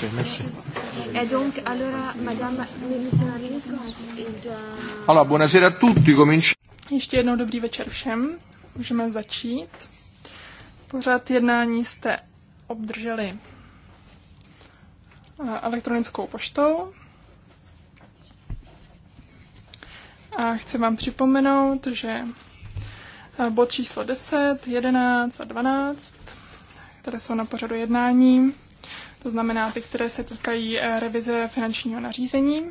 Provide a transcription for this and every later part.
Eh, euh, allora, buonasera a tutti, Ještě jednou dobrý večer všem, můžeme začít. Pořád jednání jste obdrželi eh, elektronickou poštou. A chci vám připomenout, že eh, bod číslo 10, 11 a 12 které jsou na pořadu jednání, to znamená ty, které se týkají eh, revize finančního nařízení,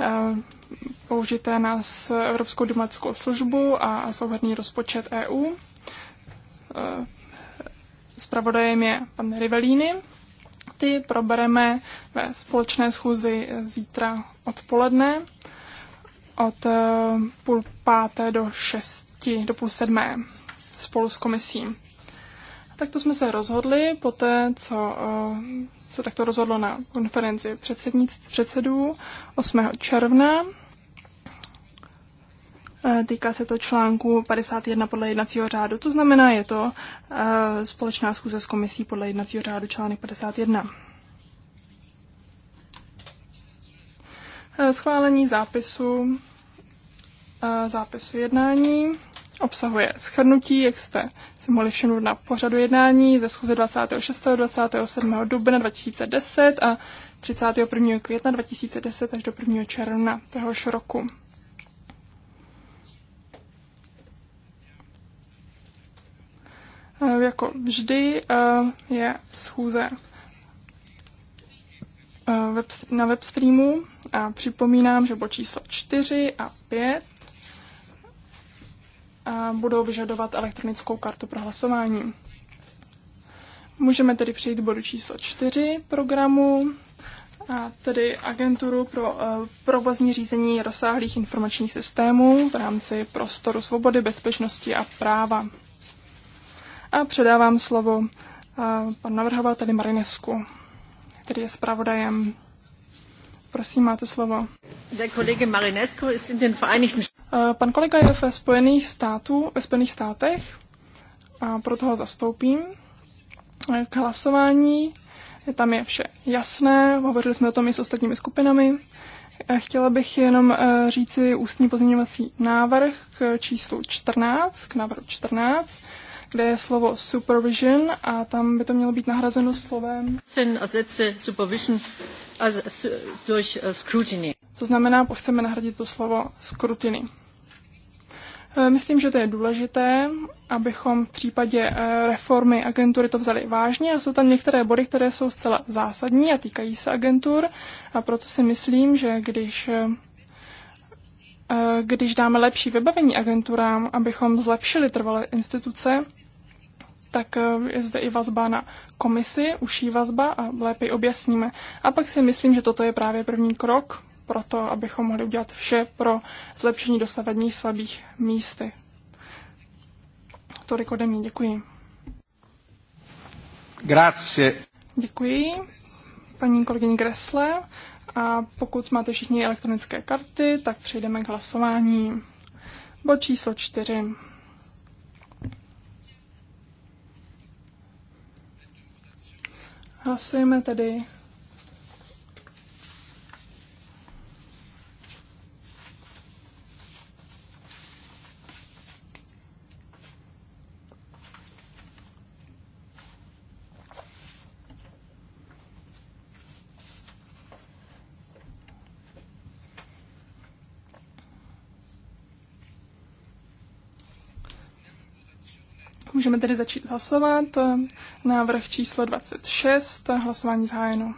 eh, použité na Evropskou diplomatickou službu a souhrný rozpočet EU. Spravodajem eh, je pan Rivelíny. Ty probereme ve společné schůzi zítra odpoledne od půl páté do šesti, do půl sedmé spolu s komisím. Tak to jsme se rozhodli poté, co se eh, takto rozhodlo na konferenci předsedů 8. června. Eh, týká se to článku 51 podle jednacího řádu, to znamená, je to eh, společná schůze s komisí podle jednacího řádu článek 51. Schválení zápisu, zápisu jednání obsahuje schrnutí, jak jste si mohli všimnout na pořadu jednání ze schůze 26. 27. dubna 2010 a 31. května 2010 až do 1. června téhož roku. Eh, jako vždy eh, je schůze eh, na webstreamu a připomínám, že bod číslo 4 a 5 budou vyžadovat elektronickou kartu pro hlasování. Můžeme tedy přejít k bodu číslo 4 programu, a tedy agenturu pro e, provozní řízení rozsáhlých informačních systémů v rámci prostoru svobody, bezpečnosti a práva. A předávám slovo e, pan navrhovateli Marinesku, který je zpravodajem. Prosím, máte slovo. Der Kollege Marinesku ist in den Vereinigten Eh, pan kolega je ve Spojených, států, ve Spojených státech a proto ho zastoupím. Eh, k hlasování eh, tam je vše jasné, hovořili jsme o tom i s ostatními skupinami. Chtěla bych jenom říci ústní pozměňovací návrh k číslu 14, k návrhu 14, kde je slovo supervision a tam by to mělo být nahrazeno slovem supervision äh, durch äh, scrutiny. To znamená, chceme nahradit to slovo scrutiny. Eh, myslím, že to je důležité, abychom v případě eh, reformy agentury to vzali vážně a jsou tam některé body, které jsou zcela zásadní a týkají se agentur a proto si myslím, že když eh, když dáme lepší vybavení agenturám, abychom zlepšili trvalé instituce, tak je zde i vazba na komisi, uší vazba a lépe objasníme. A pak si myslím, že toto je právě první krok pro to, abychom mohli udělat vše pro zlepšení dosavadní slabých místy. Tolik ode mě, děkuji. Grazie. Děkuji, paní kolegyni Gressle. A pokud máte všichni elektronické karty, tak přejdeme k hlasování. Bod číslo čtyři. Hlasujeme tedy Můžeme tedy začít hlasovat. Návrh číslo 26, hlasování zahájeno.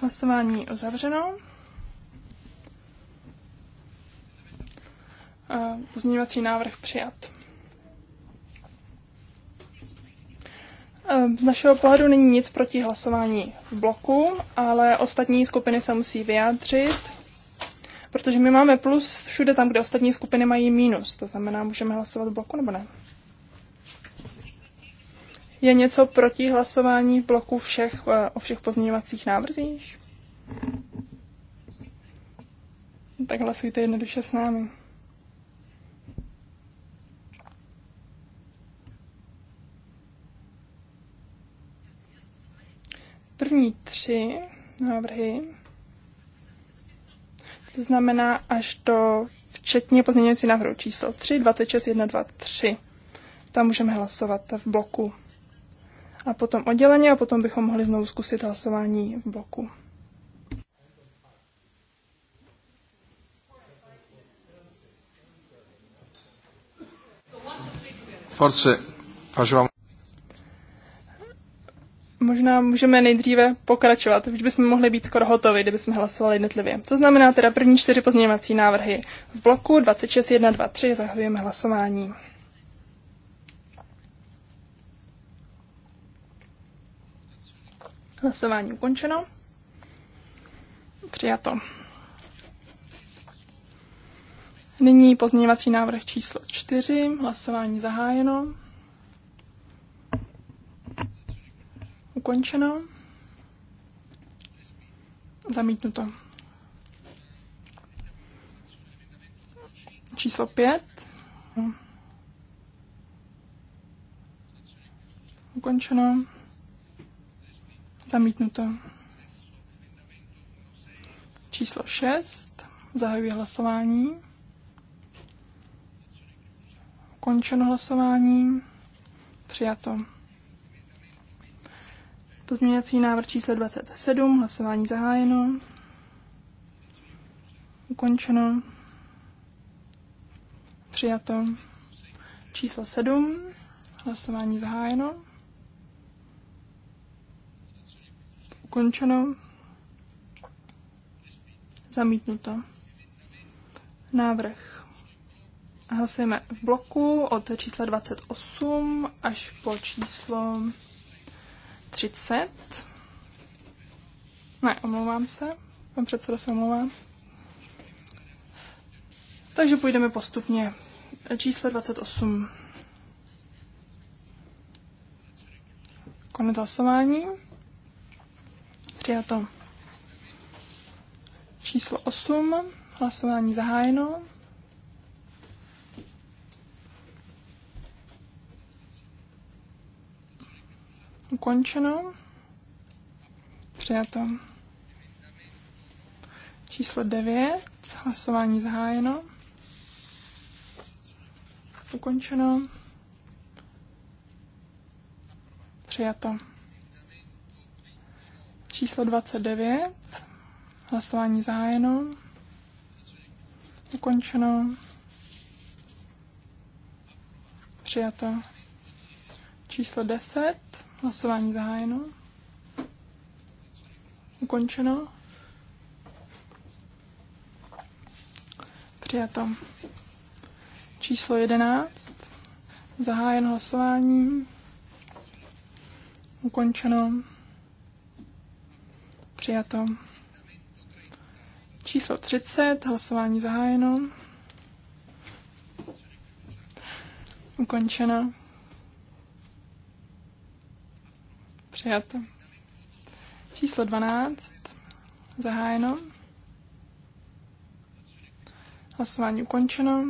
Hlasování uzavřeno. Pozměňovací návrh přijat. Ehm, z našeho pohledu není nic proti hlasování v bloku, ale ostatní skupiny se musí vyjádřit. Protože my máme plus všude tam, kde ostatní skupiny mají minus. To znamená, můžeme hlasovat v bloku nebo ne? Je něco proti hlasování v bloku všech, eh, o všech pozměňovacích návrzích? Tak hlasujte jednoduše s námi. První tři návrhy to znamená až do včetně pozměňující návrhu číslo 3, 26, 1, 2, 3. Tam můžeme hlasovat v bloku. A potom odděleně a potom bychom mohli znovu zkusit hlasování v bloku. Forse možná můžeme nejdříve pokračovat. Už bychom mohli být skoro hotovi, kdybychom hlasovali jednotlivě. To znamená teda první čtyři pozměňovací návrhy. V bloku 26.1.2.3 zahajujeme hlasování. Hlasování ukončeno. Přijato. Nyní pozměňovací návrh číslo 4. Hlasování zahájeno. Ukončeno. Zamítnuto. Číslo 5. Ukončeno. Zamítnuto. Číslo 6. Zahajuji hlasování. Ukončeno hlasování. Přijato. Pozměňovací návrh číslo 27, hlasování zahájeno. Ukončeno. Přijato. Číslo 7, hlasování zahájeno. Ukončeno. Zamítnuto. Návrh. Hlasujeme v bloku od čísla 28 až po číslo 30. Ne, omlouvám se. Pan předseda se omlouvá. Takže půjdeme postupně. Číslo 28. Konec hlasování. Přijato. Číslo 8. Hlasování zahájeno. Ukončeno. Přijato. Číslo 9. Hlasování zahájeno. Ukončeno. Přijato. Číslo 29. Hlasování zahájeno. Ukončeno. Přijato. Číslo 10. Hlasování zahájeno. Ukončeno. Přijato. Číslo 11. Zahájen hlasování. Ukončeno. Přijato. Číslo 30. Hlasování zahájeno. Ukončeno. Přijato. Číslo 12. Zahájeno. Hlasování ukončeno.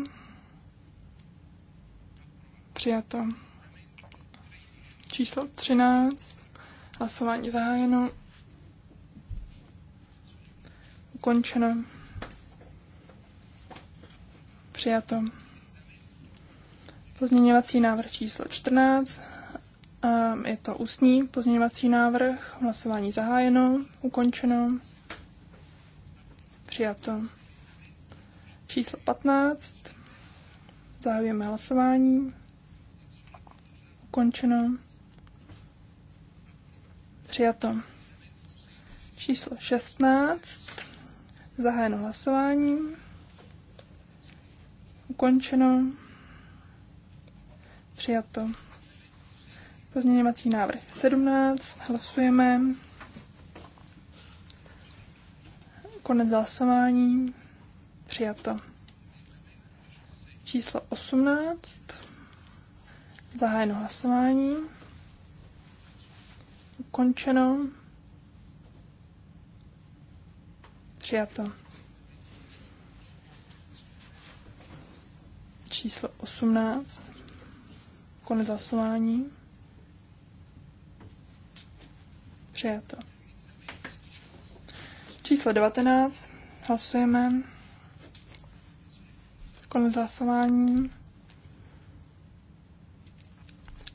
Přijato. Číslo 13. Hlasování zahájeno. Ukončeno. Přijato. Pozměňovací návrh číslo 14. Ehm, je to ústní pozměňovací návrh, hlasování zahájeno, ukončeno, přijato. Číslo 15, zahajujeme hlasování, ukončeno, přijato. Číslo 16, zahájeno hlasování, ukončeno, přijato. Pozměňovací návrh 17. Hlasujeme. Konec hlasování. Přijato. Číslo 18. Zahájeno hlasování. Ukončeno. Přijato. Číslo 18. Konec hlasování. Přijato. Číslo 19. Hlasujeme. Konec hlasování.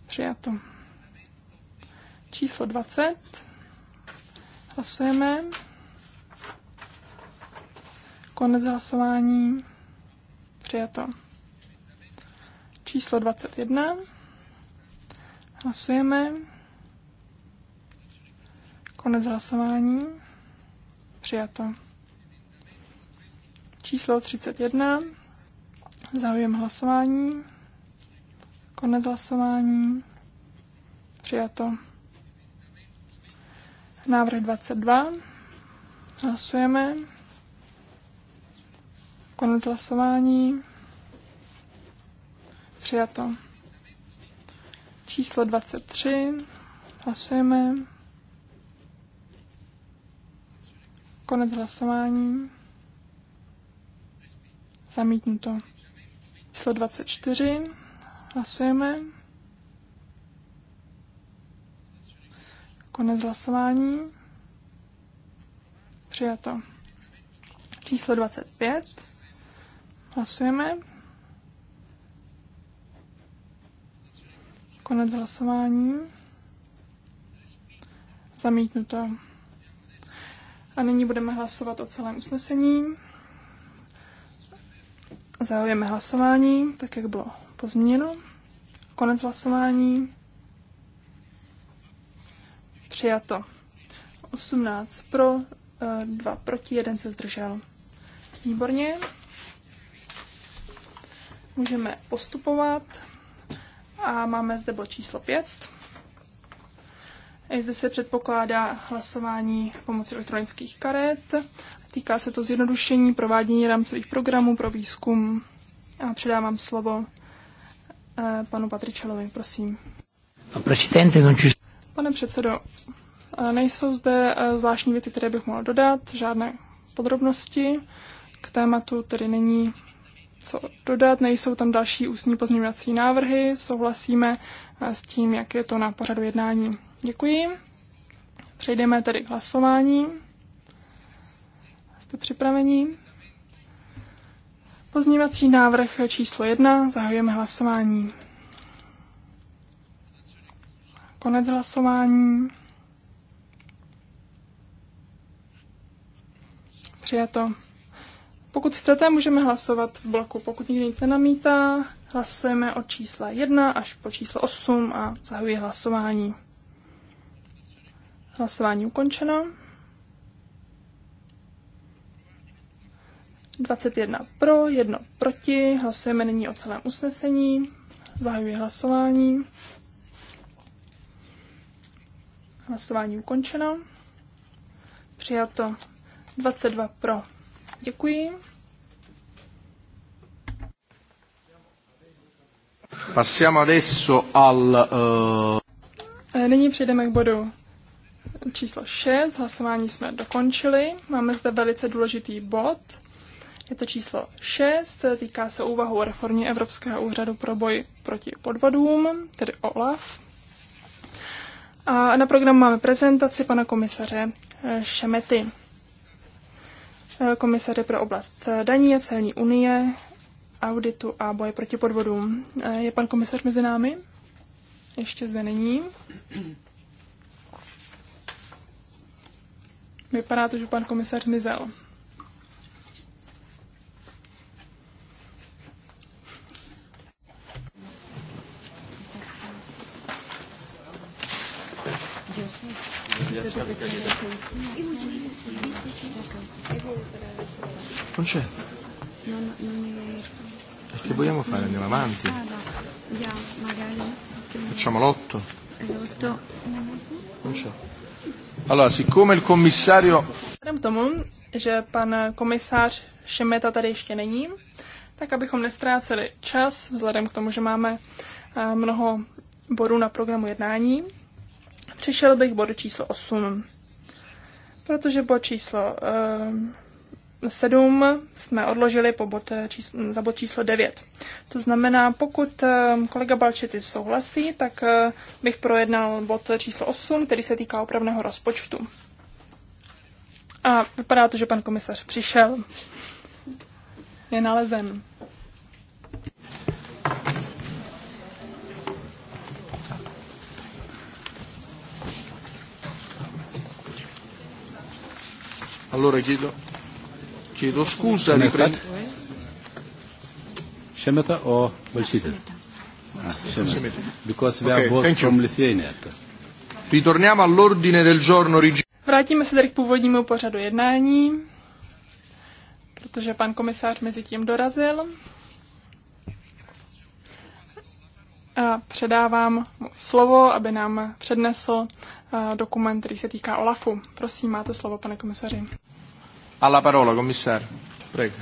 Přijato. Číslo 20. Hlasujeme. Konec hlasování. Přijato. Číslo 21. Hlasujeme. Konec hlasování. Přijato. Číslo 31. Závěm hlasování. Konec hlasování. Přijato. Návrh 22. Hlasujeme. Konec hlasování. Přijato. Číslo 23. Hlasujeme. Konec hlasování. Zamítnuto. Číslo 24. Hlasujeme. Konec hlasování. Přijato. Číslo 25. Hlasujeme. Konec hlasování. Zamítnuto. A nyní budeme hlasovat o celém usnesení. Zahajujeme hlasování, tak jak bylo pozměněno. Konec hlasování. Přijato. 18 pro, 2 eh, proti, 1 se zdržel. Výborně. Můžeme postupovat. A máme zde bod číslo 5. I zde se předpokládá hlasování pomocí elektronických karet. Týká se to zjednodušení provádění rámcových programů pro výzkum. A předávám slovo eh, panu Patričelovi, prosím. Pane předsedo, eh, nejsou zde eh, zvláštní věci, které bych mohl dodat, žádné podrobnosti. K tématu tedy není co dodat, nejsou tam další ústní pozměňovací návrhy, souhlasíme s tím, jak je to na pořadu jednání. Děkuji. Přejdeme tedy k hlasování. Jste připraveni? Pozměňovací návrh číslo 1. Zahajujeme hlasování. Konec hlasování. Přijato. Pokud chcete, můžeme hlasovat v bloku. Pokud nikdo nic nenamítá, hlasujeme od čísla 1 až po číslo 8 a zahajuji hlasování. Hlasování ukončeno. 21 pro, 1 proti. Hlasujeme nyní o celém usnesení. Zahajuji hlasování. Hlasování ukončeno. Přijato 22 pro. Děkuji. Passiamo adesso al... Uh... Nyní přejdeme k bodu číslo 6. Hlasování jsme dokončili. Máme zde velice důležitý bod. Je to číslo 6, týká se úvahu o reformě Evropského úřadu pro boj proti podvodům, tedy OLAF. A na programu máme prezentaci pana komisaře eh, Šemety, eh, komisaře pro oblast eh, daní a celní unie, auditu a boje proti podvodům. Je pan komisař mezi námi? Ještě zde není. Vypadá to, že pan komisař zmizel. Non c'è. Non, non è... Che vogliamo fare? Andiamo avanti. Facciamo l'otto. L'otto. Non c'è. Allora, siccome il commissario... Vzhledem tomu, že pan komisář Šemeta tady ještě není, tak abychom nestráceli čas, vzhledem k tomu, že máme eh, mnoho bodů na programu jednání, přišel bych bodu číslo 8. Protože bod číslo eh, 7 jsme odložili po bod eh, číslo, mm, za bod číslo 9. To znamená, pokud eh, kolega Balčety souhlasí, tak eh, bych projednal bod číslo 8, který se týká opravného rozpočtu. A vypadá to, že pan komisař přišel. Je nalezen. Allora chiedo Chiedo scusa, riprendo. Šemeta o Balsita? Ah, Because we are both from Lithuania. Ritorniamo all'ordine del giorno Vrátíme se tedy k původnímu pořadu jednání, protože pan komisář mezi tím dorazil. A předávám slovo, aby nám přednesl dokument, který se týká OLAFu. Prosím, máte slovo, pane komisaři alla parola, commissario. Prego.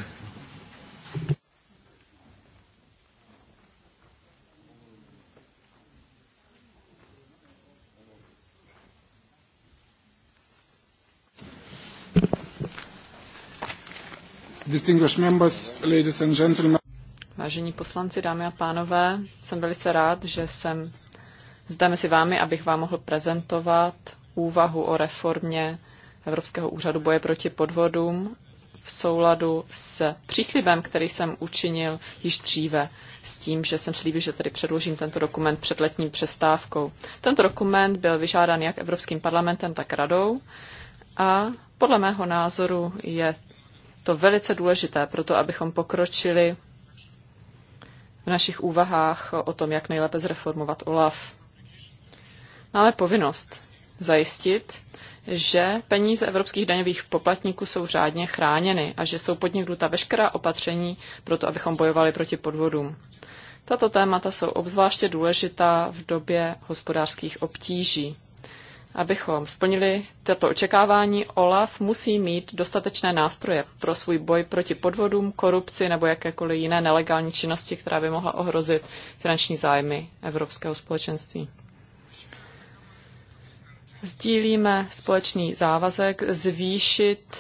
Vážení poslanci, dámy a pánové, jsem velice rád, že jsem zde mezi vámi, abych vám mohl prezentovat úvahu o reformě Evropského úřadu boje proti podvodům v souladu s příslibem, který jsem učinil již dříve s tím, že jsem slíbil, že tedy předložím tento dokument před letním přestávkou. Tento dokument byl vyžádán jak Evropským parlamentem, tak radou a podle mého názoru je to velice důležité pro to, abychom pokročili v našich úvahách o tom, jak nejlépe zreformovat OLAF. Máme povinnost zajistit, že peníze evropských daňových poplatníků jsou řádně chráněny a že jsou podniknuta veškerá opatření pro to, abychom bojovali proti podvodům. Tato témata jsou obzvláště důležitá v době hospodářských obtíží. Abychom splnili tato očekávání, OLAF musí mít dostatečné nástroje pro svůj boj proti podvodům, korupci nebo jakékoliv jiné nelegální činnosti, která by mohla ohrozit finanční zájmy Evropského společenství. Sdílíme společný závazek zvýšit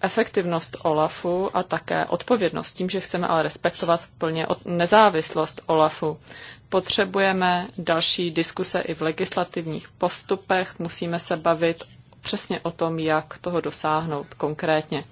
efektivnost OLAFu a také odpovědnost, tím, že chceme ale respektovat plně nezávislost OLAFu. Potřebujeme další diskuse i v legislativních postupech, musíme se bavit přesně o tom, jak toho dosáhnout konkrétně.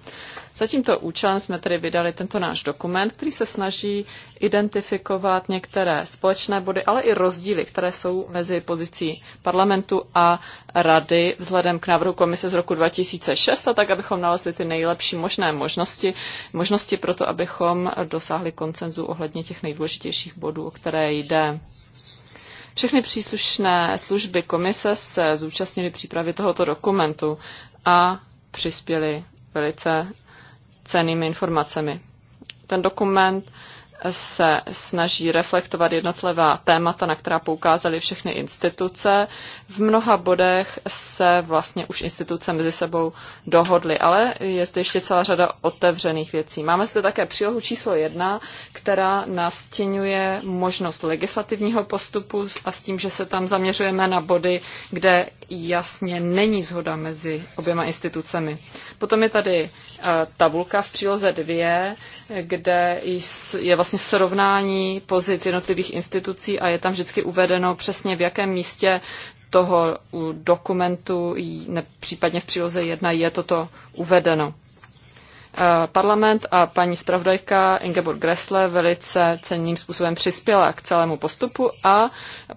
Za tímto účelem jsme tedy vydali tento náš dokument, který se snaží identifikovat některé společné body, ale i rozdíly, které jsou mezi pozicí parlamentu a rady vzhledem k návrhu komise z roku 2006 a tak, abychom nalezli ty nejlepší možné možnosti, možnosti pro to, abychom dosáhli koncenzu ohledně těch nejdůležitějších bodů, o které jde. Všechny příslušné služby komise se zúčastnily přípravy tohoto dokumentu a přispěly velice cenými informacemi. Ten dokument se snaží reflektovat jednotlivá témata, na která poukázaly všechny instituce. V mnoha bodech se vlastně už instituce mezi sebou dohodly, ale je zde ještě celá řada otevřených věcí. Máme zde také přílohu číslo jedna, která nastěňuje možnost legislativního postupu a s tím, že se tam zaměřujeme na body, kde jasně není zhoda mezi oběma institucemi. Potom je tady eh, tabulka v příloze dvě, kde je vlastně vlastně srovnání pozic jednotlivých institucí a je tam vždycky uvedeno přesně v jakém místě toho dokumentu, případně v příloze 1, je toto uvedeno. Eh, parlament a paní zpravodajka Ingeborg Gressle velice cenným způsobem přispěla k celému postupu a eh,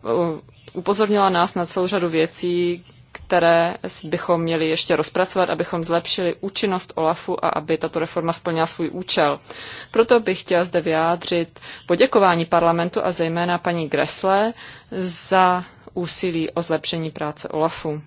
upozornila nás na celou řadu věcí, které bychom měli ještě rozpracovat, abychom zlepšili účinnost OLAFu a aby tato reforma splnila svůj účel. Proto bych chtěla zde vyjádřit poděkování parlamentu a zejména paní Gresle za úsilí o zlepšení práce OLAFu.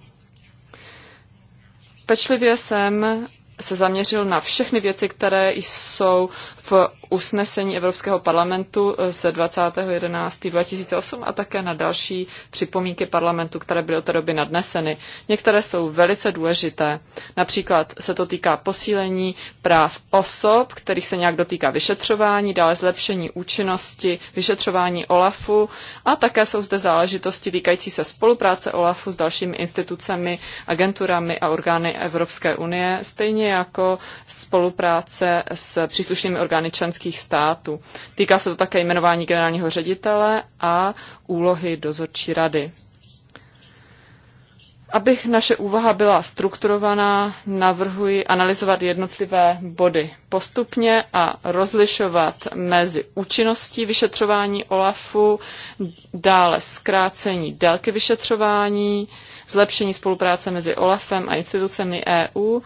Pečlivě jsem se zaměřil na všechny věci, které jsou v usnesení Evropského parlamentu eh, z 20.11.2008 a také na další připomínky parlamentu, které byly od té doby nadneseny. Některé jsou velice důležité. Například se to týká posílení práv osob, kterých se nějak dotýká vyšetřování, dále zlepšení účinnosti vyšetřování OLAFu a také jsou zde záležitosti týkající se spolupráce OLAFu s dalšími institucemi, agenturami a orgány Evropské unie, stejně jako spolupráce s příslušnými orgány orgány členských států. Týká se to také jmenování generálního ředitele a úlohy dozorčí rady. Abych naše úvaha byla strukturovaná, navrhuji analyzovat jednotlivé body postupně a rozlišovat mezi účinností vyšetřování OLAFu, dále zkrácení délky vyšetřování, zlepšení spolupráce mezi OLAFem a institucemi EU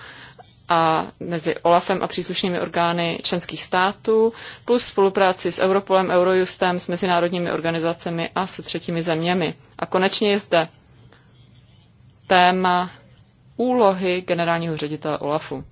a mezi OLAFem a příslušnými orgány členských států, plus spolupráci s Europolem, Eurojustem, s mezinárodními organizacemi a se třetími zeměmi. A konečně je zde téma úlohy generálního ředitele OLAFu.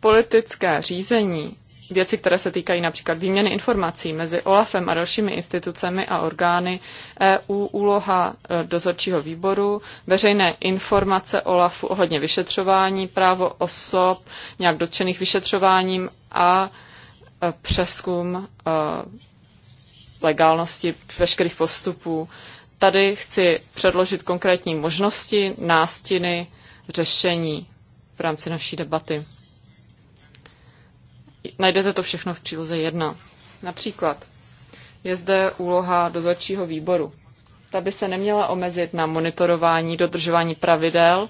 Politické řízení věci, které se týkají například výměny informací mezi OLAFem a dalšími institucemi a orgány EU, úloha e, dozorčího výboru, veřejné informace OLAFu ohledně vyšetřování, právo osob nějak dotčených vyšetřováním a e, přeskum e, legálnosti veškerých postupů. Tady chci předložit konkrétní možnosti, nástiny, řešení v rámci naší debaty. Najdete to všechno v příloze 1. Například je zde úloha dozorčího výboru. Ta by se neměla omezit na monitorování dodržování pravidel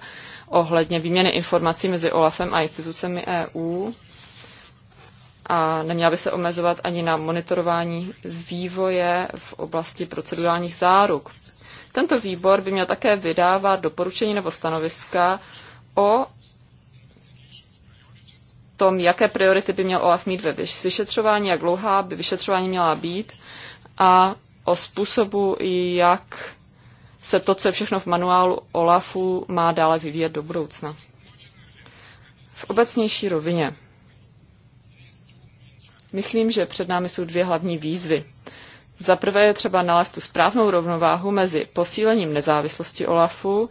ohledně výměny informací mezi OLAFem a institucemi EU a neměla by se omezovat ani na monitorování vývoje v oblasti procedurálních záruk. Tento výbor by měl také vydávat doporučení nebo stanoviska o tom, jaké priority by měl OLAF mít ve vyšetřování, jak dlouhá by vyšetřování měla být a o způsobu, jak se to, co je všechno v manuálu OLAFu, má dále vyvíjet do budoucna. V obecnější rovině. Myslím, že před námi jsou dvě hlavní výzvy. Za prvé je třeba nalézt tu správnou rovnováhu mezi posílením nezávislosti OLAFu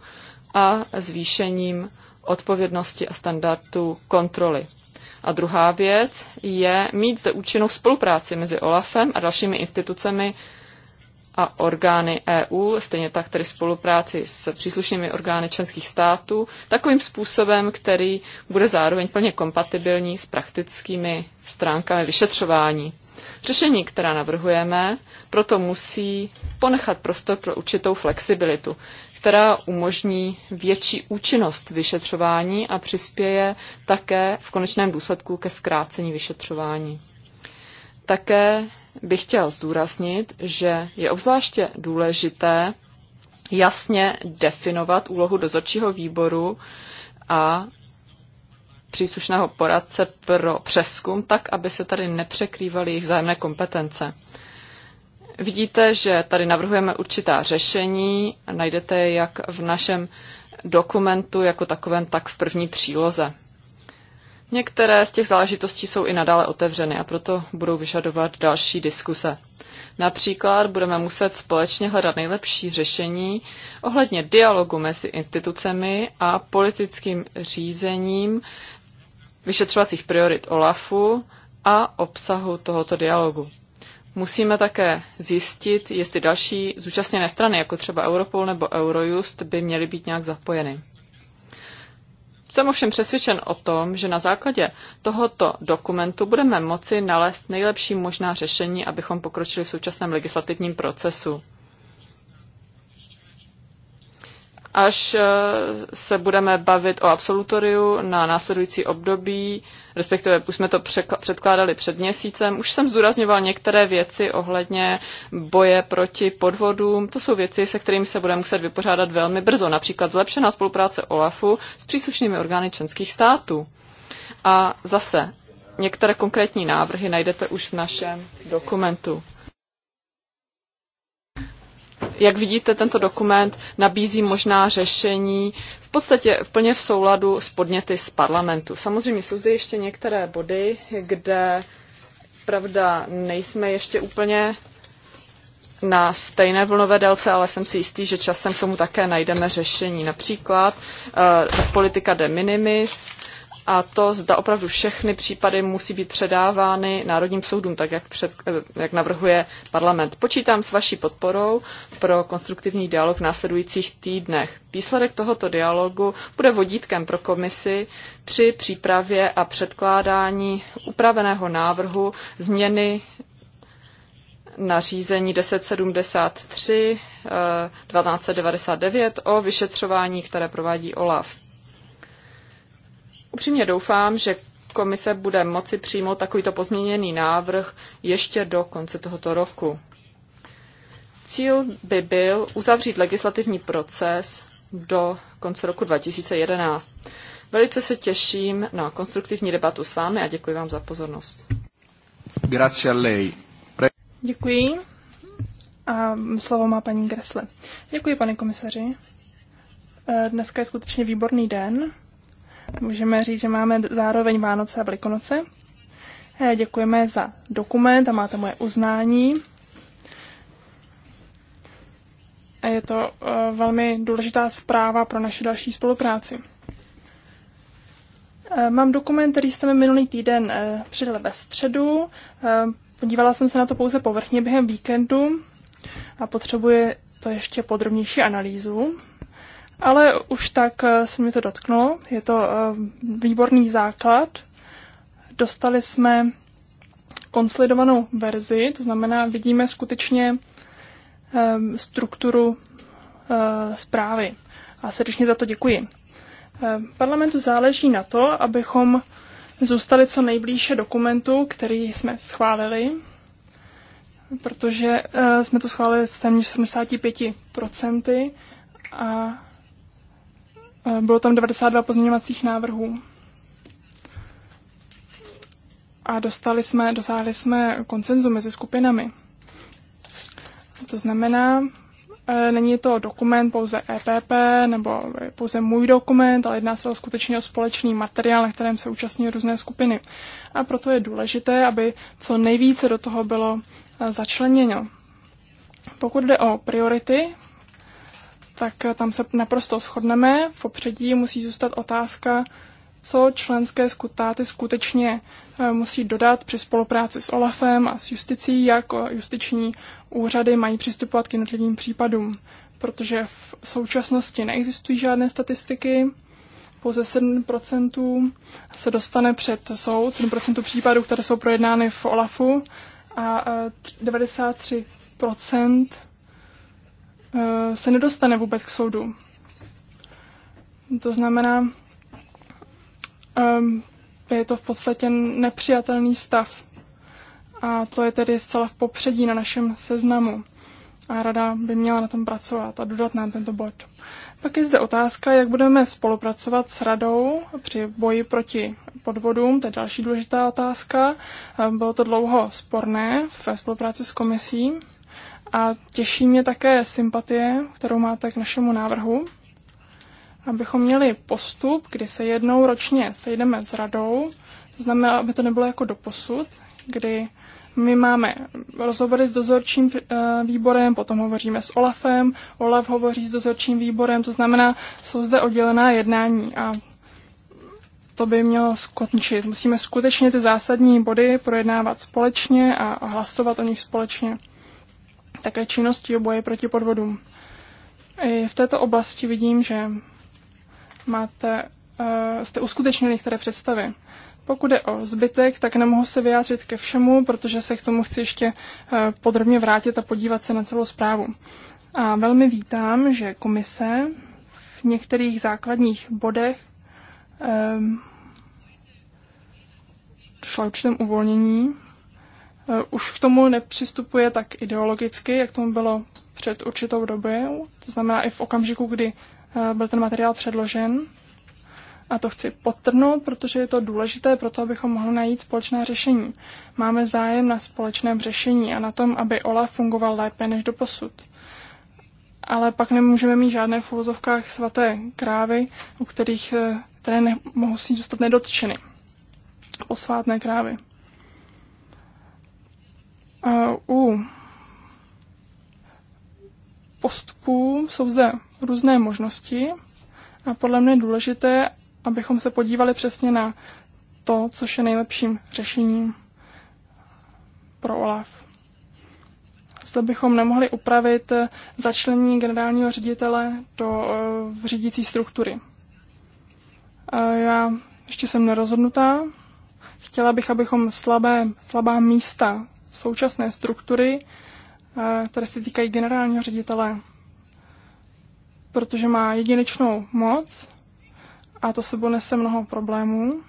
a zvýšením odpovědnosti a standardů kontroly. A druhá věc je mít zde účinnou spolupráci mezi OLAFem a dalšími institucemi a orgány EU, stejně tak tedy spolupráci s příslušnými orgány členských států, takovým způsobem, který bude zároveň plně kompatibilní s praktickými stránkami vyšetřování. Řešení, která navrhujeme, proto musí ponechat prostor pro určitou flexibilitu která umožní větší účinnost vyšetřování a přispěje také v konečném důsledku ke zkrácení vyšetřování. Také bych chtěl zdůraznit, že je obzvláště důležité jasně definovat úlohu dozorčího výboru a příslušného poradce pro přeskum, tak aby se tady nepřekrývaly jejich vzájemné kompetence. Vidíte, že tady navrhujeme určitá řešení, najdete je jak v našem dokumentu jako takovém, tak v první příloze. Některé z těch záležitostí jsou i nadále otevřeny a proto budou vyžadovat další diskuse. Například budeme muset společně hledat nejlepší řešení ohledně dialogu mezi institucemi a politickým řízením vyšetřovacích priorit OLAFu a obsahu tohoto dialogu musíme také zjistit, jestli další zúčastněné strany, jako třeba Europol nebo Eurojust, by měly být nějak zapojeny. Jsem ovšem přesvědčen o tom, že na základě tohoto dokumentu budeme moci nalézt nejlepší možná řešení, abychom pokročili v současném legislativním procesu. až eh, se budeme bavit o absolutoriu na následující období, respektive už jsme to předkládali před měsícem. Už jsem zdůrazňoval některé věci ohledně boje proti podvodům. To jsou věci, se kterými se budeme muset vypořádat velmi brzo, například zlepšená spolupráce OLAFu s příslušnými orgány členských států. A zase, některé konkrétní návrhy najdete už v našem dokumentu jak vidíte, tento dokument nabízí možná řešení v podstatě plně v souladu s podněty z parlamentu. Samozřejmě jsou zde ještě některé body, kde pravda nejsme ještě úplně na stejné vlnové délce, ale jsem si jistý, že časem k tomu také najdeme řešení. Například eh, politika de minimis, a to, zda opravdu všechny případy musí být předávány národním soudům, tak jak, před, jak navrhuje parlament. Počítám s vaší podporou pro konstruktivní dialog v následujících týdnech. Výsledek tohoto dialogu bude vodítkem pro komisi při přípravě a předkládání upraveného návrhu změny nařízení 1073 1299 eh, o vyšetřování, které provádí OLAF. Upřímně doufám, že komise bude moci přijmout takovýto pozměněný návrh ještě do konce tohoto roku. Cíl by byl uzavřít legislativní proces do konce roku 2011. Velice se těším na konstruktivní debatu s vámi a děkuji vám za pozornost. Grazie a lei. Pre... Děkuji. A slovo má paní Gresle. Děkuji, pane komisaři. E, dneska je skutečně výborný den. Můžeme říct, že máme zároveň Vánoce a Velikonoce. Eh, děkujeme za dokument a máte moje uznání. A je to eh, velmi důležitá zpráva pro naši další spolupráci. Eh, mám dokument, který jste mi minulý týden přidal ve středu. Podívala jsem se na to pouze povrchně během víkendu a potřebuje to ještě podrobnější analýzu. Ale už tak eh, se mi to dotknulo. Je to eh, výborný základ. Dostali jsme konsolidovanou verzi, to znamená, vidíme skutečně eh, strukturu zprávy. A srdečně za to děkuji. Parlamentu záleží na to, abychom zůstali co nejblíže dokumentu, který jsme schválili, protože jsme to schválili s téměř 75%. A Eh, bylo tam 92 pozměňovacích návrhů. A dostali jsme, dosáhli jsme koncenzu mezi skupinami. To znamená, eh, není to dokument pouze EPP nebo pouze můj dokument, ale jedná se o skutečně o společný materiál, na kterém se účastní různé skupiny. A proto je důležité, aby co nejvíce do toho bylo eh, začleněno. Pokud jde o priority tak tam se naprosto shodneme. V popředí musí zůstat otázka, co členské skutáty skutečně eh, musí dodat při spolupráci s OLAFem a s justicí, jak eh, justiční úřady mají přistupovat k jednotlivým případům. Protože v současnosti neexistují žádné statistiky, pouze 7% se dostane před soud, 7% případů, které jsou projednány v OLAFu a 93% eh, Eh, se nedostane vůbec k soudu. To znamená, je to v podstatě nepřijatelný stav. A to je tedy zcela v popředí na našem seznamu. A rada by měla na tom pracovat a dodat nám tento bod. Pak je zde otázka, jak budeme spolupracovat s radou při boji proti podvodům. To je další důležitá otázka. Bylo to dlouho sporné ve spolupráci s komisí. A těší mě také sympatie, kterou máte k našemu návrhu, abychom měli postup, kdy se jednou ročně sejdeme s radou, to znamená, aby to nebylo jako doposud, kdy my máme rozhovory s dozorčím eh, výborem, potom hovoříme s Olafem, Olaf hovoří s dozorčím výborem, to znamená, jsou zde oddělená jednání a to by mělo skončit. Musíme skutečně ty zásadní body projednávat společně a hlasovat o nich společně také činnosti o boji proti podvodům. I v této oblasti vidím, že máte, eh, jste uskutečnili některé představy. Pokud je o zbytek, tak nemohu se vyjádřit ke všemu, protože se k tomu chci ještě eh, podrobně vrátit a podívat se na celou zprávu. A velmi vítám, že komise v některých základních bodech um, šla určitém uvolnění Eh, už k tomu nepřistupuje tak ideologicky, jak tomu bylo před určitou dobou, to znamená i v okamžiku, kdy eh, byl ten materiál předložen. A to chci podtrhnout, protože je to důležité pro to, abychom mohli najít společné řešení. Máme zájem na společném řešení a na tom, aby OLAF fungoval lépe než do posud. Ale pak nemůžeme mít žádné v úvozovkách svaté krávy, u kterých eh, které mohou si zůstat nedotčeny. Posvátné krávy. Eh, u postupů jsou zde různé možnosti a podle mě je důležité, abychom se podívali přesně na to, což je nejlepším řešením pro OLAF. Zde bychom nemohli upravit začlení generálního ředitele do eh, řídící struktury. Eh, já ještě jsem nerozhodnutá. Chtěla bych, abychom slabé, slabá místa současné struktury, eh, které se týkají generálního ředitele, protože má jedinečnou moc a to sebou nese mnoho problémů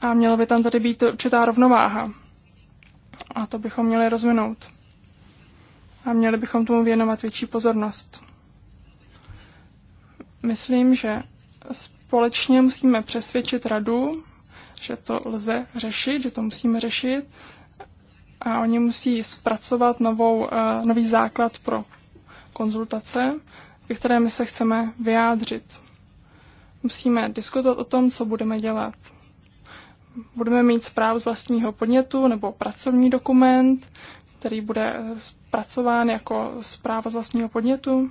a měla by tam tady být určitá rovnováha. A to bychom měli rozvinout. A měli bychom tomu věnovat větší pozornost. Myslím, že společně musíme přesvědčit radu, že to lze řešit, že to musíme řešit a oni musí zpracovat novou, eh, nový základ pro konzultace, ke které my se chceme vyjádřit. Musíme diskutovat o tom, co budeme dělat. Budeme mít zprávu z vlastního podnětu nebo pracovní dokument, který bude eh, zpracován jako zpráva z vlastního podnětu.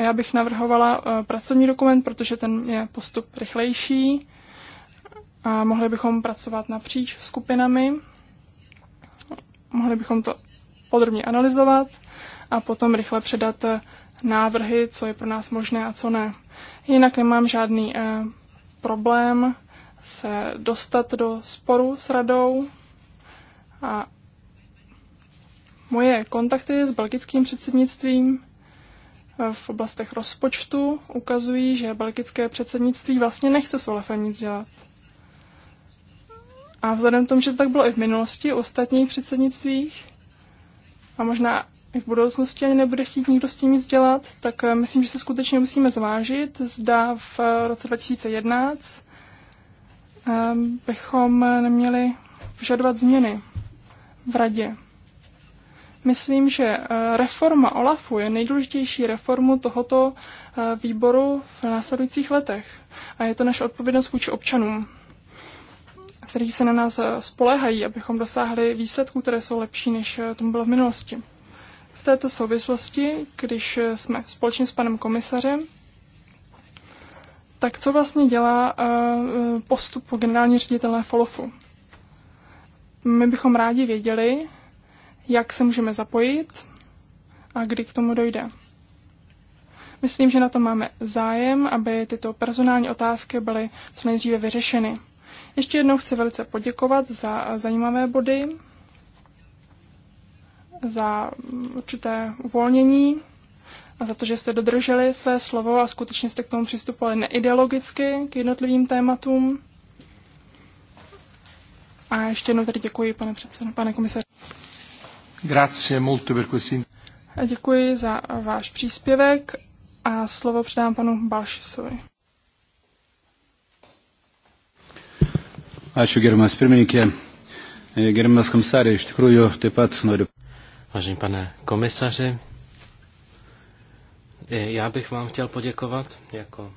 Já bych navrhovala eh, pracovní dokument, protože ten je postup rychlejší a mohli bychom pracovat napříč skupinami, mohli bychom to podrobně analyzovat a potom rychle předat eh, návrhy, co je pro nás možné a co ne. Jinak nemám žádný eh, problém se dostat do sporu s radou a moje kontakty s belgickým předsednictvím eh, v oblastech rozpočtu ukazují, že belgické předsednictví vlastně nechce s Olefem nic dělat. A vzhledem k tomu, že to tak bylo i v minulosti, u ostatních předsednictvích, a možná i v budoucnosti ani nebude chtít nikdo s tím nic dělat, tak eh, myslím, že se skutečně musíme zvážit, zda v eh, roce 2011 ehm, bychom eh, neměli požadovat změny v radě. Myslím, že reforma OLAFu je nejdůležitější reformu tohoto výboru v následujících letech a je to naše odpovědnost vůči občanům kteří se na nás eh, spolehají, abychom dosáhli výsledků, které jsou lepší, než eh, tomu bylo v minulosti. V této souvislosti, když eh, jsme společně s panem komisařem, tak co vlastně dělá postup generální ředitele Folofu? My bychom rádi věděli, jak se můžeme zapojit a kdy k tomu dojde. Myslím, že na to máme zájem, aby tyto personální otázky byly co nejdříve vyřešeny. Ještě jednou chci velice poděkovat za zajímavé body, za určité uvolnění a za to, že jste dodrželi své slovo a skutečně jste k tomu přistupovali neideologicky k jednotlivým tématům. A ještě jednou tady děkuji, pane předsedo, pane komisaři. Grazie molto per questi... Děkuji za váš příspěvek a slovo předám panu Balšisovi. Ačiū gerimas pirmininkė, e, gerimas komisarė, iš tikrųjų taip pat noriu. Vážený pane komisaři, e, já bych vám chtěl poděkovat jako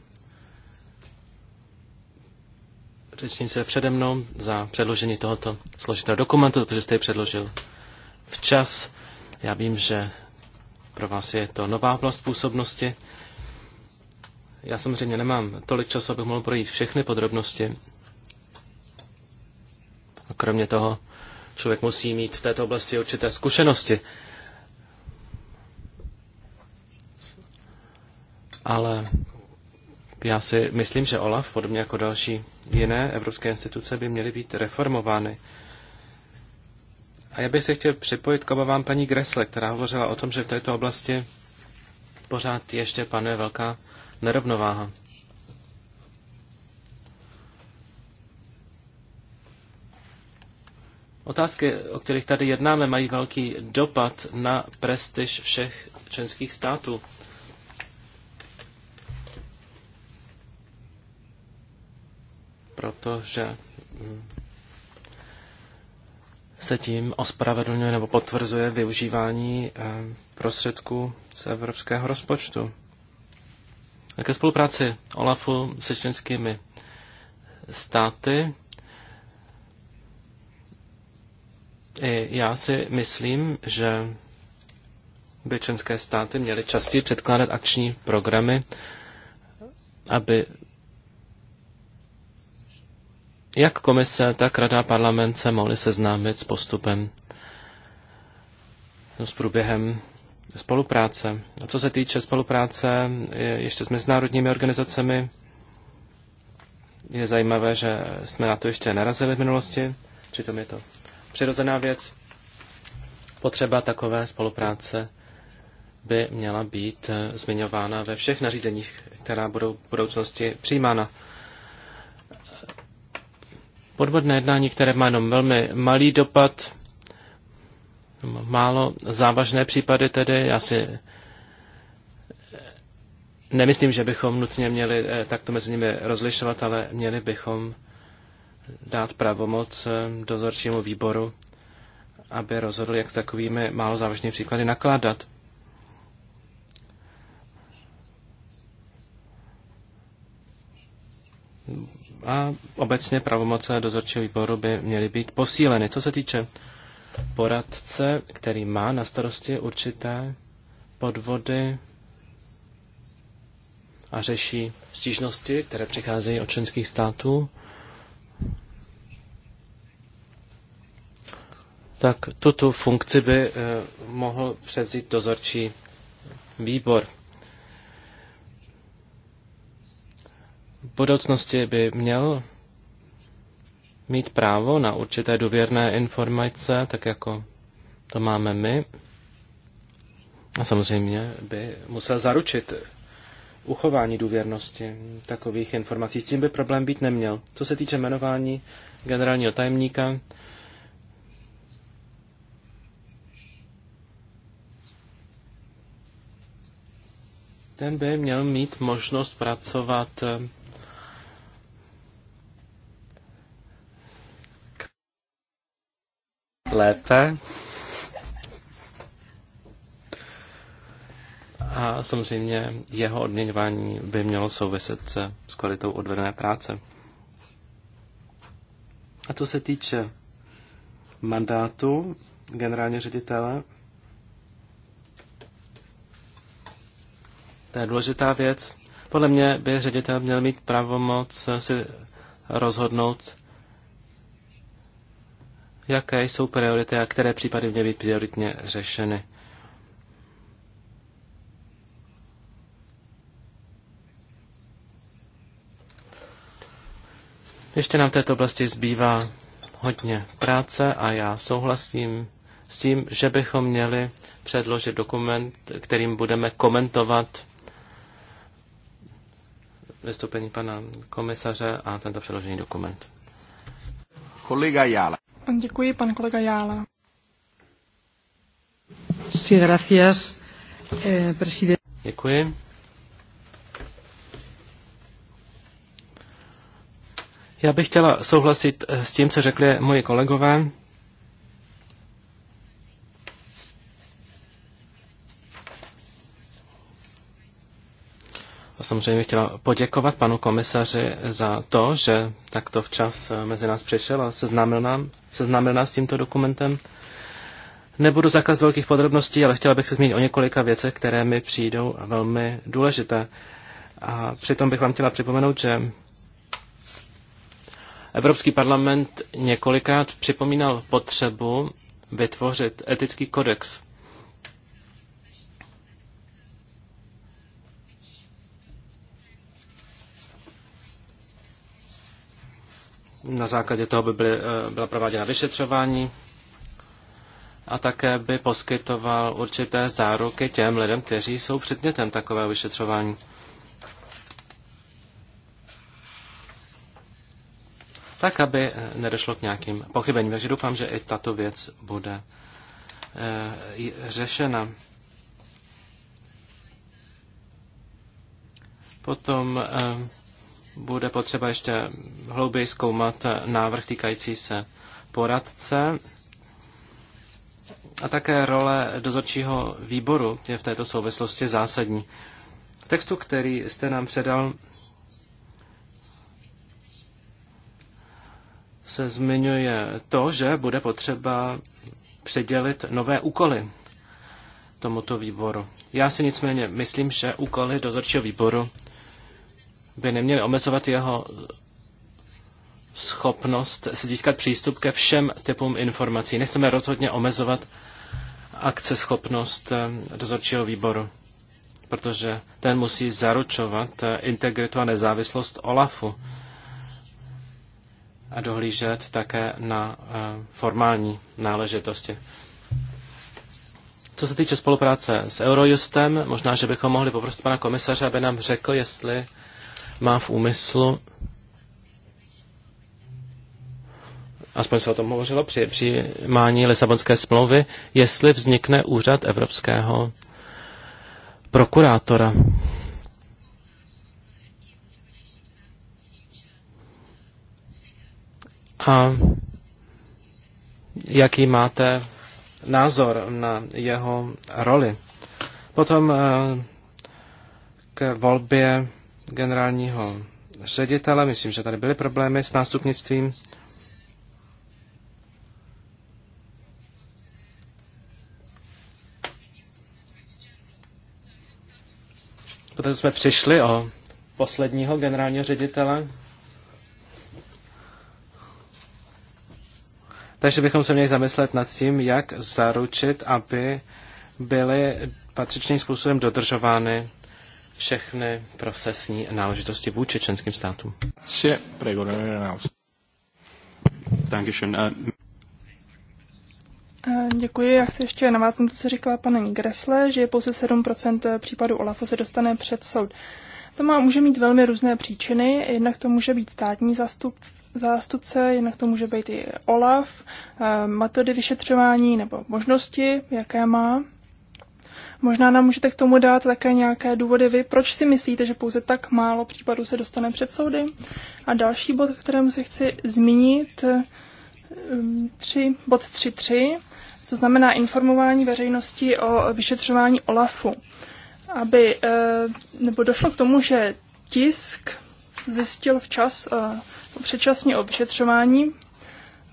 řečnice přede mnou za předložení tohoto složitého dokumentu, protože jste ji předložil včas. Já vím, že pro vás je to nová oblast působnosti. Já samozřejmě nemám tolik času, abych mohl projít všechny podrobnosti kromě toho člověk musí mít v této oblasti určité zkušenosti. Ale já si myslím, že OLAF, podobně jako další jiné evropské instituce, by měly být reformovány. A já bych se chtěl připojit k obavám paní Gresle, která hovořila o tom, že v této oblasti pořád ještě panuje velká nerovnováha. Otázky, o kterých tady jednáme, mají velký dopad na prestiž všech členských států. Protože hm, se tím ospravedlňuje nebo potvrzuje využívání hm, prostředků z evropského rozpočtu. Také spolupráci OLAFu se členskými státy já si myslím, že by členské státy měly častěji předkládat akční programy, aby jak komise, tak rada parlament se mohly seznámit s postupem, no, s průběhem spolupráce. A co se týče spolupráce ještě s mezinárodními organizacemi, je zajímavé, že jsme na to ještě narazili v minulosti, přitom je to přirozená věc. Potřeba takové spolupráce by měla být eh, zmiňována ve všech nařízeních, která budou v budoucnosti přijímána. Podvodné jednání, které má jenom velmi malý dopad, málo závažné případy tedy, já si nemyslím, že bychom nutně měli eh, takto mezi nimi rozlišovat, ale měli bychom dát pravomoc eh, dozorčímu výboru, aby rozhodl, jak s takovými málo závažnými příklady nakládat. A obecně pravomoce dozorčího výboru by měly být posíleny. Co se týče poradce, který má na starosti určité podvody a řeší stížnosti, které přicházejí od členských států, tak tuto funkci by eh, mohl převzít dozorčí výbor. V budoucnosti by měl mít právo na určité důvěrné informace, tak jako to máme my. A samozřejmě by musel zaručit uchování důvěrnosti takových informací. S tím by problém být neměl. Co se týče jmenování generálního tajemníka, ten by měl mít možnost pracovat eh, lépe. A samozřejmě jeho odměňování by mělo souviset se s kvalitou odvedené práce. A co se týče mandátu generálního ředitele, To je důležitá věc. Podle mě by ředitel měl mít pravomoc si rozhodnout, jaké jsou priority a které případy měly být prioritně řešeny. Ještě nám v této oblasti zbývá hodně práce a já souhlasím s tím, že bychom měli předložit dokument, kterým budeme komentovat vystoupení pana komisaře a tento přeložený dokument. Kolega Jála. Děkuji, pan kolega Jála. Sí, gracias, eh, Děkuji. Já bych chtěla souhlasit eh, s tím, co řekli moji kolegové. samozřejmě chtěla poděkovat panu komisaři za to, že takto včas eh, mezi nás přišel a seznámil, nám, seznámil nás s tímto dokumentem. Nebudu zakaz velkých podrobností, ale chtěla bych se zmínit o několika věcech, které mi přijdou velmi důležité. A přitom bych vám chtěla připomenout, že Evropský parlament několikrát připomínal potřebu vytvořit etický kodex Na základě toho by byly, eh, byla prováděna vyšetřování a také by poskytoval určité záruky těm lidem, kteří jsou předmětem takového vyšetřování. Tak, aby eh, nedošlo k nějakým pochybením. Takže doufám, že i tato věc bude eh, řešena. Potom bude potřeba ještě hlouběji zkoumat návrh týkající se poradce a také role dozorčího výboru je v této souvislosti zásadní. V textu, který jste nám předal, se zmiňuje to, že bude potřeba předělit nové úkoly tomuto výboru. Já si nicméně myslím, že úkoly dozorčího výboru by neměli omezovat jeho schopnost získat přístup ke všem typům informací. Nechceme rozhodně omezovat akceschopnost eh, dozorčího výboru, protože ten musí zaručovat eh, integritu a nezávislost OLAFu a dohlížet také na eh, formální náležitosti. Co se týče spolupráce s Eurojustem, možná, že bychom mohli poprosit pana komisaře, aby nám řekl, jestli má v úmyslu aspoň se o tom hovořilo při přijímání Lisabonské smlouvy, jestli vznikne úřad evropského prokurátora. A jaký máte názor na jeho roli? Potom eh, k volbě generálního ředitele. Myslím, že tady byly problémy s nástupnictvím. Poté jsme přišli o posledního generálního ředitele. Takže bychom se měli zamyslet nad tím, jak zaručit, aby byly patřičným způsobem dodržovány všechny procesní náležitosti vůči členským státům. Eh, eh, děkuji. Já chci ještě navázat na to, co říkala paní Gresle, že pouze 7% eh, případů OLAFu se dostane před soud. To má, může mít velmi různé příčiny, jednak to může být státní zastup, zástupce, jednak to může být i OLAF, metody vyšetřování nebo možnosti, jaké má Možná nám můžete k tomu dát také nějaké důvody vy, proč si myslíte, že pouze tak málo případů se dostane před soudy. A další bod, kterému se chci zmínit, um, tři bod 3.3, to znamená informování veřejnosti o vyšetřování OLAFu. Aby, eh, nebo došlo k tomu, že tisk zjistil včas eh, předčasně o vyšetřování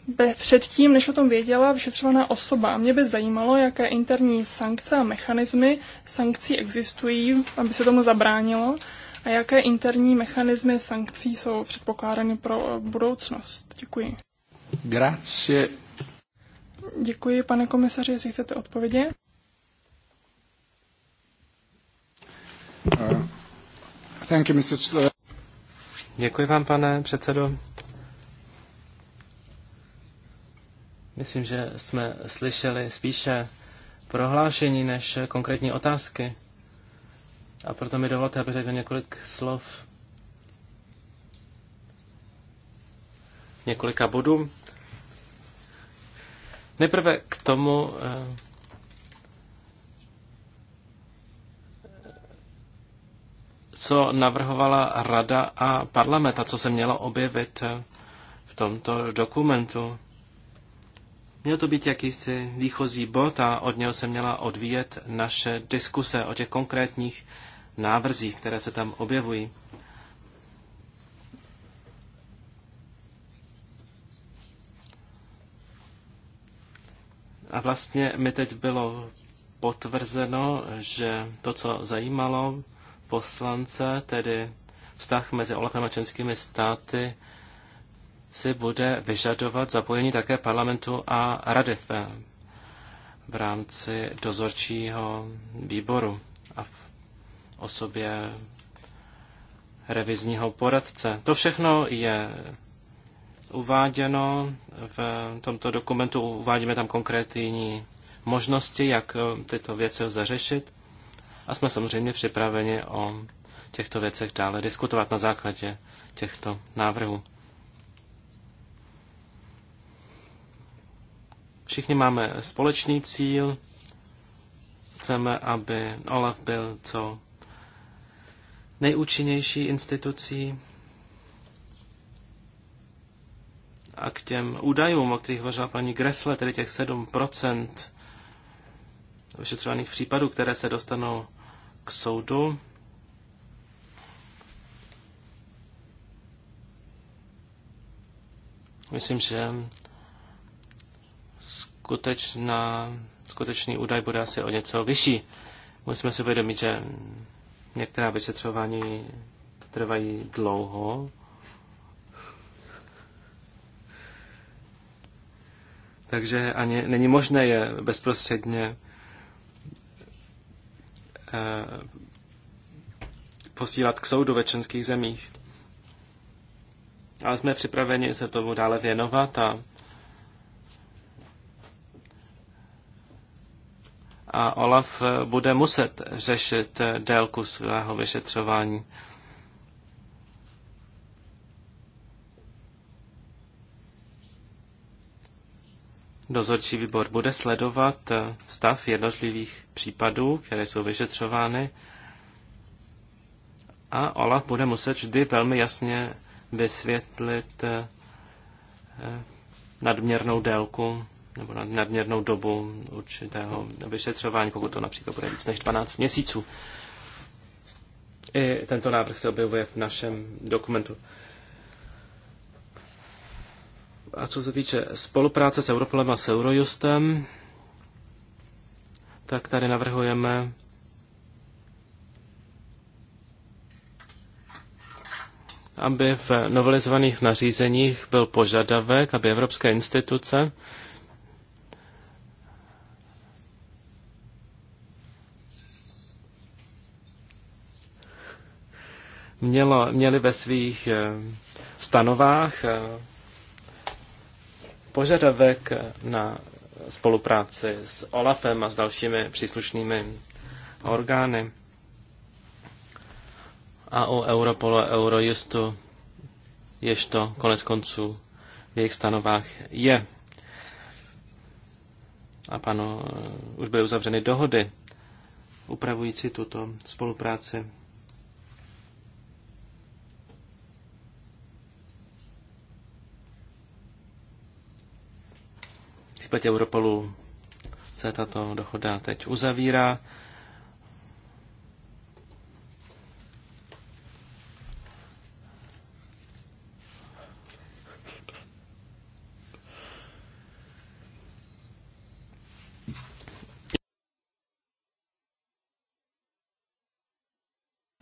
by předtím, než o tom věděla vyšetřovaná osoba. A mě by zajímalo, jaké interní sankce a mechanismy sankcí existují, aby se tomu zabránilo, a jaké interní mechanismy sankcí jsou předpokládány pro eh, budoucnost. Děkuji. Grazie. Děkuji, pane komisaři, jestli chcete odpovědi. Uh, eh, thank you, Mr. Děkuji vám, pane předsedo. Myslím, že jsme slyšeli spíše prohlášení než konkrétní otázky. A proto mi dovolte, abych řekl několik slov několika bodů. Nejprve k tomu, eh, co navrhovala Rada a parlament a co se mělo objevit v tomto dokumentu. Měl to být jakýsi výchozí bod a od něho se měla odvíjet naše diskuse o těch konkrétních návrzích, které se tam objevují. A vlastně mi teď bylo potvrzeno, že to, co zajímalo poslance, tedy vztah mezi Olafem a členskými státy, si bude vyžadovat zapojení také parlamentu a rady v, v rámci dozorčího výboru a v osobě revizního poradce. To všechno je uváděno v tomto dokumentu, uvádíme tam konkrétní možnosti, jak eh, tyto věci lze řešit a jsme samozřejmě připraveni o těchto věcech dále diskutovat na základě těchto návrhů. Všichni máme společný cíl. Chceme, aby OLAF byl co nejúčinnější institucí. A k těm údajům, o kterých hovořila paní Gressle, tedy těch 7% vyšetřovaných případů, které se dostanou k soudu, Myslím, že skutečná, skutečný údaj bude asi o něco vyšší. Musíme si uvědomit, že některá vyšetřování trvají dlouho. Takže ani není možné je bezprostředně eh, posílat k soudu ve členských zemích. Ale jsme připraveni se tomu dále věnovat a a Olaf eh, bude muset řešit eh, délku svého vyšetřování. Dozorčí výbor bude sledovat eh, stav jednotlivých případů, které jsou vyšetřovány a Olaf bude muset vždy velmi jasně vysvětlit nadměrnou délku nebo na nadměrnou dobu určitého vyšetřování, pokud to například bude víc než 12 měsíců. I tento návrh se objevuje v našem dokumentu. A co se týče spolupráce s Europolem a s Eurojustem, tak tady navrhujeme aby v novelizovaných nařízeních byl požadavek, aby evropské instituce mělo, měli ve svých eh, stanovách eh, požadavek na spolupráci s OLAFem a s dalšími příslušnými orgány. A u Europolu a Eurojustu jež to konec konců v jejich stanovách je. A panu eh, už byly uzavřeny dohody upravující tuto spolupráci. případě Europolu se tato dohoda teď uzavírá.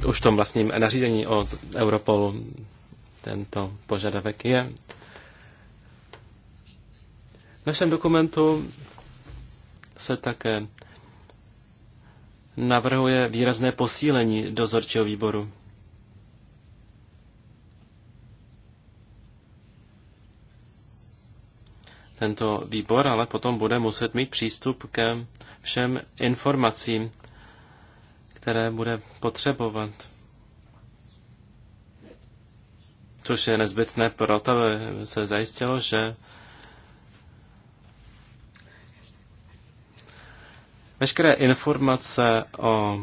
Už v tom vlastním nařízení o Europolu tento požadavek je. V našem dokumentu se také navrhuje výrazné posílení dozorčího výboru. Tento výbor ale potom bude muset mít přístup ke všem informacím, které bude potřebovat. Což je nezbytné proto, aby se zajistilo, že Veškeré informace o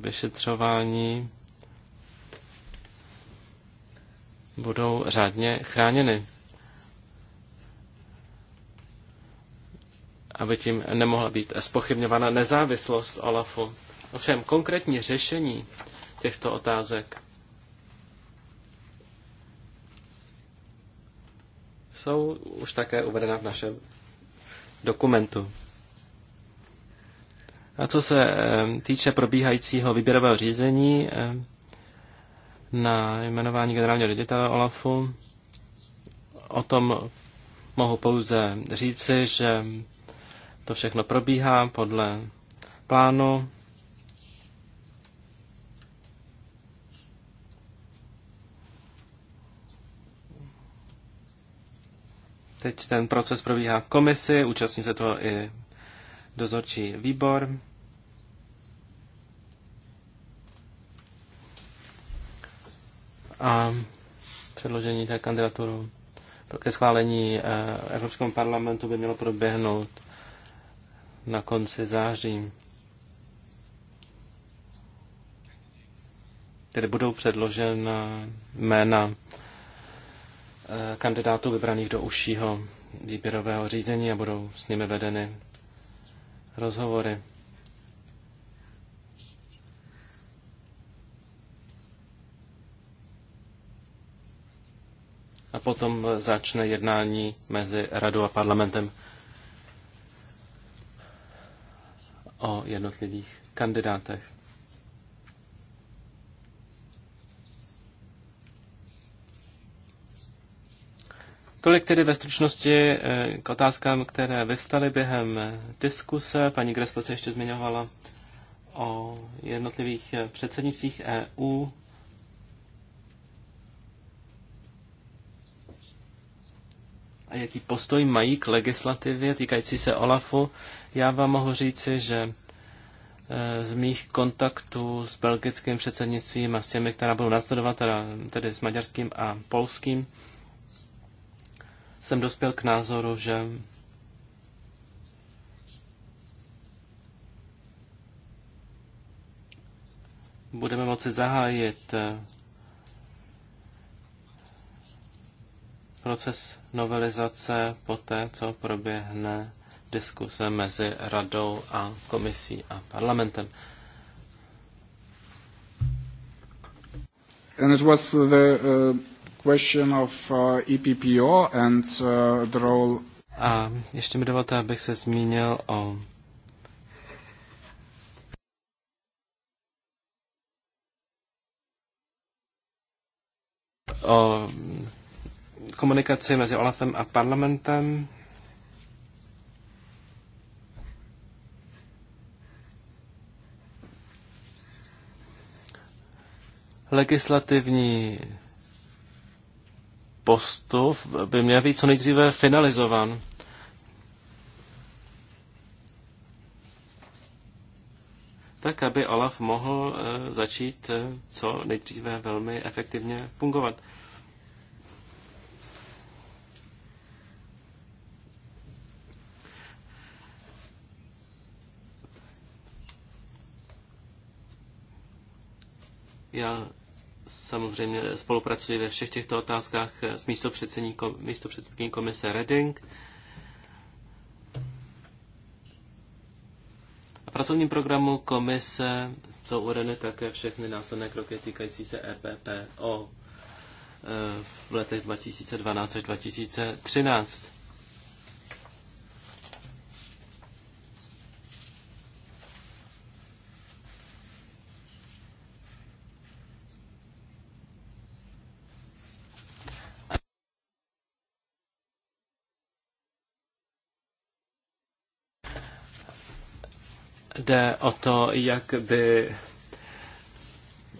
vyšetřování budou řádně chráněny. aby tím nemohla být spochybňována nezávislost OLAFu. Ovšem konkrétní řešení těchto otázek jsou už také uvedena v našem dokumentu. A co se eh, týče probíhajícího výběrového řízení eh, na jmenování generálního ředitele OLAFu, o tom mohu pouze říci, že to všechno probíhá podle plánu. Teď ten proces probíhá v komisi, účastní se toho i dozorčí výbor. A předložení té kandidaturu ke schválení eh, Evropskému parlamentu by mělo proběhnout na konci září. Tedy budou předložena jména Eh, kandidátů vybraných do užšího výběrového řízení a budou s nimi vedeny rozhovory. A potom začne jednání mezi radou a parlamentem o jednotlivých kandidátech. Tolik tedy ve stručnosti eh, k otázkám, které vyvstaly během eh, diskuse. Paní Gresta se ještě zmiňovala o jednotlivých eh, předsednicích EU. A jaký postoj mají k legislativě týkající se OLAFu? Já vám mohu říci, že z mých kontaktů s belgickým předsednictvím a s těmi, která budou následovat, teda, tedy s maďarským a polským, jsem dospěl k názoru, že budeme moci zahájit eh, proces novelizace poté, co proběhne diskuse mezi radou a komisí a parlamentem. And it was the, uh question of uh, EPPO and uh, the role. A ještě mi dovolte, abych se zmínil o o komunikaci mezi OLAFem a parlamentem. Legislativní postup by měl být co nejdříve finalizovan. tak aby OLAF mohl eh, začít eh, co nejdříve velmi efektivně fungovat. Já samozřejmě spolupracuji ve všech těchto otázkách s místopředsedkyní komise Reding. A pracovním programu komise jsou uvedeny také všechny následné kroky týkající se EPPO eh, v letech 2012 až 2013. jde o to, jak by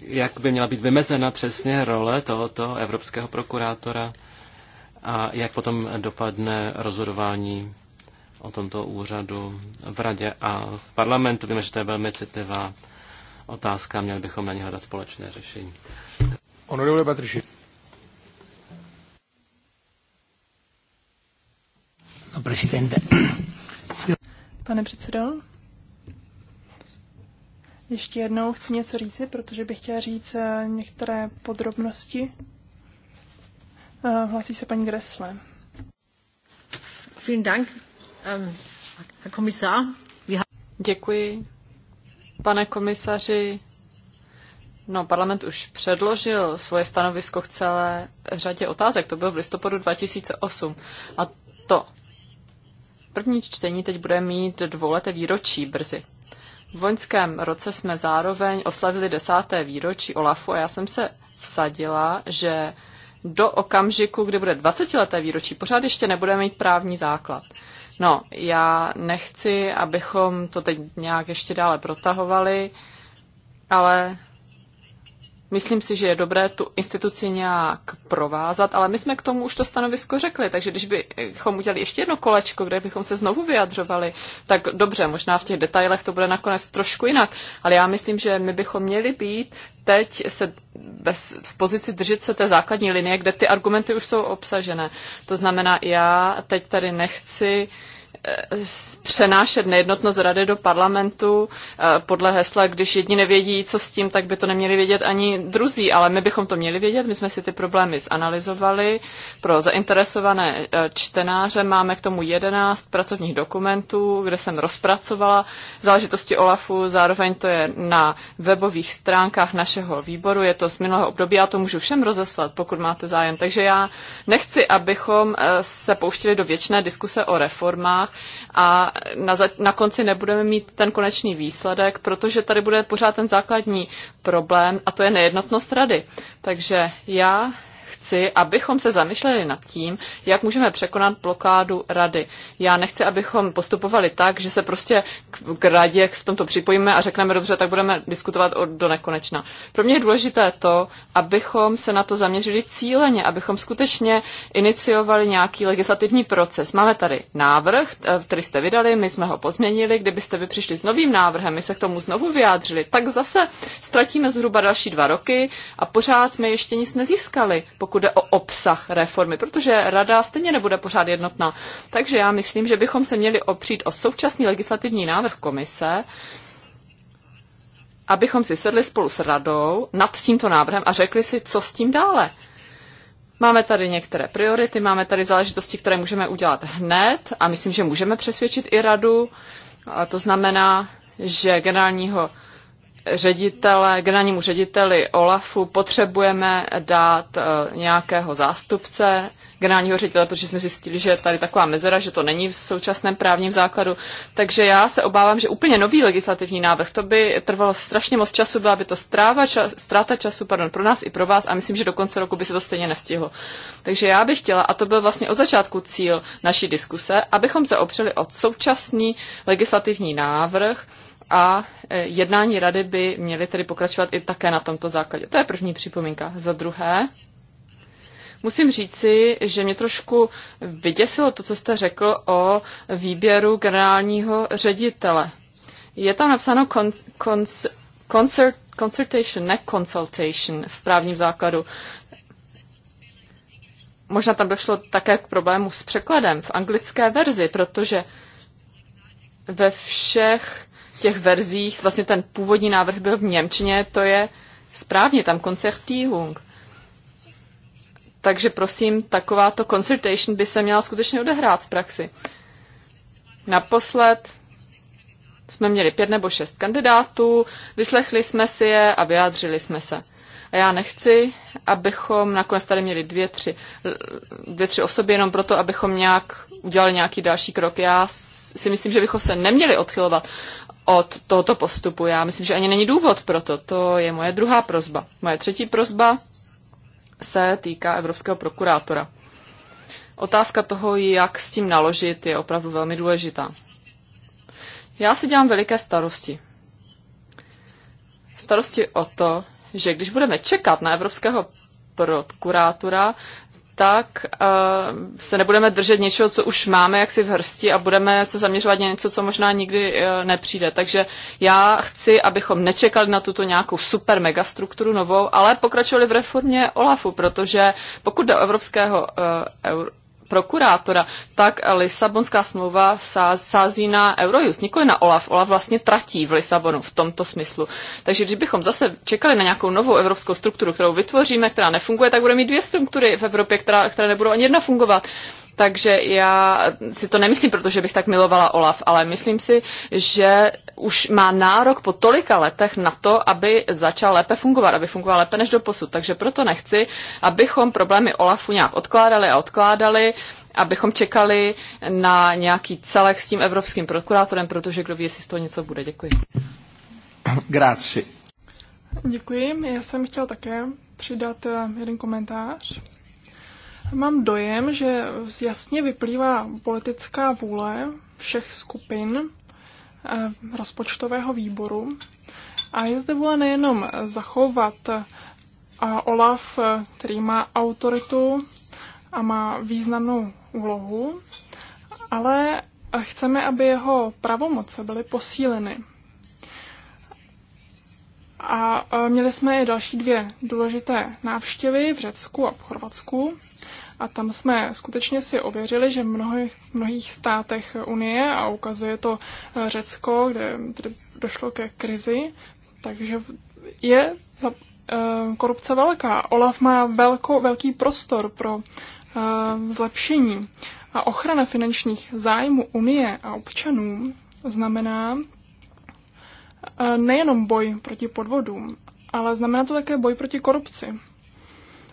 jak by měla být vymezena přesně role tohoto evropského prokurátora a jak potom dopadne rozhodování o tomto úřadu v radě a v parlamentu. Víme, že to je velmi citlivá otázka, měli bychom na ně hledat společné řešení. Honorable Patrici. Pane předsedo, ještě jednou chci něco říci, protože bych chtěla říct eh, některé podrobnosti. Eh, hlásí se paní Gressle. Vielen Dank, ähm, Herr Kommissar. Děkuji. Pane komisaři, no parlament už předložil svoje stanovisko k celé řadě otázek. To bylo v listopadu 2008. A to první čtení teď bude mít dvouleté výročí brzy. V loňském roce jsme zároveň oslavili desáté výročí Olafu a já jsem se vsadila, že do okamžiku, kdy bude 20 leté výročí, pořád ještě nebudeme mít právní základ. No, já nechci, abychom to teď nějak ještě dále protahovali, ale Myslím si, že je dobré tu instituci nějak provázat, ale my jsme k tomu už to stanovisko řekli, takže když bychom udělali ještě jedno kolečko, kde bychom se znovu vyjadřovali, tak dobře, možná v těch detailech to bude nakonec trošku jinak, ale já myslím, že my bychom měli být teď se bez, v pozici držet se té základní linie, kde ty argumenty už jsou obsažené. To znamená, já teď tady nechci uh, Eh, přenášet nejednotnost rady do parlamentu eh, podle hesla, když jedni nevědí, co s tím, tak by to neměli vědět ani druzí, ale my bychom to měli vědět, my jsme si ty problémy zanalizovali. Pro zainteresované eh, čtenáře máme k tomu 11 pracovních dokumentů, kde jsem rozpracovala záležitosti OLAFu, zároveň to je na webových stránkách našeho výboru, je to z minulého období, já to můžu všem rozeslat, pokud máte zájem. Takže já nechci, abychom se pouštili do věčné diskuse o reformách, a na, za- na konci nebudeme mít ten konečný výsledek, protože tady bude pořád ten základní problém a to je nejednotnost rady. Takže já chci, abychom se zamysleli nad tím, jak můžeme překonat blokádu rady. Já nechci, abychom postupovali tak, že se prostě k, k radě v tomto připojíme a řekneme dobře, tak budeme diskutovat o, do nekonečna. Pro mě je důležité to, abychom se na to zaměřili cíleně, abychom skutečně iniciovali nějaký legislativní proces. Máme tady návrh, eh, který jste vydali, my jsme ho pozměnili, kdybyste vy přišli s novým návrhem, my se k tomu znovu vyjádřili, tak zase ztratíme zhruba další dva roky a pořád jsme ještě nic nezískali, pokud jde o obsah reformy, protože rada stejně nebude pořád jednotná. Takže já myslím, že bychom se měli opřít o současný legislativní návrh komise, abychom si sedli spolu s radou nad tímto návrhem a řekli si, co s tím dále. Máme tady některé priority, máme tady záležitosti, které můžeme udělat hned a myslím, že můžeme přesvědčit i radu. A to znamená, že generálního ředitele, generálnímu řediteli OLAFu potřebujeme dát eh, nějakého zástupce generálního ředitele, protože jsme zjistili, že je tady taková mezera, že to není v současném právním základu. Takže já se obávám, že úplně nový legislativní návrh, to by trvalo strašně moc času, byla by to stráva čas, stráta času pardon, pro nás i pro vás a myslím, že do konce roku by se to stejně nestihlo. Takže já bych chtěla, a to byl vlastně od začátku cíl naší diskuse, abychom se opřeli o současný legislativní návrh, a e, jednání rady by měly tedy pokračovat i také na tomto základě. To je první připomínka. Za druhé, musím říci, že mě trošku vyděsilo to, co jste řekl o výběru generálního ředitele. Je tam napsáno consultation, concert, concertation, ne consultation v právním základu. Možná tam došlo také k problému s překladem v anglické verzi, protože ve všech těch verzích, vlastně ten původní návrh byl v Němčině, to je správně, tam koncertýhung. Takže prosím, takováto consultation by se měla skutečně odehrát v praxi. Naposled jsme měli pět nebo šest kandidátů, vyslechli jsme si je a vyjádřili jsme se. A já nechci, abychom nakonec tady měli dvě, tři, dvě, tři osoby jenom proto, abychom nějak udělali nějaký další krok. Já si myslím, že bychom se neměli odchylovat od tohoto postupu. Já myslím, že ani není důvod pro to. To je moje druhá prozba. Moje třetí prozba se týká evropského prokurátora. Otázka toho, jak s tím naložit, je opravdu velmi důležitá. Já si dělám veliké starosti. Starosti o to, že když budeme čekat na evropského prokurátora, tak eh, se nebudeme držet něčeho, co už máme jaksi v hrsti a budeme se zaměřovat na něco, co možná nikdy eh, nepřijde. Takže já chci, abychom nečekali na tuto nějakou super megastrukturu novou, ale pokračovali v reformě OLAFu, protože pokud jde o evropského eh, prokurátora, tak Lisabonská smlouva sází na Eurojust, nikoli na OLAF. OLAF vlastně tratí v Lisabonu v tomto smyslu. Takže když bychom zase čekali na nějakou novou evropskou strukturu, kterou vytvoříme, která nefunguje, tak budeme mít dvě struktury v Evropě, která, které nebudou ani jedna fungovat. Takže já si to nemyslím, protože bych tak milovala Olaf, ale myslím si, že už má nárok po tolika letech na to, aby začal lépe fungovat, aby fungoval lépe než do posud. Takže proto nechci, abychom problémy Olafu nějak odkládali a odkládali, abychom čekali na nějaký celek s tím evropským prokurátorem, protože kdo ví, jestli z toho něco bude. Děkuji. Grazie. Děkuji. Já jsem chtěl také přidat eh, jeden komentář. Mám dojem, že jasně vyplývá politická vůle všech skupin eh, rozpočtového výboru. A je zde vůle nejenom zachovat Olaf, eh, který má autoritu a má významnou úlohu, ale chceme, aby jeho pravomoce byly posíleny. A e, měli jsme i další dvě důležité návštěvy v Řecku a v Chorvatsku. A tam jsme skutečně si ověřili, že v mnohých, mnohých státech Unie, a ukazuje to e, Řecko, kde, kde došlo ke krizi, takže je za, e, korupce velká. Olaf má velko, velký prostor pro e, zlepšení. A ochrana finančních zájmů Unie a občanů znamená nejenom boj proti podvodům, ale znamená to také boj proti korupci.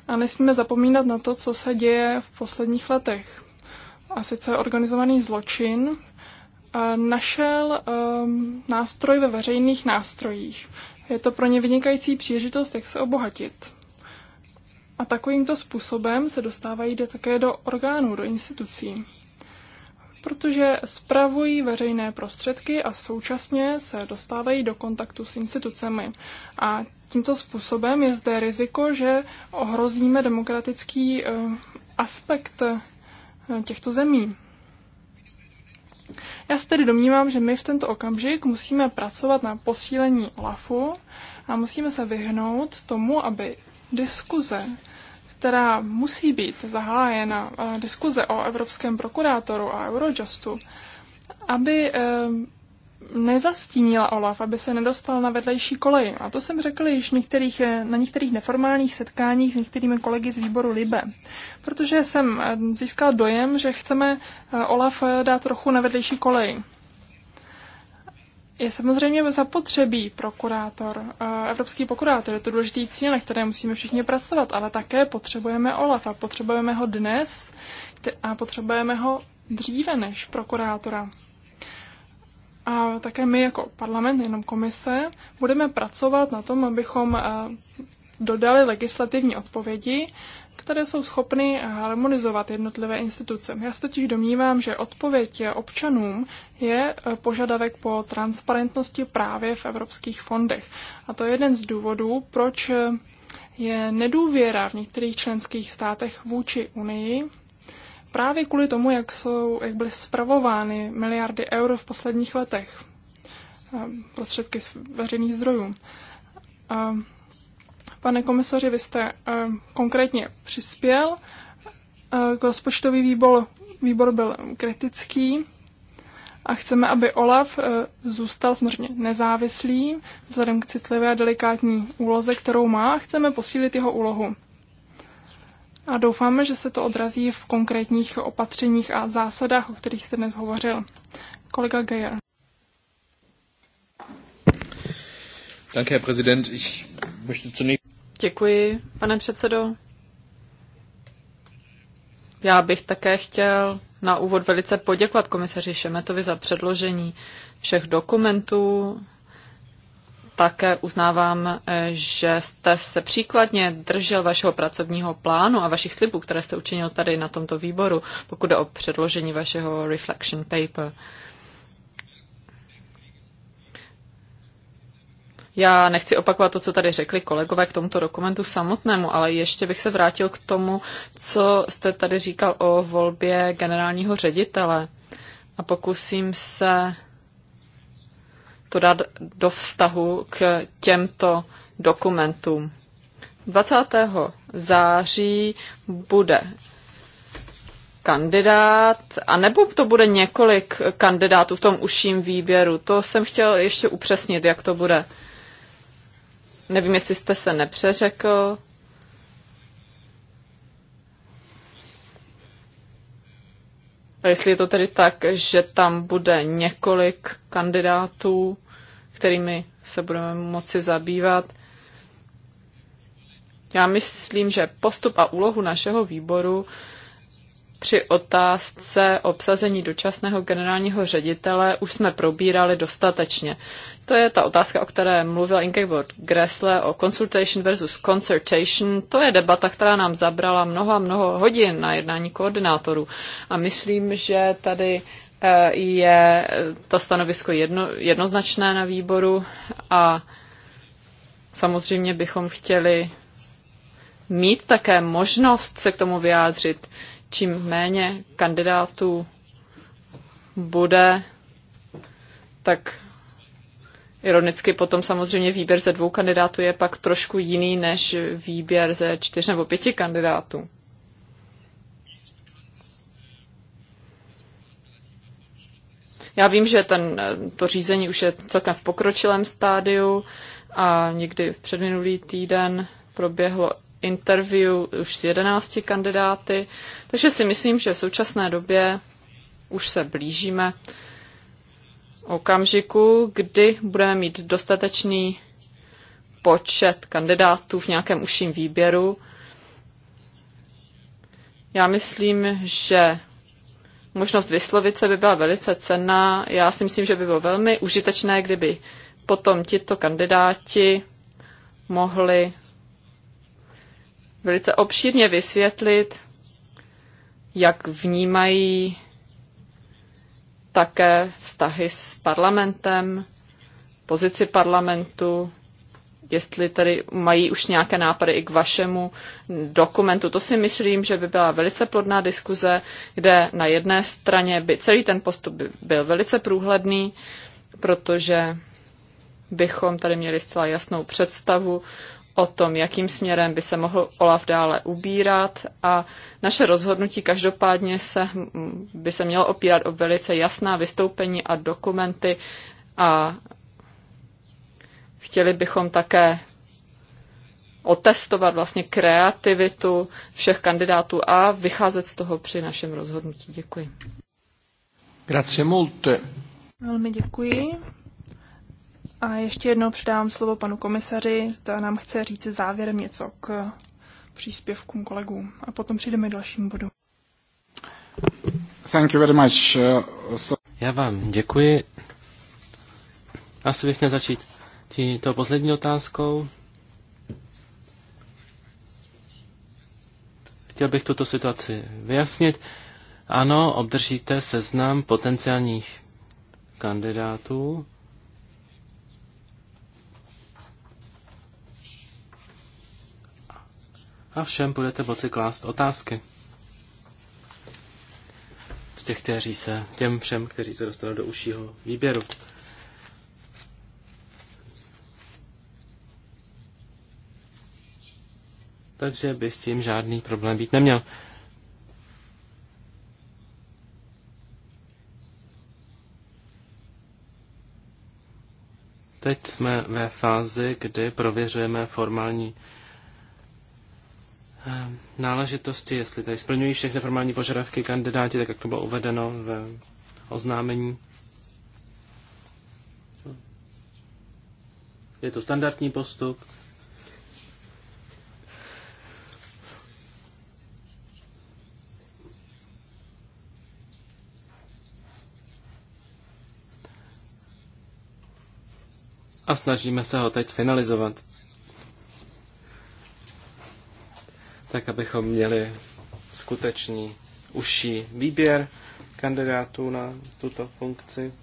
A nesmíme zapomínat na to, co se děje v posledních letech. A sice organizovaný zločin našel um, nástroj ve veřejných nástrojích. Je to pro ně vynikající příležitost, jak se obohatit. A takovýmto způsobem se dostávají do, také do orgánů, do institucí protože spravují veřejné prostředky a současně se dostávají do kontaktu s institucemi. A tímto způsobem je zde riziko, že ohrozíme demokratický eh, aspekt eh, těchto zemí. Já se tedy domnívám, že my v tento okamžik musíme pracovat na posílení OLAFu a musíme se vyhnout tomu, aby diskuze která musí být zahájena eh, diskuze o evropském prokurátoru a Eurojustu, aby eh, nezastínila Olaf, aby se nedostal na vedlejší kolej. A to jsem řekl již některých, eh, na některých neformálních setkáních s některými kolegy z výboru Libe. Protože jsem získal dojem, že chceme Olaf dát trochu na vedlejší kolej je samozřejmě zapotřebí prokurátor, eh, evropský prokurátor, je to důležitý cíl, na které musíme všichni pracovat, ale také potřebujeme OLAF a potřebujeme ho dnes a potřebujeme ho dříve než prokurátora. A také my jako parlament, jenom komise, budeme pracovat na tom, abychom eh, dodali legislativní odpovědi které jsou schopny harmonizovat jednotlivé instituce. Já se totiž domnívám, že odpověď občanům je požadavek po transparentnosti právě v evropských fondech. A to je jeden z důvodů, proč je nedůvěra v některých členských státech vůči Unii právě kvůli tomu, jak, jsou, jak byly spravovány miliardy euro v posledních letech eh, prostředky z veřejných zdrojů. Eh, Pane komisaři, vy jste eh, konkrétně přispěl. Eh, rozpočtový výbor, výbor byl kritický a chceme, aby OLAF eh, zůstal samozřejmě nezávislý vzhledem k citlivé a delikátní úloze, kterou má a chceme posílit jeho úlohu. A doufáme, že se to odrazí v konkrétních opatřeních a zásadách, o kterých jste dnes hovořil. Kolega Geyer. Danke, Herr Präsident. Ich möchte zunächst Děkuji, pane předsedo. Já bych také chtěl na úvod velice poděkovat komisaři Šemetovi za předložení všech dokumentů. Také uznávám, že jste se příkladně držel vašeho pracovního plánu a vašich slibů, které jste učinil tady na tomto výboru, pokud jde o předložení vašeho reflection paper. Já nechci opakovat to, co tady řekli kolegové k tomuto dokumentu samotnému, ale ještě bych se vrátil k tomu, co jste tady říkal o volbě generálního ředitele. A pokusím se to dát do vztahu k těmto dokumentům. 20. září bude kandidát, a nebo to bude několik kandidátů v tom užším výběru. To jsem chtěl ještě upřesnit, jak to bude. Nevím, jestli jste se nepřeřekl. A jestli je to tedy tak, že tam bude několik kandidátů, kterými se budeme moci zabývat. Já myslím, že postup a úlohu našeho výboru při otázce obsazení dočasného generálního ředitele už jsme probírali dostatečně. To je ta otázka, o které mluvil Ingeborg Gressle o consultation versus concertation. To je debata, která nám zabrala mnoho a mnoho hodin na jednání koordinátorů. A myslím, že tady eh, je to stanovisko jedno, jednoznačné na výboru a samozřejmě bychom chtěli mít také možnost se k tomu vyjádřit čím méně kandidátů bude, tak ironicky potom samozřejmě výběr ze dvou kandidátů je pak trošku jiný než výběr ze čtyř nebo pěti kandidátů. Já vím, že ten, to řízení už je celkem v pokročilém stádiu a někdy předminulý týden proběhlo interview už s 11 kandidáty, takže si myslím, že v současné době už se blížíme okamžiku, kdy budeme mít dostatečný počet kandidátů v nějakém užším výběru. Já myslím, že možnost vyslovit se by byla velice cenná. Já si myslím, že by bylo velmi užitečné, kdyby potom tito kandidáti mohli velice obšírně vysvětlit, jak vnímají také vztahy s parlamentem, pozici parlamentu, jestli tady mají už nějaké nápady i k vašemu dokumentu. To si myslím, že by byla velice plodná diskuze, kde na jedné straně by celý ten postup by byl velice průhledný, protože bychom tady měli zcela jasnou představu o tom, jakým směrem by se mohl OLAF dále ubírat a naše rozhodnutí každopádně se, by se mělo opírat o velice jasná vystoupení a dokumenty a chtěli bychom také otestovat vlastně kreativitu všech kandidátů a vycházet z toho při našem rozhodnutí. Děkuji. Grazie molte. Velmi děkuji. A ještě jednou předám slovo panu komisaři, zda nám chce říct závěrem něco k příspěvkům kolegů. A potom přijdeme k dalším bodu. Thank you very much. Uh, Já vám děkuji. Asi bych měl začít to poslední otázkou. Chtěl bych tuto situaci vyjasnit. Ano, obdržíte seznam potenciálních kandidátů a všem budete moci klást otázky. Z těch, kteří se, těm všem, kteří se dostanou do užšího výběru. Takže by s tím žádný problém být neměl. Teď jsme ve fázi, kdy prověřujeme formální Eh, náležitosti, jestli tady splňují všechny formální požadavky kandidáti, tak jak to bylo uvedeno v oznámení. Je to standardní postup. A snažíme se ho teď finalizovat. tak abychom měli skutečný užší výběr kandidátů na tuto funkci.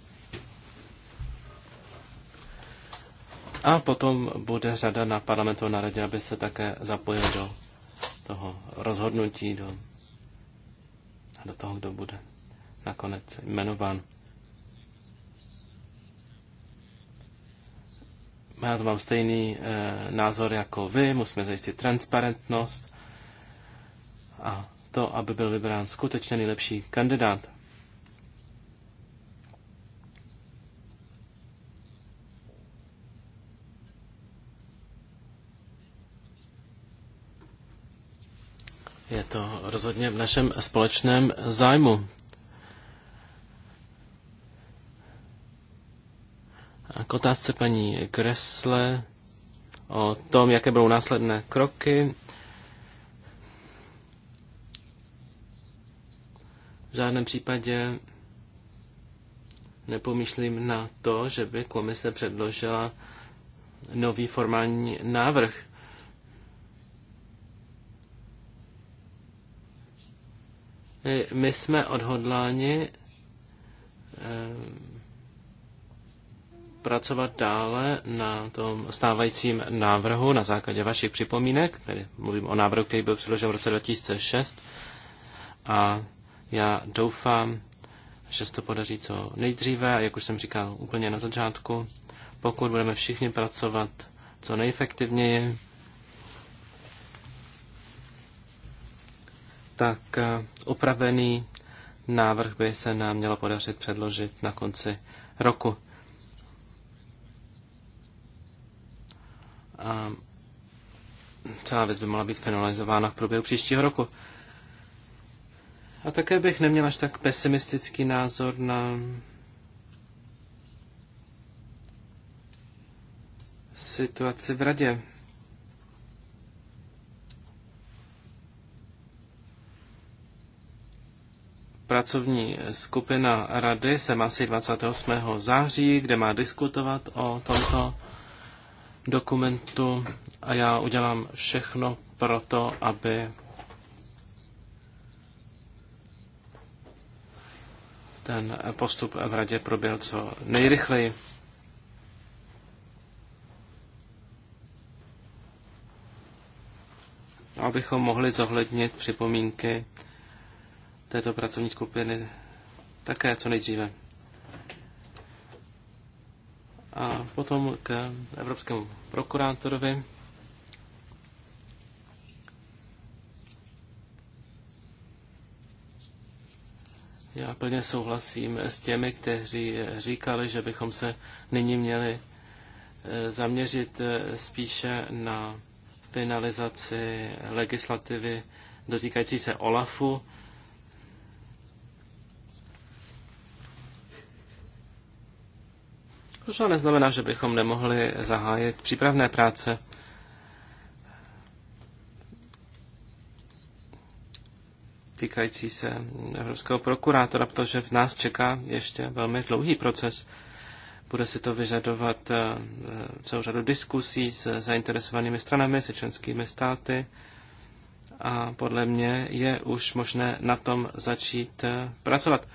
A potom bude řada na parlamentu na radě, aby se také zapojil do toho rozhodnutí, do, do toho, kdo bude nakonec jmenován. Já to mám stejný e, názor jako vy, musíme zajistit transparentnost a to, aby byl vybrán skutečně nejlepší kandidát. Je to rozhodně v našem společném zájmu. A k otázce paní Kresle o tom, jaké budou následné kroky. V žádném případě nepomýšlím na to, že by komise předložila nový formální návrh. My jsme odhodláni eh, pracovat dále na tom stávajícím návrhu na základě vašich připomínek, tedy mluvím o návrhu, který byl předložen v roce 2006 a já doufám, že se to podaří co nejdříve, a jak už jsem říkal úplně na začátku, pokud budeme všichni pracovat co nejefektivněji, tak opravený eh, návrh by se nám mělo podařit předložit na konci roku. A celá věc by mohla být finalizována v průběhu příštího roku. A také bych neměl až tak pesimistický názor na situaci v radě. Pracovní skupina rady se má asi 28. září, kde má diskutovat o tomto dokumentu a já udělám všechno pro to, aby ten postup v radě proběhl co nejrychleji. Abychom mohli zohlednit připomínky této pracovní skupiny také co nejdříve. A potom k evropskému prokurátorovi. Já plně souhlasím s těmi, kteří říkali, že bychom se nyní měli eh, zaměřit eh, spíše na finalizaci legislativy dotýkající se OLAFu. Což neznamená, že bychom nemohli zahájit přípravné práce týkající se evropského prokurátora, protože v nás čeká ještě velmi dlouhý proces. Bude si to vyžadovat eh, celou řadu diskusí s zainteresovanými stranami, se členskými státy a podle mě je už možné na tom začít eh, pracovat.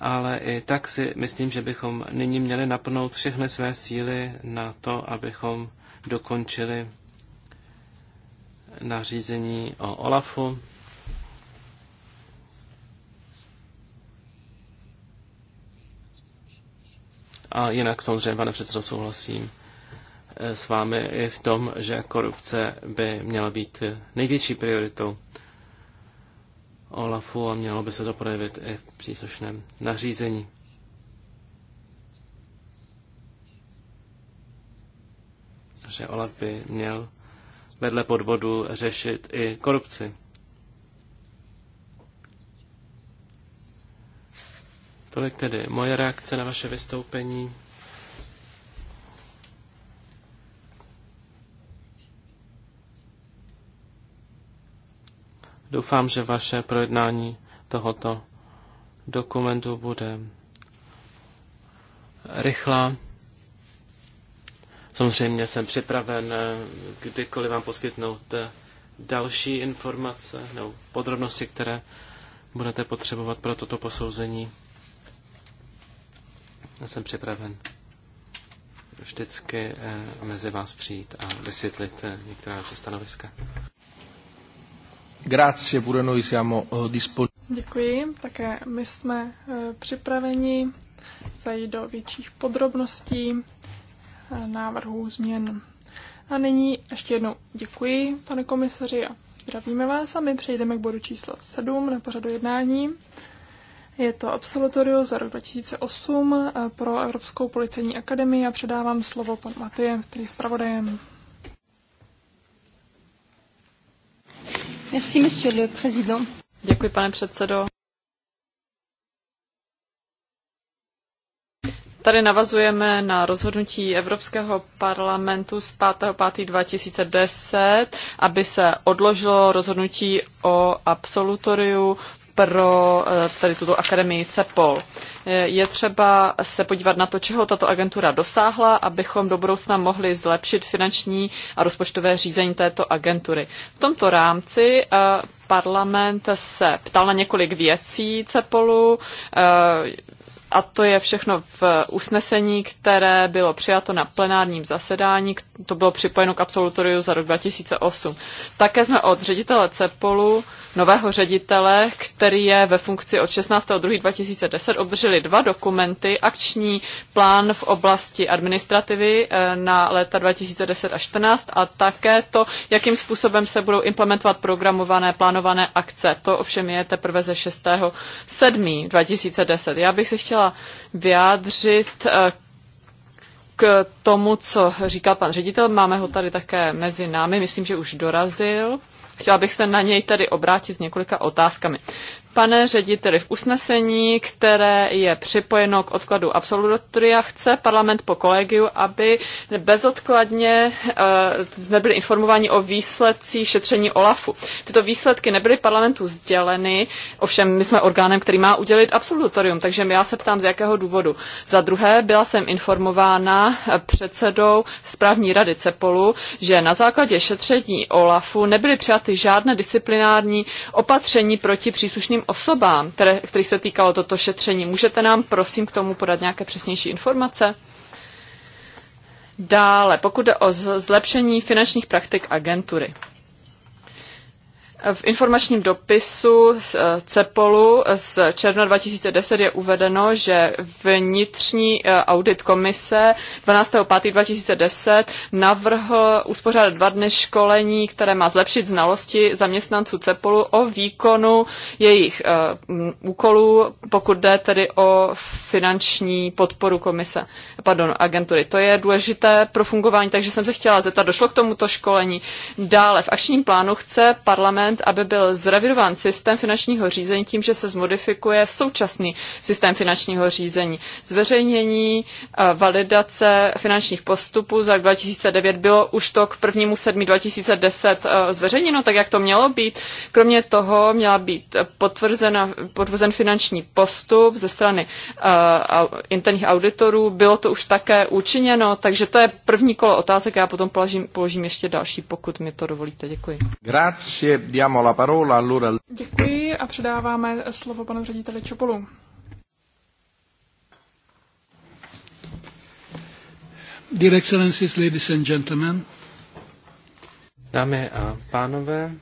Ale i tak si myslím, že bychom nyní měli napnout všechny své síly na to, abychom dokončili nařízení o OLAFu A jinak samozřejmě, pane předsedo, souhlasím eh, s vámi i v tom, že korupce by měla být eh, největší prioritou OLAFu a mělo by se to projevit i v příslušném nařízení. Že OLAF by měl vedle podvodu řešit i korupci. Tolik tedy moje reakce na vaše vystoupení. Doufám, že vaše projednání tohoto dokumentu bude rychlá. Samozřejmě jsem připraven eh, kdykoliv vám poskytnout eh, další informace nebo podrobnosti, které budete potřebovat pro toto posouzení. Já jsem připraven vždycky eh, mezi vás přijít a vysvětlit eh, některá naše stanoviska. Grazie, pure noi siamo eh, disponibili. Děkuji, také my jsme připraveni zajít do větších podrobností návrhů změn. A nyní ještě jednou děkuji, pane komisaři, a zdravíme vás a my přejdeme k bodu číslo 7 na pořadu jednání. Je to absolutoriu za rok 2008 eh, pro Evropskou policejní akademii a předávám slovo panu Matyjem, který je zpravodajem. Merci, monsieur le président. Děkuji, pane předsedo. Tady navazujeme na rozhodnutí Evropského parlamentu z 5.5.2010, aby se odložilo rozhodnutí o absolutoriu pro eh, tady tuto akademii CEPOL. Eh, je třeba se podívat na to, čeho tato agentura dosáhla, abychom do budoucna mohli zlepšit finanční a rozpočtové řízení této agentury. V tomto rámci eh, parlament se ptal na několik věcí CEPOLu, a to je všechno v usnesení, které bylo přijato na plenárním zasedání, to bylo připojeno k absolutoriu za rok 2008. Také jsme od ředitele CEPOLu, nového ředitele, který je ve funkci od 16.2.2010, obdrželi dva dokumenty, akční plán v oblasti administrativy eh, na léta 2010 a 14 a také to, jakým způsobem se budou implementovat programované, plánované akce. To ovšem je teprve ze 6.7.2010. Já bych se chtěla chtěla vyjádřit eh, k tomu, co říkal pan ředitel. Máme ho tady také mezi námi, myslím, že už dorazil. Chtěla bych se na něj tady obrátit s několika otázkami. Pane řediteli, v usnesení, které je připojeno k odkladu absolutoria, chce parlament po kolegiu, aby bezodkladně uh, jsme byli informováni o výsledcích šetření OLAFu. Tyto výsledky nebyly parlamentu sděleny, ovšem my jsme orgánem, který má udělit absolutorium, takže já se ptám, z jakého důvodu. Za druhé, byla jsem informována eh, předsedou správní rady CEPOLu, že na základě šetření OLAFu nebyly přijaty žádné disciplinární opatření proti příslušným osobám, které, který se týkalo toto šetření. Můžete nám prosím k tomu podat nějaké přesnější informace? Dále, pokud jde o zlepšení finančních praktik agentury. V informačním dopisu z eh, CEPOLu z června 2010 je uvedeno, že vnitřní eh, audit komise 12.5.2010 navrhl uspořádat dva dny školení, které má zlepšit znalosti zaměstnanců CEPOLu o výkonu jejich eh, úkolů, pokud jde tedy o finanční podporu komise, pardon, agentury. To je důležité pro fungování, takže jsem se chtěla zeptat, došlo k tomuto školení. Dále v akčním plánu chce parlament parlament, aby byl zrevidován systém finančního řízení tím, že se zmodifikuje současný systém finančního řízení. Zveřejnění eh, validace finančních postupů za 2009 bylo už to k 1. 7. 2010 zveřejněno, tak jak to mělo být. Kromě toho měla být potvrzena, potvrzen finanční postup ze strany uh, interních auditorů. Bylo to už také učiněno, takže to je první kolo otázek. Já potom položím, položím ještě další, pokud mi to dovolíte. Děkuji. Grazie. Diamo la parola allora... Děkuji a předáváme slovo panu řediteli Čopolu. Dear Excellencies, ladies and gentlemen. Dámy a pánové,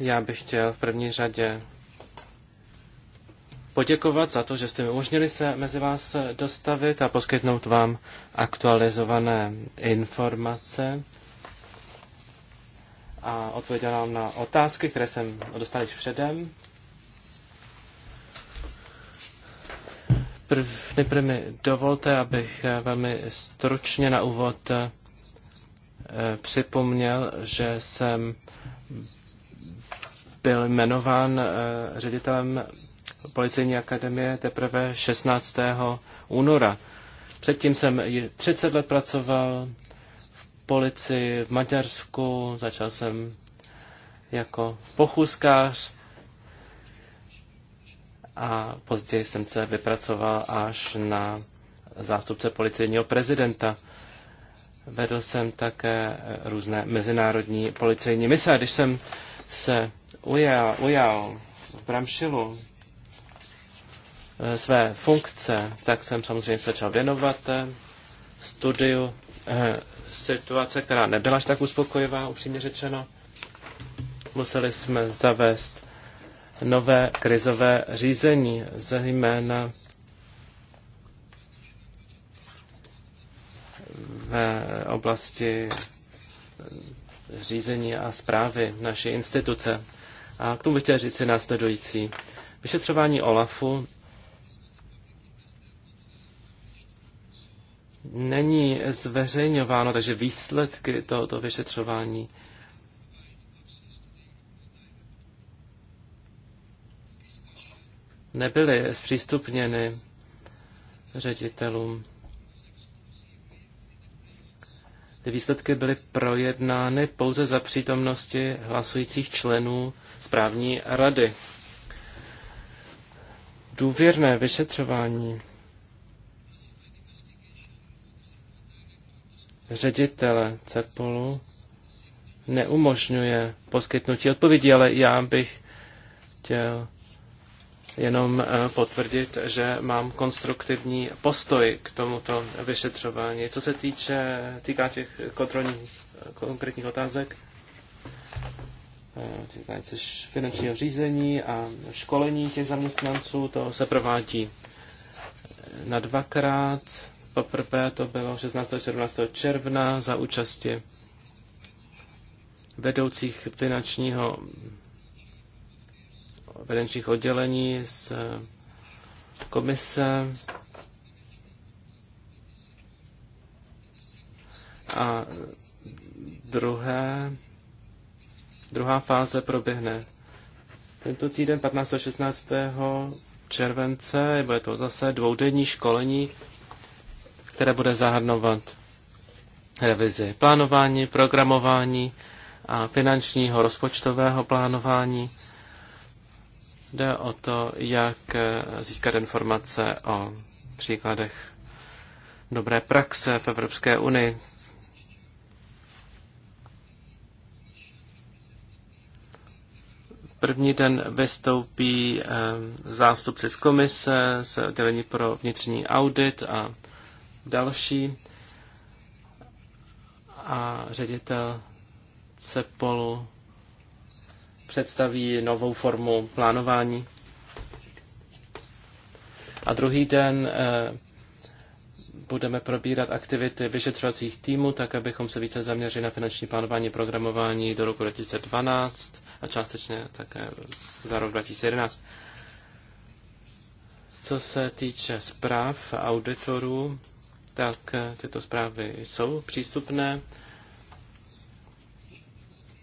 já bych chtěl v první řadě poděkovat za to, že jste mi umožnili se mezi vás dostavit a poskytnout vám aktualizované informace a odpověděl nám na otázky, které jsem dostal již předem. nejprve mi dovolte, abych eh, velmi stručně na úvod eh, připomněl, že jsem byl jmenován eh, ředitelem Policejní akademie teprve 16. února. Předtím jsem 30 let pracoval policii v Maďarsku, začal jsem jako pochůzkář a později jsem se vypracoval až na zástupce policejního prezidenta. Vedl jsem také různé mezinárodní policejní mise. Když jsem se ujal, ujal v Bramšilu eh, své funkce, tak jsem samozřejmě začal věnovat eh, studiu eh, situace, která nebyla až tak uspokojivá, upřímně řečeno. Museli jsme zavést nové krizové řízení, zejména v oblasti řízení a zprávy naší instituce. A k tomu bych chtěl říct si následující. Vyšetřování OLAFu není zveřejňováno, takže výsledky tohoto vyšetřování nebyly zpřístupněny ředitelům. Ty výsledky byly projednány pouze za přítomnosti hlasujících členů správní rady. Důvěrné vyšetřování ředitele CEPOLu neumožňuje poskytnutí odpovědi, ale já bych chtěl jenom eh, potvrdit, že mám konstruktivní postoj k tomuto vyšetřování. Co se týče, týká těch kontrolních eh, konkrétních otázek, eh, týkající se finančního řízení a školení těch zaměstnanců, to se provádí na dvakrát Poprvé to bylo 16. 17. června za účasti vedoucích finančního vedenčích oddělení z komise a druhé, druhá fáze proběhne tento týden 15. a 16. července, je to zase dvoudenní školení které bude zahrnovat revizi plánování, programování a finančního rozpočtového plánování. Jde o to, jak získat informace o příkladech dobré praxe v Evropské unii. První den vystoupí eh, zástupci z komise, z oddělení pro vnitřní audit a další a ředitel CEPOLu představí novou formu plánování. A druhý den eh, budeme probírat aktivity vyšetřovacích týmů, tak abychom se více zaměřili na finanční plánování programování do roku 2012 a částečně také za rok 2011. Co se týče zpráv auditorů, tak tyto zprávy jsou přístupné.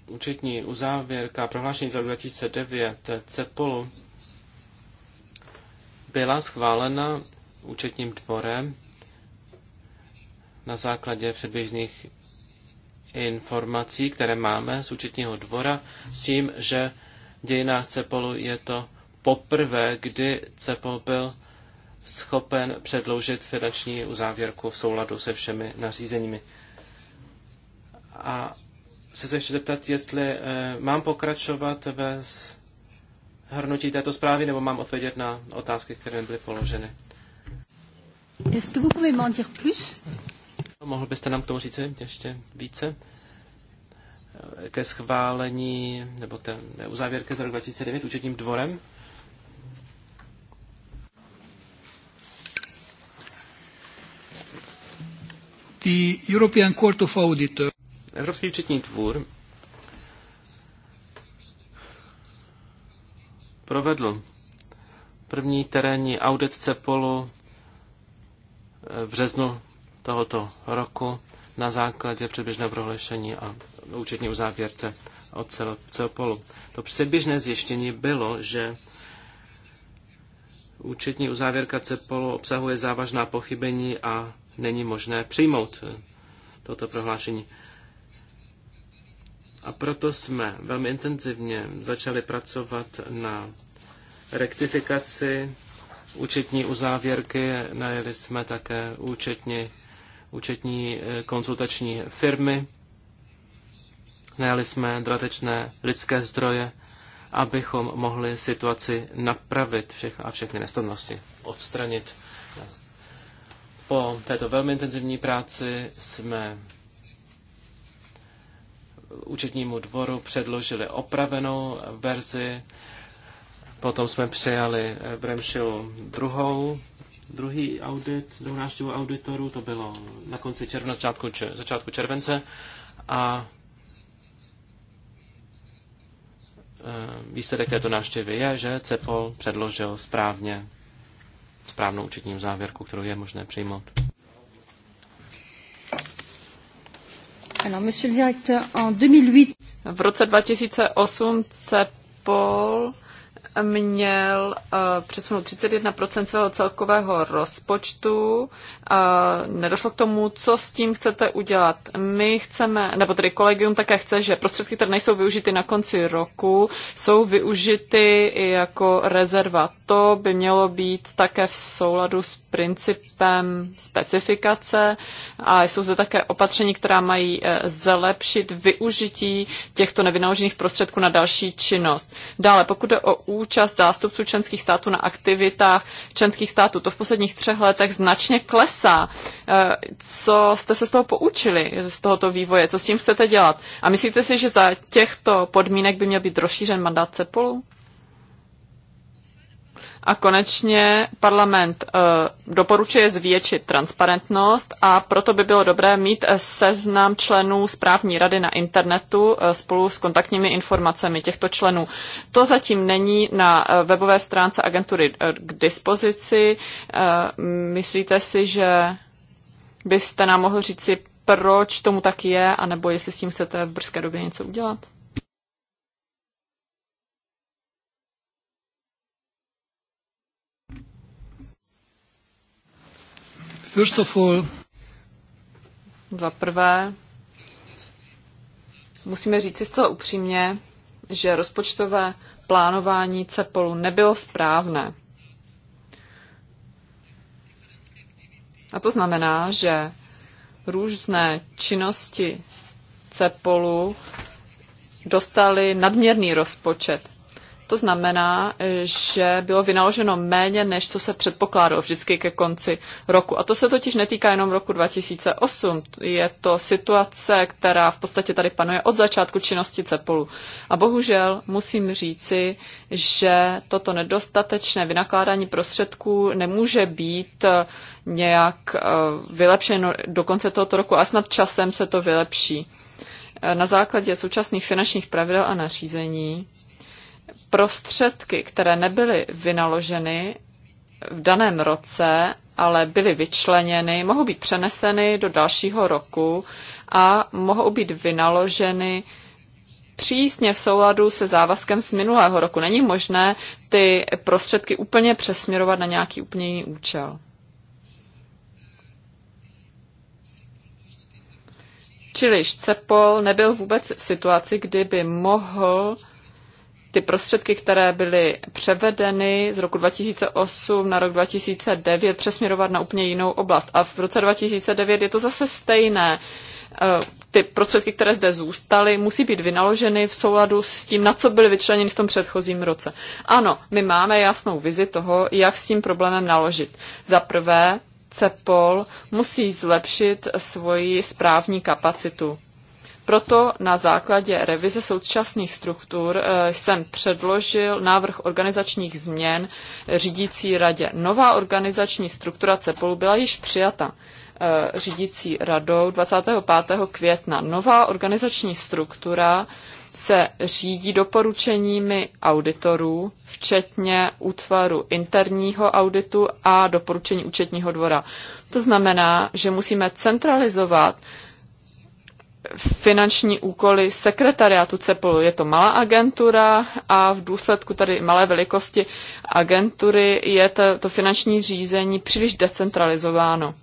Účetní uzávěrka prohlášení za 2009 CEPOLu byla schválena účetním dvorem na základě předběžných informací, které máme z účetního dvora, s tím, že v dějinách Cepolu je to poprvé, kdy Cepol byl schopen předložit finanční uzávěrku v souladu se všemi nařízeními. A chci se ještě zeptat, jestli e, mám pokračovat ve hrnutí této zprávy, nebo mám odpovědět na otázky, které mi byly položeny. Est-ce que vous m'en dire plus? Mohl byste nám k tomu říct ještě více? Ke schválení, nebo k té uzávěrky z roku 2009 účetním dvorem? the European Court of Auditor. Evropský účetní dvůr provedl první terénní audit CEPOLu eh, v březnu tohoto roku na základě předběžného prohlášení a účetní uzávěrce od CEPOLu. To předběžné zjištění bylo, že účetní uzávěrka CEPOLu obsahuje závažná pochybení a není možné přijmout eh, toto prohlášení. A proto jsme velmi intenzivně začali pracovat na rektifikaci účetní uzávěrky, najeli jsme také účetní, účetní eh, konzultační firmy, najeli jsme dodatečné lidské zdroje, abychom mohli situaci napravit všech a všechny nestavnosti odstranit. Po této velmi intenzivní práci jsme účetnímu dvoru předložili opravenou verzi, potom jsme přijali Bremšilu eh, druhou, druhý audit, druhou návštěvu auditorů, to bylo na konci června, začátku, začátku července a eh, výsledek této návštěvy je, že CEPOL předložil správně správnou účetní závěrku, kterou je možné přijmout. V roce 2008 CEPOL měl eh, přesunout 31% svého celkového rozpočtu. Eh, nedošlo k tomu, co s tím chcete udělat. My chceme, nebo tedy kolegium také chce, že prostředky, které nejsou využity na konci roku, jsou využity i jako rezerva. To by mělo být také v souladu s principem specifikace a jsou zde také opatření, která mají eh, zlepšit využití těchto nevynaložených prostředků na další činnost. Dále, pokud jde o účast zástupců členských států na aktivitách členských států, to v posledních třech letech značně klesá. Eh, co jste se z toho poučili, z tohoto vývoje? Co s tím chcete dělat? A myslíte si, že za těchto podmínek by měl být rozšířen mandát CEPOLu? A konečně parlament eh, doporučuje zvětšit transparentnost a proto by bylo dobré mít eh, seznam členů správní rady na internetu eh, spolu s kontaktními informacemi těchto členů. To zatím není na webové stránce agentury k dispozici. Myslíte si, že byste nám mohl říci, proč tomu tak je, anebo jestli s tím chcete v brzké době něco udělat? First of all, za prvé, musíme říct si zcela upřímně, že rozpočtové plánování CEPOLu nebylo správné. A to znamená, že různé činnosti CEPOLu dostali nadměrný rozpočet. To znamená, že bylo vynaloženo méně, než co se předpokládalo vždycky ke konci roku. A to se totiž netýká jenom roku 2008. Je to situace, která v podstatě tady panuje od začátku činnosti CEPOLu. A bohužel musím říci, že toto nedostatečné vynakládání prostředků nemůže být nějak eh, vylepšeno do konce tohoto roku a snad časem se to vylepší. Eh, na základě současných finančních pravidel a nařízení prostředky, které nebyly vynaloženy v daném roce, ale byly vyčleněny, mohou být přeneseny do dalšího roku a mohou být vynaloženy přísně v souladu se závazkem z minulého roku. Není možné ty prostředky úplně přesměrovat na nějaký úplně jiný účel. Čiliž Cepol nebyl vůbec v situaci, kdy by mohl ty prostředky, které byly převedeny z roku 2008 na rok 2009, přesměrovat na úplně jinou oblast. A v roce 2009 je to zase stejné. E, ty prostředky, které zde zůstaly, musí být vynaloženy v souladu s tím, na co byly vyčleněny v tom předchozím roce. Ano, my máme jasnou vizi toho, jak s tím problémem naložit. Za prvé, CEPOL musí zlepšit svoji správní kapacitu proto na základě revize současných struktur eh, jsem předložil návrh organizačních změn eh, řídící radě. Nová organizační struktura CEPOLu byla již přijata eh, řídící radou 25. května. Nová organizační struktura se řídí doporučeními auditorů, včetně útvaru interního auditu a doporučení účetního dvora. To znamená, že musíme centralizovat finanční úkoly sekretariátu CEPOLu. Je to malá agentura a v důsledku tady malé velikosti agentury je to, to finanční řízení příliš decentralizováno.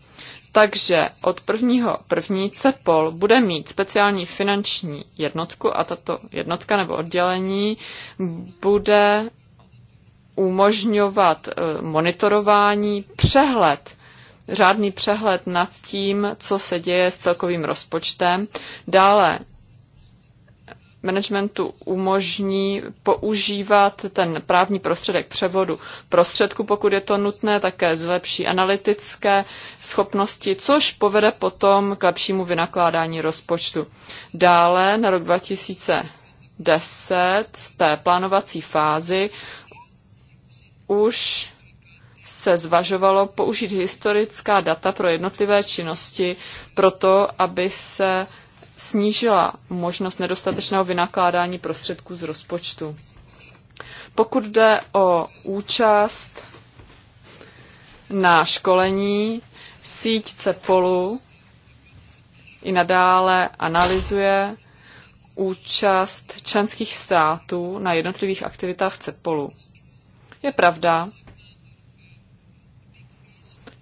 Takže od prvního první CEPOL bude mít speciální finanční jednotku a tato jednotka nebo oddělení bude umožňovat eh, monitorování, přehled řádný přehled nad tím, co se děje s celkovým rozpočtem. Dále managementu umožní používat ten právní prostředek převodu prostředku, pokud je to nutné, také zlepší analytické schopnosti, což povede potom k lepšímu vynakládání rozpočtu. Dále na rok 2010 v té plánovací fázi už se zvažovalo použít historická data pro jednotlivé činnosti, proto aby se snížila možnost nedostatečného vynakládání prostředků z rozpočtu. Pokud jde o účast na školení, síť CEPOLu i nadále analyzuje účast členských států na jednotlivých aktivitách CEPOLu. Je pravda,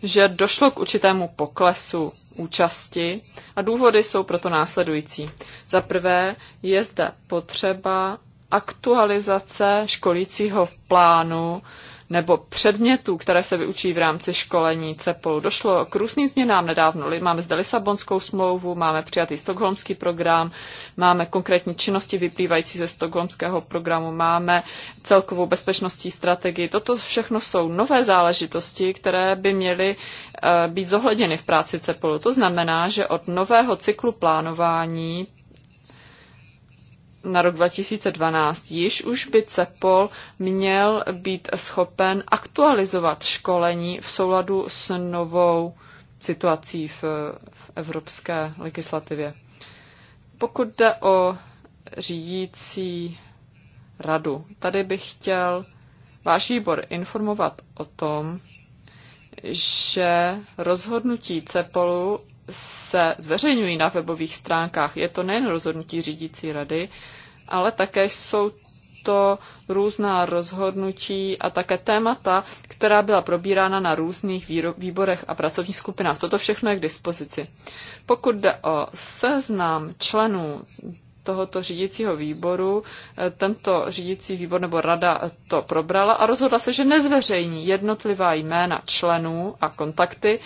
že došlo k určitému poklesu účasti a důvody jsou proto následující. Za prvé je zde potřeba aktualizace školícího plánu nebo předmětů, které se vyučí v rámci školení CEPOL. Došlo k různým změnám nedávno. Máme zde Lisabonskou smlouvu, máme přijatý stokholmský program, máme konkrétní činnosti vyplývající ze stokholmského programu, máme celkovou bezpečnostní strategii. Toto všechno jsou nové záležitosti, které by měly eh, být zohledněny v práci CEPOLu. To znamená, že od nového cyklu plánování na rok 2012 již už by CEPOL měl být schopen aktualizovat školení v souladu s novou situací v, v evropské legislativě. Pokud jde o řídící radu, tady bych chtěl váš výbor informovat o tom, že rozhodnutí CEPOLu se zveřejňují na webových stránkách. Je to nejen rozhodnutí řídící rady, ale také jsou to různá rozhodnutí a také témata, která byla probírána na různých výborech a pracovních skupinách. Toto všechno je k dispozici. Pokud jde o seznam členů tohoto řídícího výboru, eh, tento řídící výbor nebo rada to probrala a rozhodla se, že nezveřejní jednotlivá jména členů a kontakty,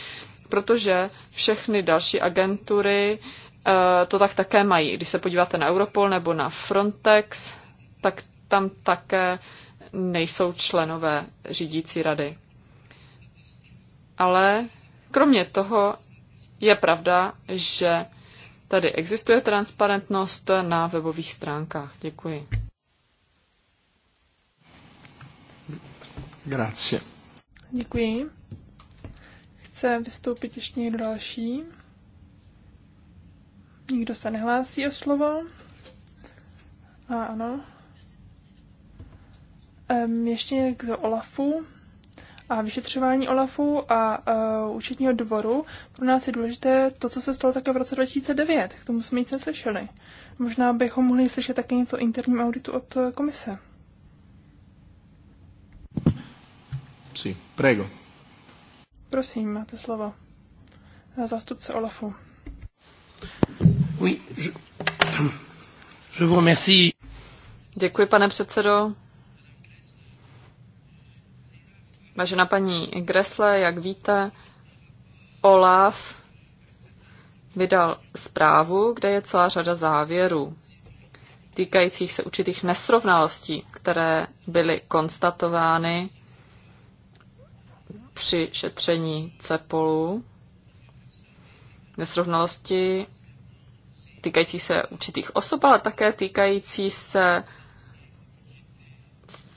protože všechny další agentury eh, to tak také mají. Když se podíváte na Europol nebo na Frontex, tak tam také nejsou členové řídící rady. Ale kromě toho je pravda, že tady existuje transparentnost na webových stránkách. Děkuji. Grazie. Děkuji. Chce vystoupit ještě někdo další? Nikdo se nehlásí o slovo? A ano. Um, ještě k Olafu a vyšetřování Olafu a uh, účetního dvoru. Pro nás je důležité to, co se stalo také v roce 2009. K tomu jsme nic neslyšeli. Možná bychom mohli slyšet také něco o interním auditu od komise. Sí, prego. Prosím, máte slovo. Zastupce Olafu. Oui, je, je vous remercie. Děkuji, pane předsedo. Vážená paní Gressle, jak víte, Olaf vydal zprávu, kde je celá řada závěrů týkajících se určitých nesrovnalostí, které byly konstatovány při šetření CEPOLu nesrovnalosti týkající se určitých osob, ale také týkající se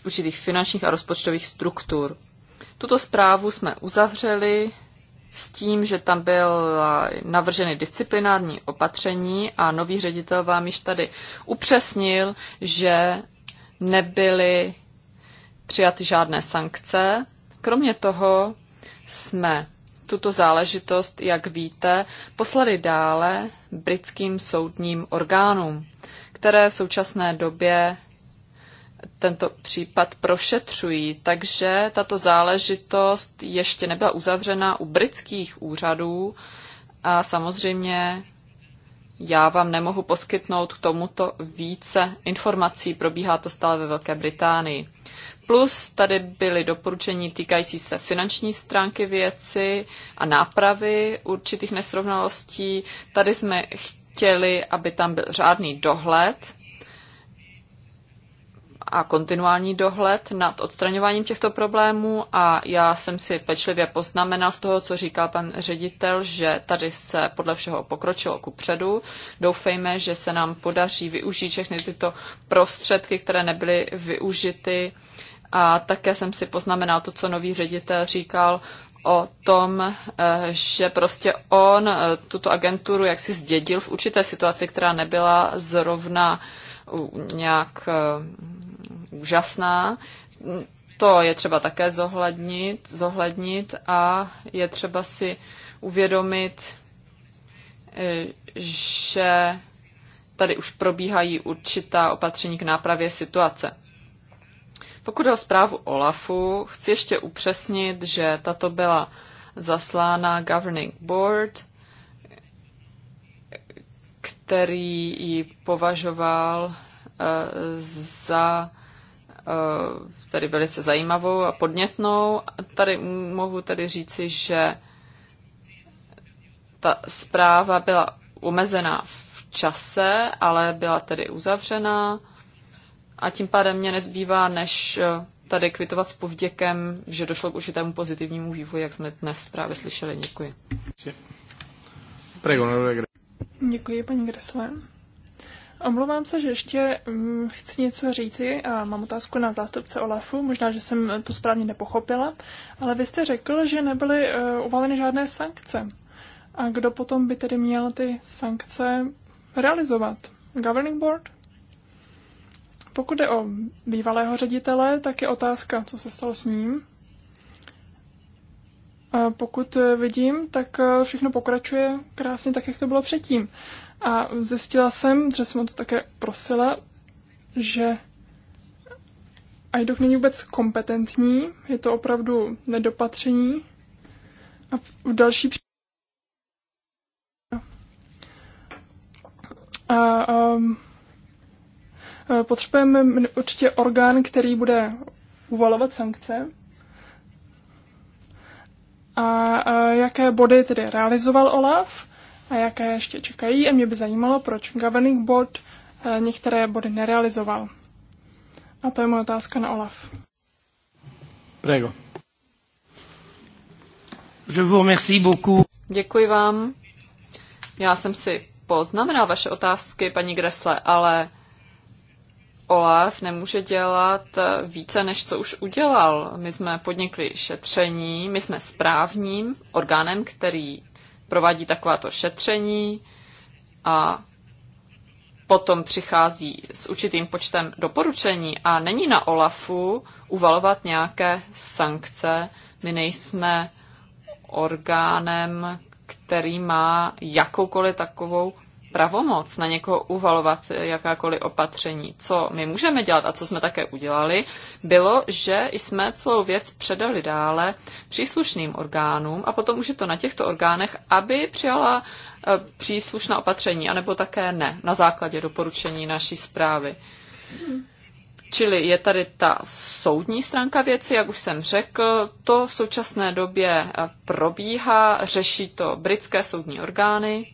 určitých finančních a rozpočtových struktur. Tuto zprávu jsme uzavřeli s tím, že tam byla navrženy disciplinární opatření a nový ředitel vám již tady upřesnil, že nebyly přijaty žádné sankce Kromě toho jsme tuto záležitost, jak víte, poslali dále britským soudním orgánům, které v současné době tento případ prošetřují. Takže tato záležitost ještě nebyla uzavřena u britských úřadů a samozřejmě já vám nemohu poskytnout k tomuto více informací, probíhá to stále ve Velké Británii plus. Tady byly doporučení týkající se finanční stránky věci a nápravy určitých nesrovnalostí. Tady jsme chtěli, aby tam byl řádný dohled a kontinuální dohled nad odstraňováním těchto problémů a já jsem si pečlivě poznamenal z toho, co říká pan ředitel, že tady se podle všeho pokročilo ku předu. Doufejme, že se nám podaří využít všechny tyto prostředky, které nebyly využity a také jsem si poznamenal to, co nový ředitel říkal o tom, eh, že prostě on eh, tuto agenturu jak si zdědil v určité situaci, která nebyla zrovna nějak eh, úžasná. To je třeba také zohlednit, zohlednit a je třeba si uvědomit, že tady už probíhají určitá opatření k nápravě situace. Pokud o zprávu OLAFu, chci ještě upřesnit, že tato byla zaslána Governing Board, který ji považoval eh, za eh, tedy velice zajímavou a podnětnou. Tady mohu tedy říci, že ta zpráva byla omezená v čase, ale byla tedy uzavřená a tím pádem mě nezbývá, než eh, tady kvitovat s povděkem, že došlo k určitému pozitivnímu vývoji, jak jsme dnes právě slyšeli. Děkuji. Děkuji, paní Gresle. Omlouvám se, že ještě mm, chci něco říci a mám otázku na zástupce Olafu. Možná, že jsem to správně nepochopila, ale vy jste řekl, že nebyly eh, uvaleny žádné sankce. A kdo potom by tedy měl ty sankce realizovat? Governing Board? Pokud je o bývalého ředitele, tak je otázka, co se stalo s ním. Pokud vidím, tak všechno pokračuje krásně tak, jak to bylo předtím. A zjistila jsem, že jsem o to také prosila, že iDoc není vůbec kompetentní, je to opravdu nedopatření. A v další pří... a, um, Eh, potřebujeme určitě orgán, který bude uvalovat sankce. A eh, jaké body tedy realizoval OLAF a jaké ještě čekají. A mě by zajímalo, proč governing board eh, některé body nerealizoval. A to je moje otázka na OLAF. Prego. Je vous remercie beaucoup. Děkuji vám. Já jsem si poznamenal vaše otázky, paní Gresle, ale OLAF nemůže dělat eh, více, než co už udělal. My jsme podnikli šetření, my jsme správním orgánem, který provádí takováto šetření a potom přichází s určitým počtem doporučení a není na OLAFu uvalovat nějaké sankce. My nejsme orgánem, který má jakoukoliv takovou pravomoc na někoho uvalovat jakákoliv opatření. Co my můžeme dělat a co jsme také udělali, bylo, že jsme celou věc předali dále příslušným orgánům a potom už je to na těchto orgánech, aby přijala eh, příslušná opatření, anebo také ne, na základě doporučení naší zprávy. Čili je tady ta soudní stránka věci, jak už jsem řekl, to v současné době eh, probíhá, řeší to britské soudní orgány,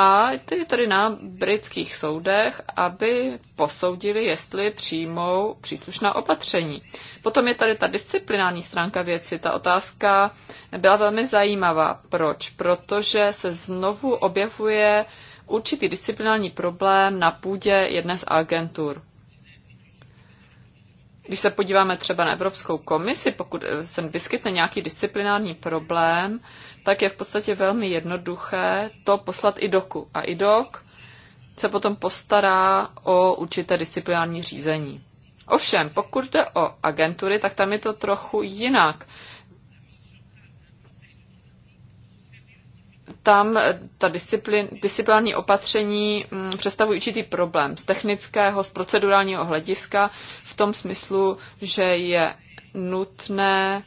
a ty tedy na britských soudech, aby posoudili, jestli přijmou příslušná opatření. Potom je tady ta disciplinární stránka věci. Ta otázka byla velmi zajímavá. Proč? Protože se znovu objevuje určitý disciplinární problém na půdě jedné z agentur. Když se podíváme třeba na Evropskou komisi, pokud eh, se vyskytne nějaký disciplinární problém, tak je v podstatě velmi jednoduché to poslat i doku. A i dok se potom postará o určité disciplinární řízení. Ovšem, pokud jde o agentury, tak tam je to trochu jinak. tam ta disciplin, disciplinární opatření mm, představují určitý problém z technického, z procedurálního hlediska, v tom smyslu, že je nutné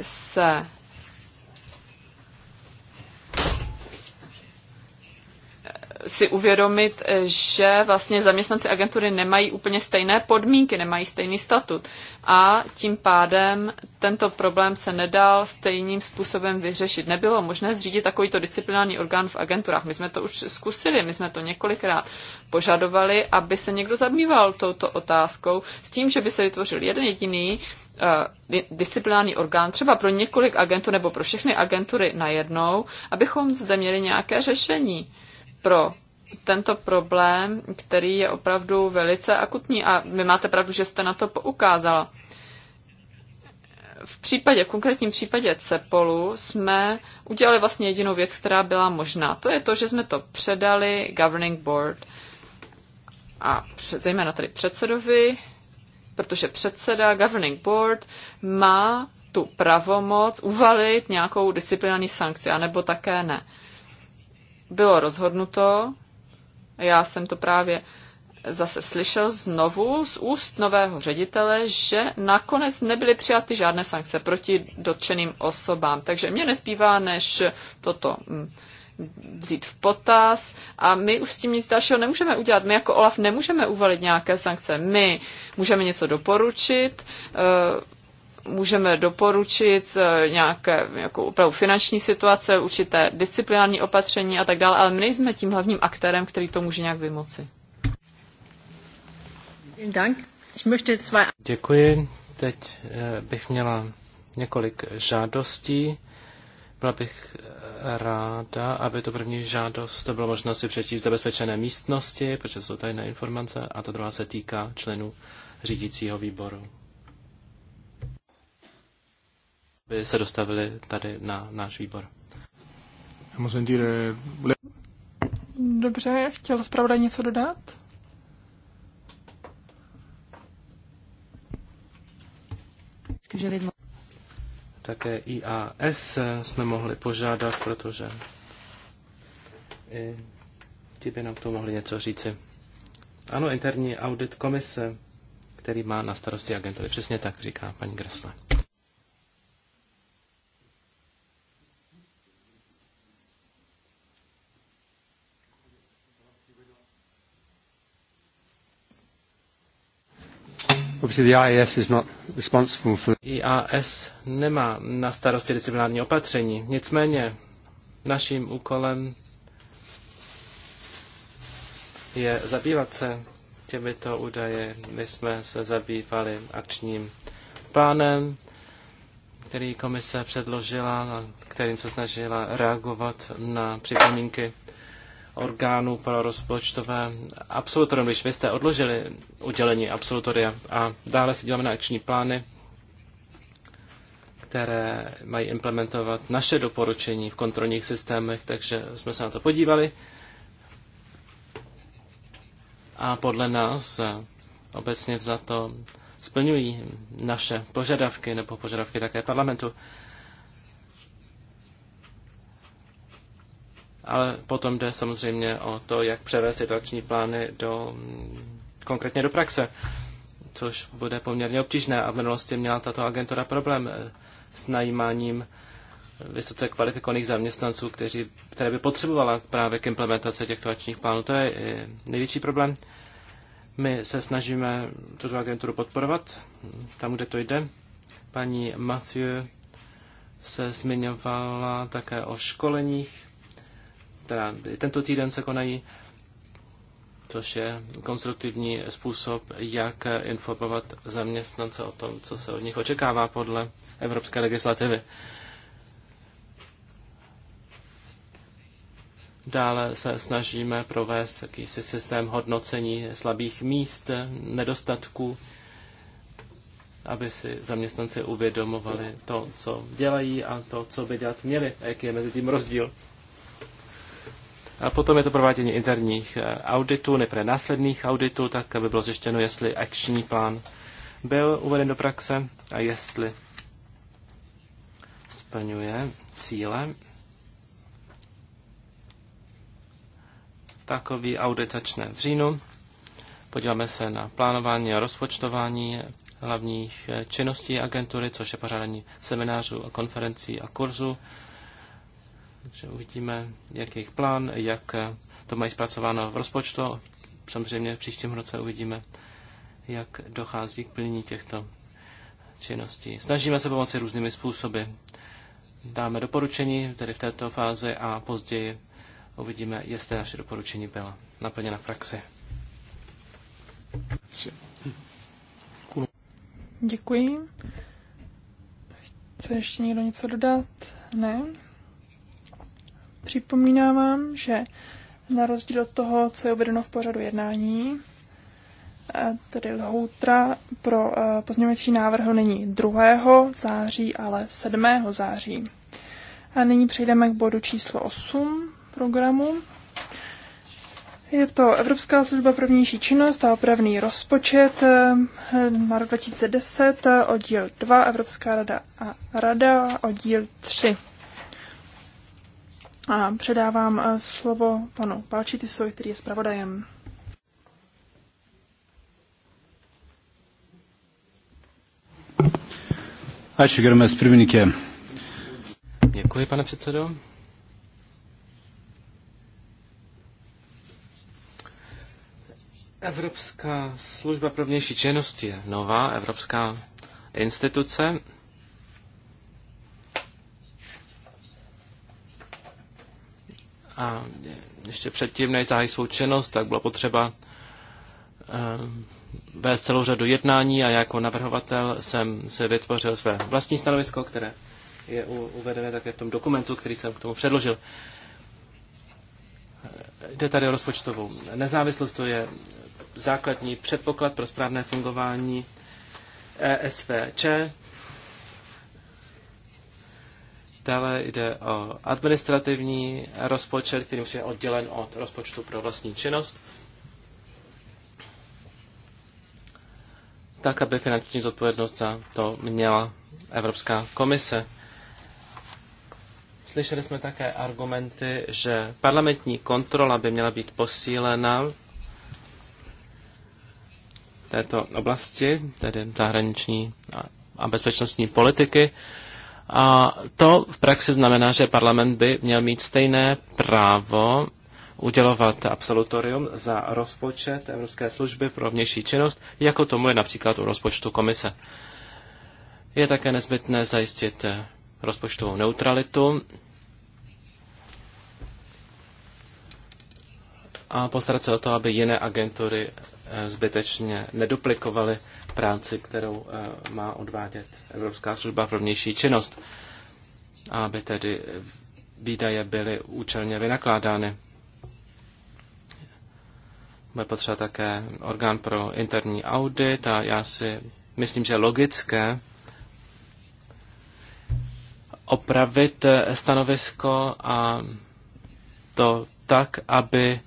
se si uvědomit, že vlastně zaměstnanci agentury nemají úplně stejné podmínky, nemají stejný statut. A tím pádem tento problém se nedal stejným způsobem vyřešit. Nebylo možné zřídit takovýto disciplinární orgán v agenturách. My jsme to už zkusili, my jsme to několikrát požadovali, aby se někdo zabýval touto otázkou s tím, že by se vytvořil jeden jediný eh, disciplinární orgán třeba pro několik agentů nebo pro všechny agentury najednou, abychom zde měli nějaké řešení pro tento problém, který je opravdu velice akutní a vy máte pravdu, že jste na to poukázala. V případě, v konkrétním případě Cepolu jsme udělali vlastně jedinou věc, která byla možná. To je to, že jsme to předali governing board a zejména tady předsedovi, protože předseda governing board má tu pravomoc uvalit nějakou disciplinární sankci, anebo také ne bylo rozhodnuto, já jsem to právě zase slyšel znovu z úst nového ředitele, že nakonec nebyly přijaty žádné sankce proti dotčeným osobám. Takže mě nezbývá, než toto mm, vzít v potaz a my už s tím nic dalšího nemůžeme udělat. My jako OLAF nemůžeme uvalit nějaké sankce. My můžeme něco doporučit, eh, můžeme doporučit eh, nějaké, nějakou opravdu finanční situace, určité disciplinární opatření a tak dále, ale my nejsme tím hlavním aktérem, který to může nějak vymoci. Děkuji. Teď eh, bych měla několik žádostí. Byla bych eh, ráda, aby to první žádost to bylo možnost si přečíst v zabezpečené místnosti, protože jsou tajné informace, a ta druhá se týká členů řídícího výboru by se dostavili tady na náš výbor. Dobře, chtěl zpravodaj něco dodat? Také IAS jsme mohli požádat, protože i ti by nám to mohli něco říci. Ano, interní audit komise, který má na starosti agentury. Přesně tak, říká paní Gressle. IAS nemá na starosti disciplinární opatření, nicméně naším úkolem je zabývat se těmito údaje. My jsme se zabývali akčním plánem, který komise předložila, kterým se snažila reagovat na připomínky orgánů pro rozpočtové absolutorium, když vy jste odložili udělení absolutoria a dále se díváme na akční plány, které mají implementovat naše doporučení v kontrolních systémech, takže jsme se na to podívali. A podle nás obecně za to splňují naše požadavky nebo požadavky také parlamentu. ale potom jde samozřejmě o to, jak převést tyto akční plány do, konkrétně do praxe, což bude poměrně obtížné a v minulosti měla tato agentura problém eh, s najímáním eh, vysoce kvalifikovaných zaměstnanců, kteří, které by potřebovala právě k implementaci těchto akčních plánů. To je eh, největší problém. My se snažíme tuto agenturu podporovat tam, kde to jde. Paní Mathieu se zmiňovala také o školeních teda tento týden se konají, což je konstruktivní způsob, jak informovat zaměstnance o tom, co se od nich očekává podle evropské legislativy. Dále se snažíme provést jakýsi systém hodnocení slabých míst, nedostatků, aby si zaměstnanci uvědomovali to, co dělají a to, co by dělat měli a jaký je mezi tím rozdíl. A potom je to provádění interních eh, auditů, nejprve následných auditů, tak aby bylo zjištěno, jestli akční plán byl uveden do praxe a jestli splňuje cíle. Takový audit začne v říjnu. Podíváme se na plánování a rozpočtování hlavních eh, činností agentury, což je pořádání seminářů, konferencí a kurzů takže uvidíme, jak je jejich plán, jak to mají zpracováno v rozpočtu. Samozřejmě v příštím roce uvidíme, jak dochází k plnění těchto činností. Snažíme se pomoci různými způsoby. Dáme doporučení tedy v této fázi a později uvidíme, jestli naše doporučení byla naplněna v praxi. Děkuji. Chce ještě někdo něco dodat? Ne? Připomínám vám, že na rozdíl od toho, co je uvedeno v pořadu jednání, tedy lhoutra pro pozměňovací návrh není 2. září, ale 7. září. A nyní přejdeme k bodu číslo 8 programu. Je to Evropská služba pro vnější činnost a opravný rozpočet e, na rok 2010, oddíl 2, Evropská rada a rada, oddíl 3. A předávám eh, slovo panu Palčitisovi, který je zpravodajem. Děkuji, pane předsedo. Evropská služba pro vnější činnost je nová evropská instituce. a ještě předtím, než zahájí svou činnost, tak bylo potřeba eh, vést celou řadu jednání a jako navrhovatel jsem se vytvořil své vlastní stanovisko, které je uvedené také v tom dokumentu, který jsem k tomu předložil. Eh, jde tady o rozpočtovou nezávislost, to je základní předpoklad pro správné fungování ESVČ eh, Dále jde o administrativní rozpočet, který musí být oddělen od rozpočtu pro vlastní činnost, tak, aby finanční zodpovědnost za to měla Evropská komise. Slyšeli jsme také argumenty, že parlamentní kontrola by měla být posílena v této oblasti, tedy zahraniční a bezpečnostní politiky. A to v praxi znamená, že parlament by měl mít stejné právo udělovat absolutorium za rozpočet Evropské služby pro vnější činnost, jako tomu je například u rozpočtu komise. Je také nezbytné zajistit rozpočtovou neutralitu a postarat se o to, aby jiné agentury eh, zbytečně neduplikovaly práci, kterou eh, má odvádět Evropská služba pro vnější činnost, aby tedy výdaje byly účelně vynakládány. Bude potřeba také orgán pro interní audit a já si myslím, že logické opravit eh, stanovisko a to tak, aby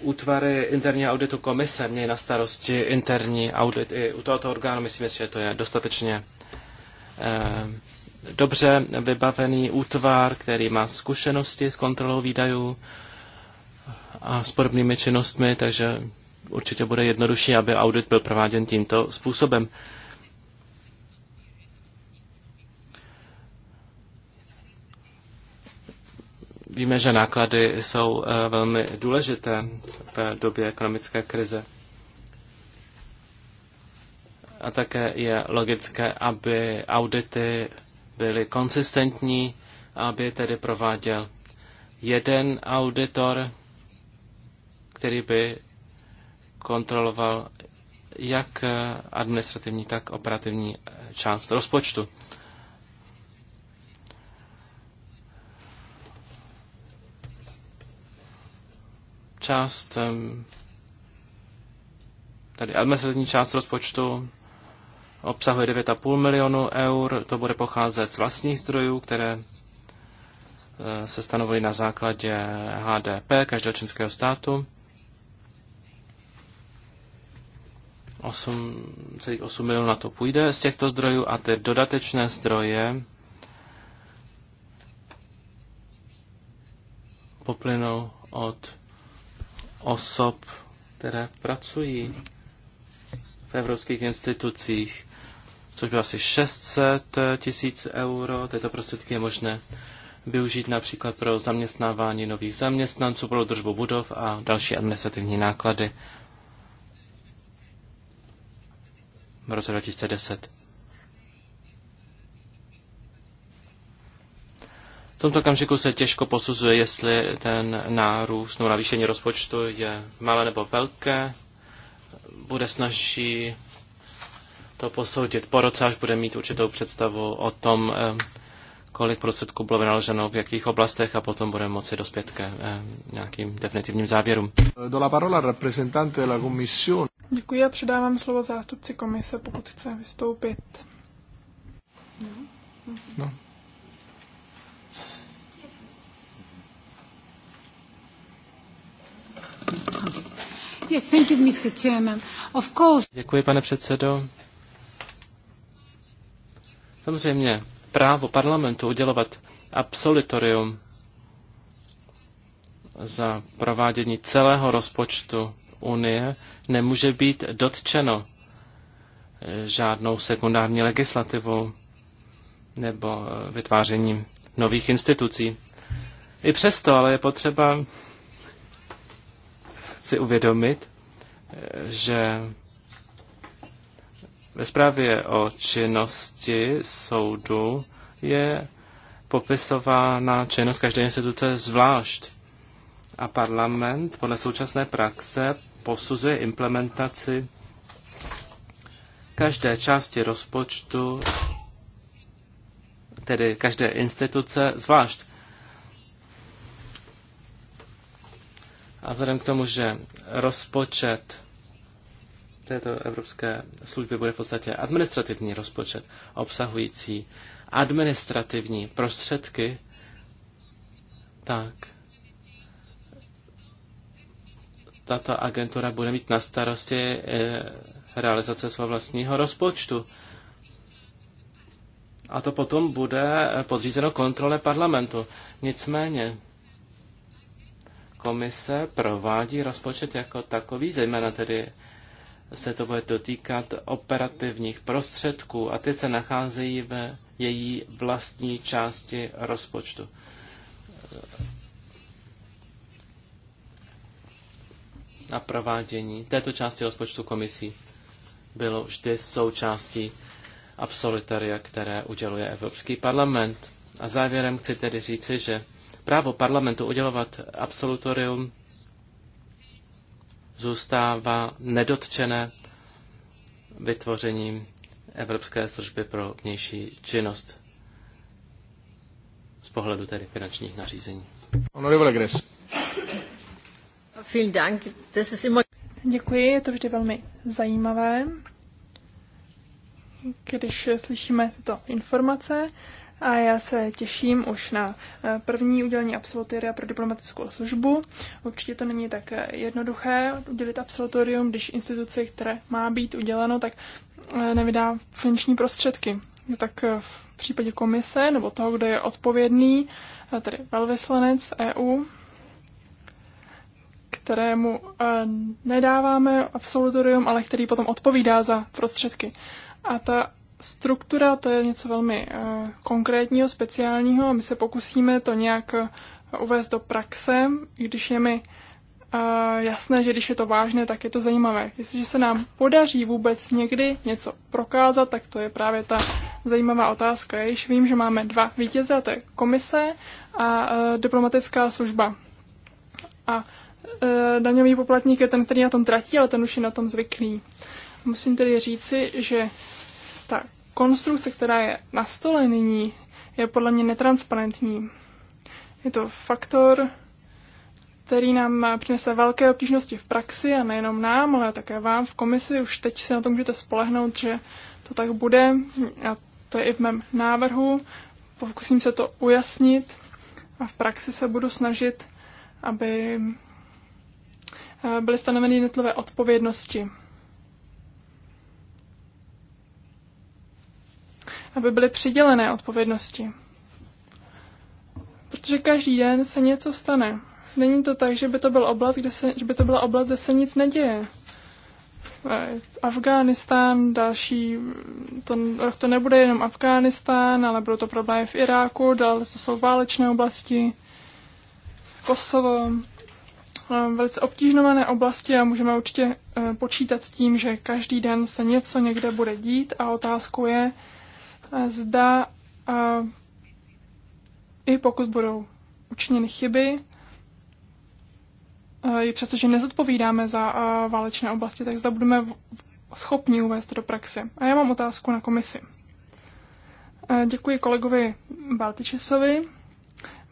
útvary interního auditu komise měly na starosti interní audit i u tohoto orgánu. Myslím si, že to je dostatečně eh, dobře vybavený útvar, který má zkušenosti s kontrolou výdajů a s podobnými činnostmi, takže určitě bude jednodušší, aby audit byl prováděn tímto způsobem. Víme, že náklady jsou eh, velmi důležité v době ekonomické krize. A také je logické, aby audity byly konsistentní, aby tedy prováděl jeden auditor, který by kontroloval jak eh, administrativní, tak operativní část rozpočtu. část, tady administrativní část rozpočtu obsahuje 9,5 milionu eur. To bude pocházet z vlastních zdrojů, které eh, se stanovují na základě HDP každého členského státu. 8,8 milionů na to půjde z těchto zdrojů a ty dodatečné zdroje poplynou od osob, které pracují v evropských institucích, což bylo asi 600 tisíc euro. Tyto prostředky je možné využít například pro zaměstnávání nových zaměstnanců, pro držbu budov a další administrativní náklady v roce 2010. V tomto okamžiku se těžko posuzuje, jestli ten nárůst nebo navýšení rozpočtu je malé nebo velké. Bude snaží to posoudit po roce, až bude mít určitou představu o tom, eh, kolik prostředků bylo vynaloženo v jakých oblastech a potom budeme moci dospět ke eh, nějakým definitivním závěrům. Do la parola representante la commissione. Děkuji a předávám slovo zástupci komise, pokud chce vystoupit. No. Yes, thank you, Mr. Chairman. Of course. Děkuji, pane předsedo. Samozřejmě, právo parlamentu udělovat absolutorium za provádění celého rozpočtu Unie nemůže být dotčeno žádnou sekundární legislativou nebo vytvářením nových institucí. I přesto ale je potřeba si uvědomit, že ve zprávě o činnosti soudu je popisována činnost každé instituce zvlášť. A parlament podle současné praxe posuzuje implementaci každé části rozpočtu, tedy každé instituce zvlášť. A vzhledem k tomu, že rozpočet této evropské služby bude v podstatě administrativní rozpočet, obsahující administrativní prostředky, tak tato agentura bude mít na starosti eh, realizace svého vlastního rozpočtu. A to potom bude podřízeno kontrole parlamentu. Nicméně, komise provádí rozpočet jako takový, zejména tedy se to bude dotýkat operativních prostředků a ty se nacházejí ve její vlastní části rozpočtu. A provádění této části rozpočtu komisí bylo vždy součástí absolutaria, které uděluje Evropský parlament. A závěrem chci tedy říci, že právo parlamentu udělovat absolutorium zůstává nedotčené vytvořením Evropské služby pro vnější činnost z pohledu tedy finančních nařízení. Honorable Gress. Děkuji, je to vždy velmi zajímavé, když slyšíme tyto informace a já se těším už na eh, první udělení absolutoria pro diplomatickou službu. Určitě to není tak eh, jednoduché udělit absolutorium, když instituce, které má být uděleno, tak eh, nevydá finanční prostředky. No tak v případě komise nebo toho, kdo je odpovědný, tedy velvyslanec EU, kterému nedáváme absolutorium, ale který potom odpovídá za prostředky. A ta Struktura to je něco velmi eh, konkrétního, speciálního a my se pokusíme to nějak eh, uvést do praxe, když je mi eh, jasné, že když je to vážné, tak je to zajímavé. Jestliže se nám podaří vůbec někdy něco prokázat, tak to je právě ta zajímavá otázka. Já již vím, že máme dva vítěze, a to je komise a diplomatická služba. A e, daňový poplatník je ten, který na tom tratí, ale ten už je na tom zvyklý. Musím tedy říci, že konstrukce, která je na stole nyní, je podle mě netransparentní. Je to faktor, který nám přinese velké obtížnosti v praxi a nejenom nám, ale také vám v komisi. Už teď se na to můžete spolehnout, že to tak bude. A to je i v mém návrhu. Pokusím se to ujasnit a v praxi se budu snažit, aby eh, byly stanoveny jednotlivé odpovědnosti aby byly přidělené odpovědnosti. Protože každý den se něco stane. Není to tak, že by to, byl oblast, kde se, že by to byla oblast, kde se nic neděje. E, Afghánistán, další, to, to nebude jenom Afghánistán, ale budou to problémy v Iráku, dále to jsou válečné oblasti, Kosovo, e, velice obtížnované oblasti a můžeme určitě e, počítat s tím, že každý den se něco někde bude dít a otázkou je, zda i pokud budou učiněny chyby, i přestože nezodpovídáme za válečné oblasti, tak zda budeme schopni uvést do praxe. A já mám otázku na komisi. Děkuji kolegovi Baltičisovi.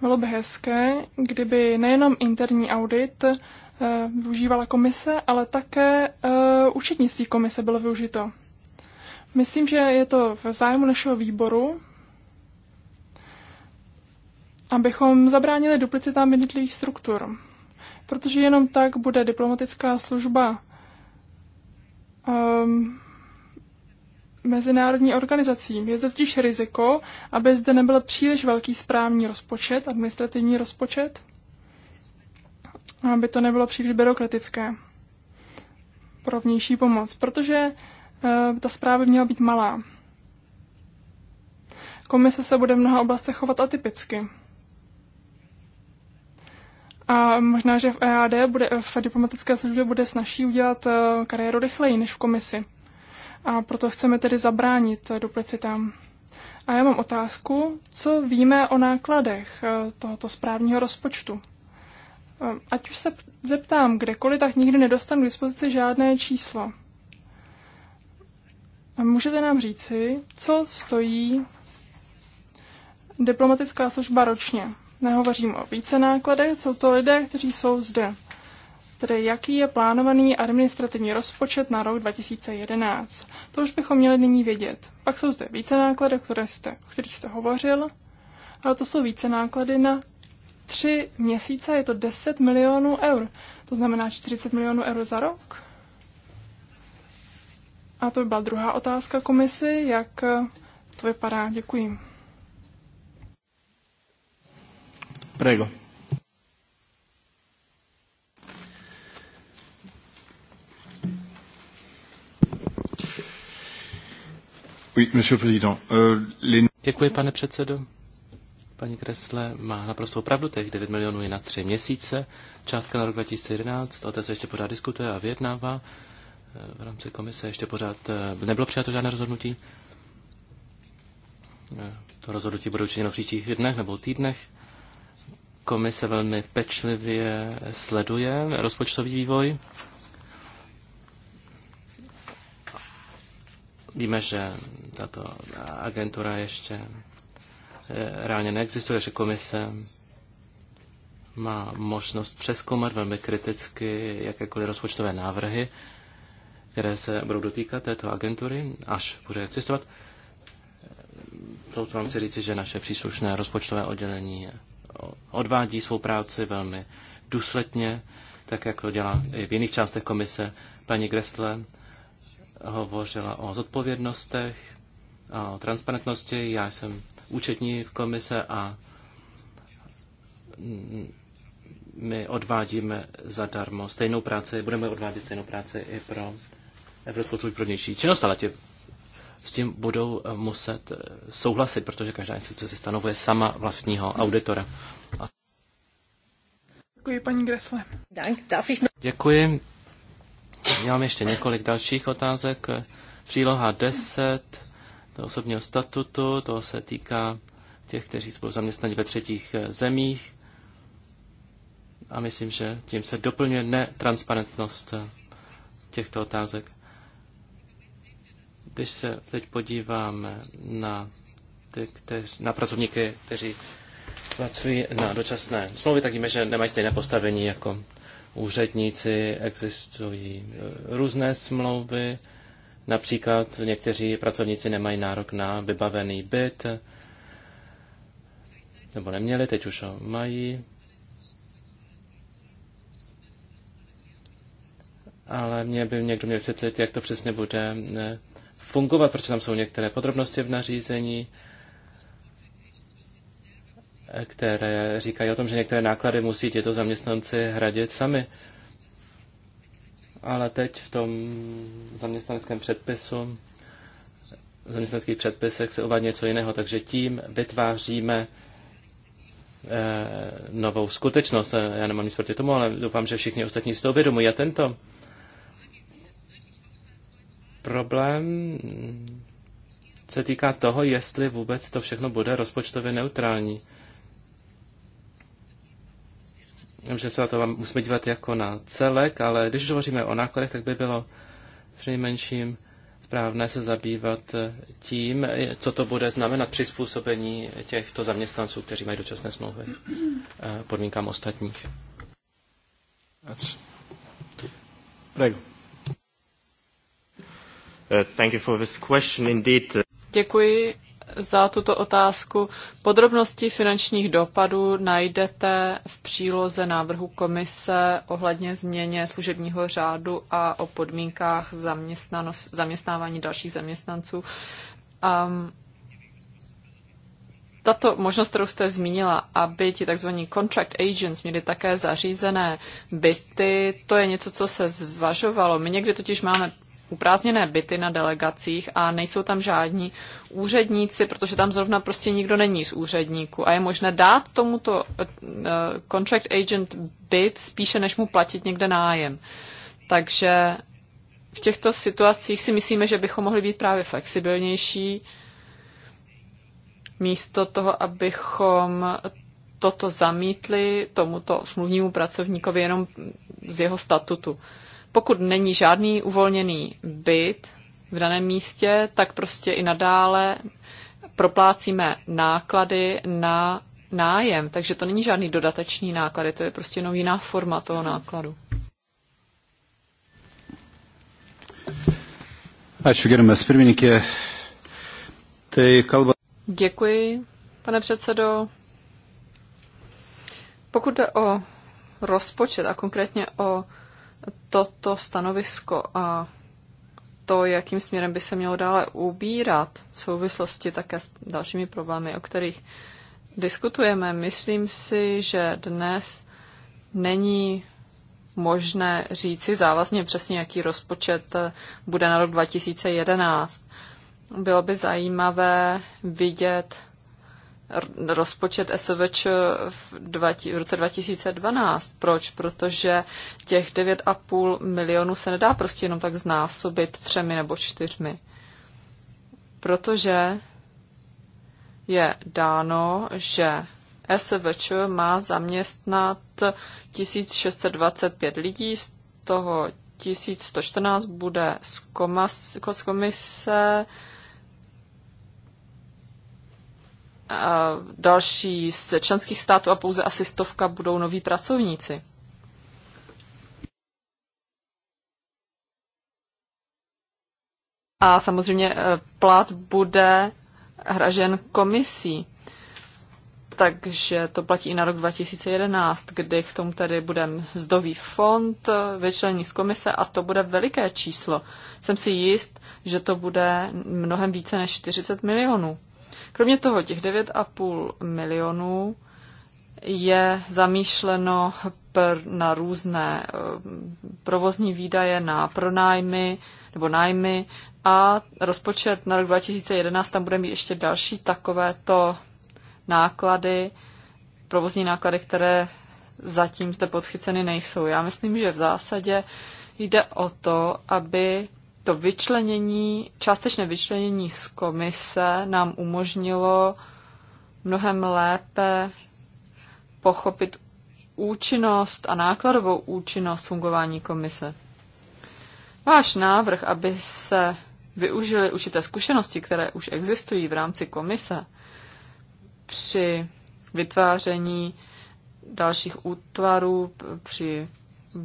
Bylo by hezké, kdyby nejenom interní audit e, využívala komise, ale také učetnictví e, komise bylo využito. Myslím, že je to v zájmu našeho výboru, abychom zabránili duplicitám jednotlivých struktur. Protože jenom tak bude diplomatická služba um, mezinárodní organizací. Je totiž riziko, aby zde nebyl příliš velký správní rozpočet, administrativní rozpočet, aby to nebylo příliš byrokratické pro vnější pomoc. Protože Eh, ta zpráva by měla být malá. Komise se bude v mnoha oblastech chovat atypicky. A možná, že v EAD, bude, v diplomatické službě, bude snažší udělat eh, kariéru rychleji než v komisi. A proto chceme tedy zabránit duplicitám. A já mám otázku, co víme o nákladech eh, tohoto správního rozpočtu. Ať už se zeptám kdekoliv, tak nikdy nedostanu k dispozici žádné číslo. Můžete nám říci, co stojí diplomatická služba ročně? Nehovořím o více nákladech, jsou to lidé, kteří jsou zde. Tedy jaký je plánovaný administrativní rozpočet na rok 2011? To už bychom měli nyní vědět. Pak jsou zde více náklady, které jste, o kterých jste hovořil, ale to jsou více náklady na tři měsíce, je to 10 milionů eur. To znamená 40 milionů eur za rok. A to by byla druhá otázka komisi, jak to vypadá. Děkuji. Prego. Euh, Děkuji, pane předsedo. Paní Kresle má naprosto pravdu, těch 9 milionů je na tři měsíce. Částka na rok 2011, o té se ještě pořád diskutuje a vyjednává v rámci komise ještě pořád eh, nebylo přijato žádné rozhodnutí. Eh, to rozhodnutí bude učiněno v příštích dnech nebo týdnech. Komise velmi pečlivě sleduje rozpočtový vývoj. Víme, že tato agentura ještě eh, reálně neexistuje, že komise má možnost přeskoumat velmi kriticky jakékoliv rozpočtové návrhy které se budou dotýkat této agentury, až bude existovat. Proto vám chci říci, že naše příslušné rozpočtové oddělení odvádí svou práci velmi důsledně, tak jak to dělá i v jiných částech komise. Paní Gressle hovořila o zodpovědnostech, a o transparentnosti. Já jsem účetní v komise a my odvádíme zadarmo stejnou práci, budeme odvádět stejnou práci i pro Evropskou službu pro vnější činnost, ale tě, s tím budou eh, muset eh, souhlasit, protože každá instituce si stanovuje sama vlastního auditora. Děkuji, paní Gresle. Děkuji. Já mám ještě několik dalších otázek. Příloha 10 do osobního statutu, to se týká těch, kteří jsou zaměstnaní ve třetích eh, zemích. A myslím, že tím se doplňuje netransparentnost těchto otázek. Když se teď podíváme na, ty, kteř, na pracovníky, kteří pracují na dočasné smlouvy, tak víme, že nemají stejné postavení jako úředníci. Existují e, různé smlouvy, například někteří pracovníci nemají nárok na vybavený byt, e, nebo neměli, teď už ho mají. Ale mě by někdo měl vysvětlit, jak to přesně bude e, fungovat, protože tam jsou některé podrobnosti v nařízení, které říkají o tom, že některé náklady musí těto zaměstnanci hradit sami. Ale teď v tom zaměstnaneckém předpisu, v zaměstnaneckých předpisech se uvádí něco jiného, takže tím vytváříme eh, novou skutečnost. Já nemám nic proti tomu, ale doufám, že všichni ostatní si to vědomují. A tento Problém se týká toho, jestli vůbec to všechno bude rozpočtově neutrální. Že se na to musíme dívat jako na celek, ale když hovoříme o nákladech, tak by bylo přinejmenším správné se zabývat tím, co to bude znamenat přizpůsobení těchto zaměstnanců, kteří mají dočasné smlouvy eh, podmínkám ostatních. Prego. Uh, uh, Děkuji za tuto otázku. Podrobnosti finančních dopadů najdete v příloze návrhu komise ohledně změně služebního řádu a o podmínkách zaměstnávání dalších zaměstnanců. Um, tato možnost, kterou jste zmínila, aby ti tzv. contract agents měli také zařízené byty, to je něco, co se zvažovalo. My někdy totiž máme uprázněné byty na delegacích a nejsou tam žádní úředníci, protože tam zrovna prostě nikdo není z úředníku. a je možné dát tomuto eh, eh, contract agent byt spíše, než mu platit někde nájem. Takže v těchto situacích si myslíme, že bychom mohli být právě flexibilnější, místo toho, abychom toto zamítli tomuto smluvnímu pracovníkovi jenom z jeho statutu. Pokud není žádný uvolněný byt v daném místě, tak prostě i nadále proplácíme náklady na nájem. Takže to není žádný dodatečný náklad, to je prostě jenom jiná forma toho nákladu. Ačiū, gerbiamas pirmininkė. Tai kalba. Děkuji, pane předsedo. Pokud jde o rozpočet a konkrétně o toto stanovisko a to, jakým směrem by se mělo dále ubírat v souvislosti také s dalšími problémy, o kterých diskutujeme, myslím si, že dnes není možné říci závazně přesně, jaký rozpočet eh, bude na rok 2011. Bylo by zajímavé vidět rozpočet SVČ v, roce 2012. Proč? Protože těch 9,5 milionů se nedá prostě jenom tak znásobit třemi nebo čtyřmi. Protože je dáno, že SVČ má zaměstnat 1625 lidí, z toho 1114 bude z komise, další z členských států a pouze asi stovka budou noví pracovníci. A samozřejmě eh, plat bude hražen komisí. Takže to platí i na rok 2011, kdy k tomu tady bude mzdový fond, eh, vyčlení z komise a to bude veliké číslo. Jsem si jist, že to bude mnohem více než 40 milionů. Kromě toho těch 9,5 milionů je zamýšleno na různé eh, provozní výdaje, na pronájmy nebo nájmy a rozpočet na rok 2011 tam bude mít ještě další takovéto náklady, provozní náklady, které zatím zde podchyceny nejsou. Já myslím, že v zásadě jde o to, aby to vyčlenění, částečné vyčlenění z komise nám umožnilo mnohem lépe pochopit účinnost a nákladovou účinnost fungování komise. Váš návrh, aby se využili určité zkušenosti, které už existují v rámci komise při vytváření dalších útvarů, při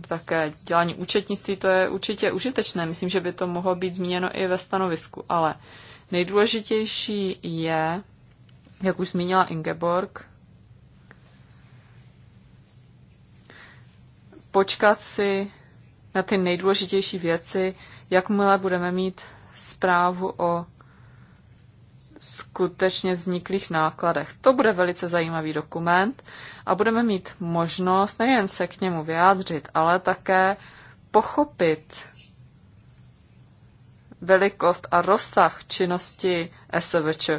také dělání účetnictví, to je určitě užitečné. Myslím, že by to mohlo být zmíněno i ve stanovisku, ale nejdůležitější je, jak už zmínila Ingeborg, počkat si na ty nejdůležitější věci, jakmile budeme mít zprávu o skutečně vzniklých nákladech. To bude velice zajímavý dokument a budeme mít možnost nejen se k němu vyjádřit, ale také pochopit velikost a rozsah činnosti SVČ.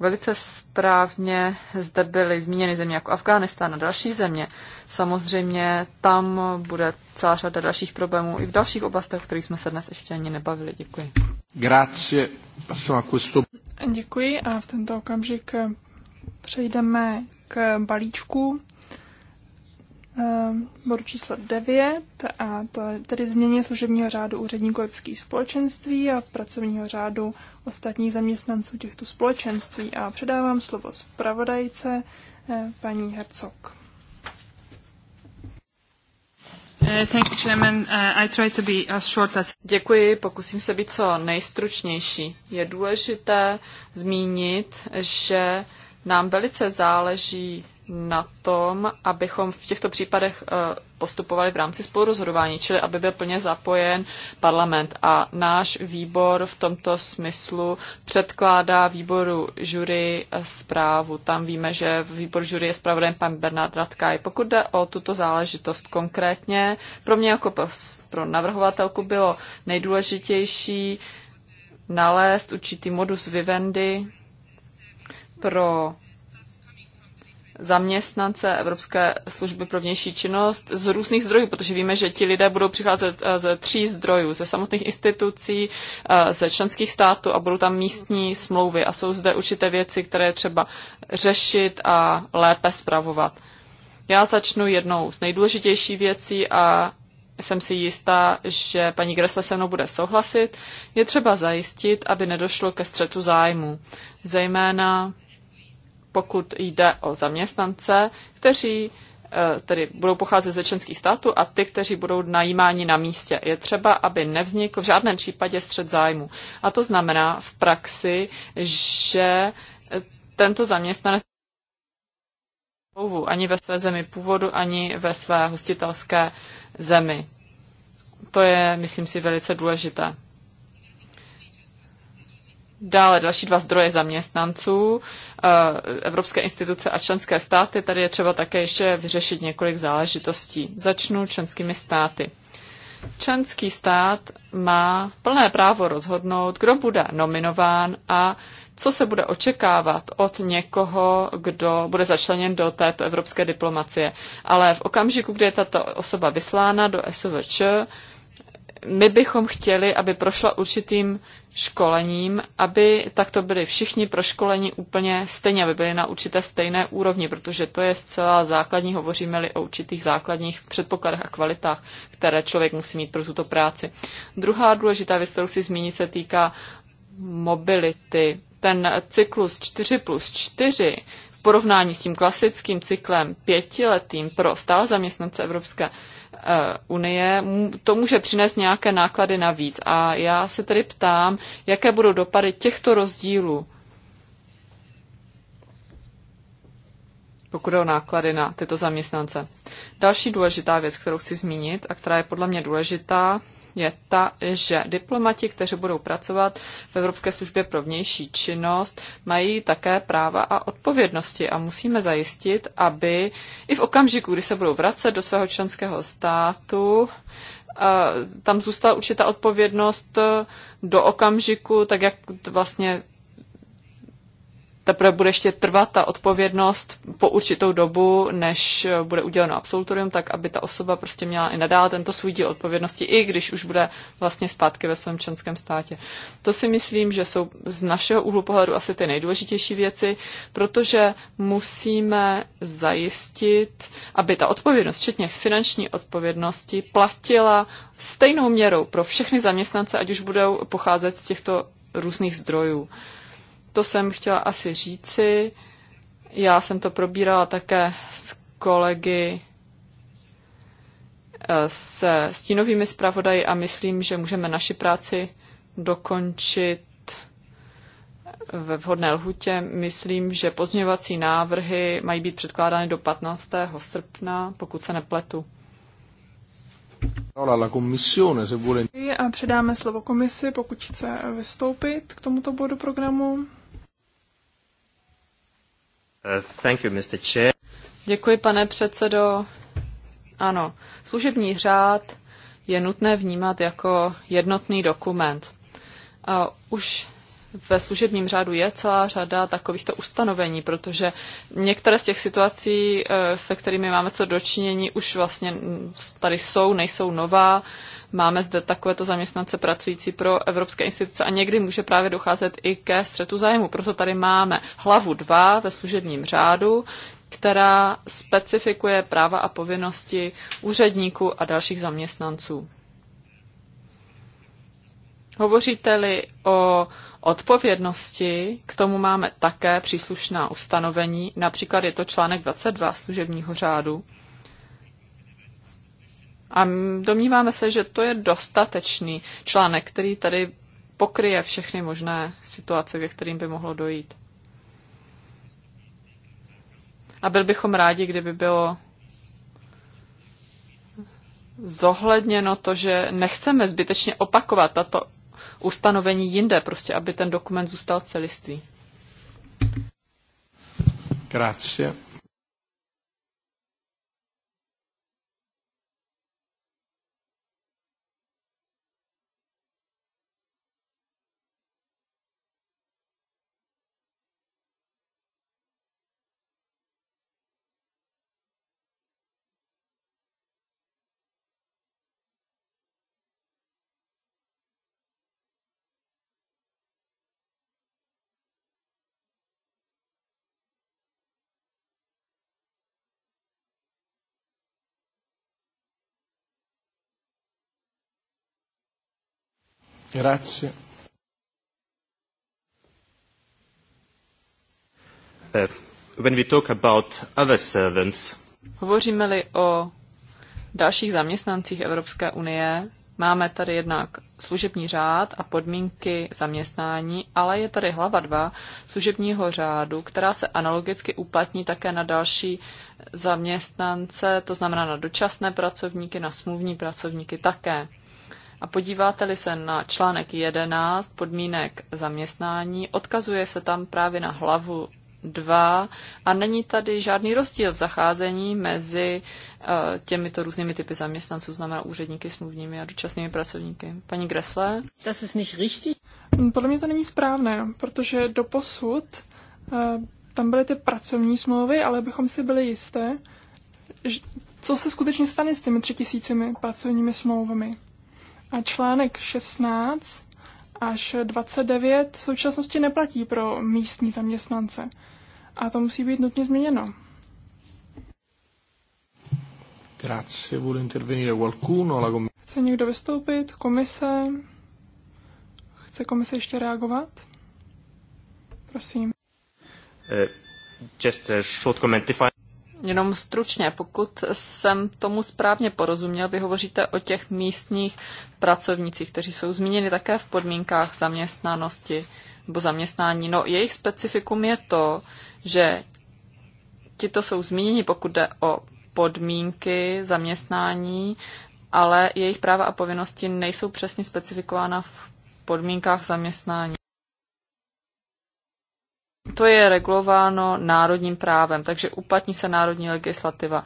Velice správně zde byly zmíněny země jako Afghánistán a další země. Samozřejmě tam bude celá řada dalších problémů i v dalších oblastech, o kterých jsme se dnes ještě ani nebavili. Děkuji. Grazie. Passiamo a questo... Děkuji a v tento okamžik přejdeme k balíčku eh, bodu číslo 9, a to je tedy změně služebního řádu úředníků evropských společenství a pracovního řádu ostatních zaměstnanců těchto společenství. A předávám slovo zpravodajce eh, paní Hercog. Děkuji, pokusím se být co nejstručnější. Je důležité zmínit, že nám velice záleží na tom, abychom v těchto případech uh, postupovali v rámci spolurozhodování, čili aby byl plně zapojen parlament. A náš výbor v tomto smyslu předkládá výboru jury zprávu. Tam víme, že výbor jury je zpravodajem pan Bernard Radkaj. Pokud jde o tuto záležitost konkrétně, pro mě jako pro navrhovatelku bylo nejdůležitější nalézt určitý modus vivendi pro zaměstnance Evropské služby pro vnější činnost z různých zdrojů, protože víme, že ti lidé budou přicházet eh, ze tří zdrojů, ze samotných institucí, eh, ze členských států a budou tam místní smlouvy a jsou zde určité věci, které je třeba řešit a lépe spravovat. Já začnu jednou z nejdůležitější věcí a jsem si jistá, že paní Gresle se mnou bude souhlasit, je třeba zajistit, aby nedošlo ke střetu zájmu. Zejména pokud jde o zaměstnance, kteří e, tedy budou pocházet ze členských států a ty, kteří budou najímáni na místě. Je třeba, aby nevznikl v žádném případě střed zájmu. A to znamená v praxi, že tento zaměstnanec ani ve své zemi původu, ani ve své hostitelské zemi. To je, myslím si, velice důležité. Dále další dva zdroje zaměstnanců, eh, evropské instituce a členské státy. Tady je třeba také ještě vyřešit několik záležitostí. Začnu členskými státy. Členský stát má plné právo rozhodnout, kdo bude nominován a co se bude očekávat od někoho, kdo bude začleněn do této evropské diplomacie. Ale v okamžiku, kdy je tato osoba vyslána do SVČ, my bychom chtěli, aby prošla určitým školením, aby takto byli všichni proškoleni úplně stejně, aby byli na určité stejné úrovni, protože to je zcela základní, hovoříme-li o určitých základních předpokladech a kvalitách, které člověk musí mít pro tuto práci. Druhá důležitá věc, kterou si zmínit, se týká mobility. Ten cyklus 4 plus 4 v porovnání s tím klasickým cyklem pětiletým pro stále zaměstnance Evropské Eh, unie, to může přinést nějaké náklady navíc. A já se tedy ptám, jaké budou dopady těchto rozdílů, pokud jde o náklady na tyto zaměstnance. Další důležitá věc, kterou chci zmínit a která je podle mě důležitá, je ta, že diplomati, kteří budou pracovat v Evropské službě pro vnější činnost, mají také práva a odpovědnosti a musíme zajistit, aby i v okamžiku, kdy se budou vracet do svého členského státu, eh, tam zůstala určitá odpovědnost eh, do okamžiku, tak jak vlastně teprve bude ještě trvat ta odpovědnost po určitou dobu, než bude uděleno absolutorium, tak aby ta osoba prostě měla i nadále tento svůj díl odpovědnosti, i když už bude vlastně zpátky ve svém členském státě. To si myslím, že jsou z našeho úhlu pohledu asi ty nejdůležitější věci, protože musíme zajistit, aby ta odpovědnost, včetně finanční odpovědnosti, platila stejnou měrou pro všechny zaměstnance, ať už budou pocházet z těchto různých zdrojů to jsem chtěla asi říci. Já jsem to probírala také s kolegy eh, se stínovými zpravodaji a myslím, že můžeme naši práci dokončit ve vhodné lhutě. Myslím, že pozměňovací návrhy mají být předkládány do 15. srpna, pokud se nepletu. A předáme slovo komisi, pokud chce vystoupit k tomuto bodu programu. Děkuji, pane předsedo. Ano, služební řád je nutné vnímat jako jednotný dokument. A už ve služebním řádu je celá řada takovýchto ustanovení, protože některé z těch situací, eh, se kterými máme co dočinění, už vlastně tady jsou, nejsou nová. Máme zde takovéto zaměstnance pracující pro evropské instituce a někdy může právě docházet i ke střetu zájmu. Proto tady máme hlavu 2 ve služebním řádu, která specifikuje práva a povinnosti úředníků a dalších zaměstnanců. Hovoříte-li o odpovědnosti, k tomu máme také příslušná ustanovení, například je to článek 22 služebního řádu. A domníváme se, že to je dostatečný článek, který tady pokryje všechny možné situace, ke kterým by mohlo dojít. A byl bychom rádi, kdyby bylo zohledněno to, že nechceme zbytečně opakovat tato ustanovení jinde, prostě aby ten dokument zůstal celistvý. Grazie. Grazie. Uh, when we talk about other servants, Hovoříme-li o dalších zaměstnancích Evropské unie, máme tady jednak služební řád a podmínky zaměstnání, ale je tady hlava 2 služebního řádu, která se analogicky uplatní také na další zaměstnance, to znamená na dočasné pracovníky, na smluvní pracovníky také. A podíváte-li se na článek 11 podmínek zaměstnání, odkazuje se tam právě na hlavu 2 a není tady žádný rozdíl v zacházení mezi eh, těmito různými typy zaměstnanců, znamená úředníky, smluvními a dočasnými pracovníky. Paní Gresle? Das ist nicht richtig. Hm, podle mě to není správné, protože do posud eh, tam byly ty pracovní smlouvy, ale bychom si byli jisté, co se skutečně stane s těmi tři tisícimi pracovními smlouvami. A článek 16 až 29 v současnosti neplatí pro místní zaměstnance. A to musí být nutně změněno. Grazie, intervenire qualcuno? com- Chce někdo vystoupit? Komise? Chce komise ještě reagovat? Prosím. Uh, just a short comment. If I... Jenom stručně, pokud jsem tomu správně porozuměl, vy hovoříte o těch místních pracovnicích, kteří jsou zmíněni také v podmínkách zaměstnanosti nebo zaměstnání. No, jejich specifikum je to, že tito jsou zmíněni, pokud jde o podmínky zaměstnání, ale jejich práva a povinnosti nejsou přesně specifikována v podmínkách zaměstnání to je regulováno národním právem, takže uplatní se národní legislativa.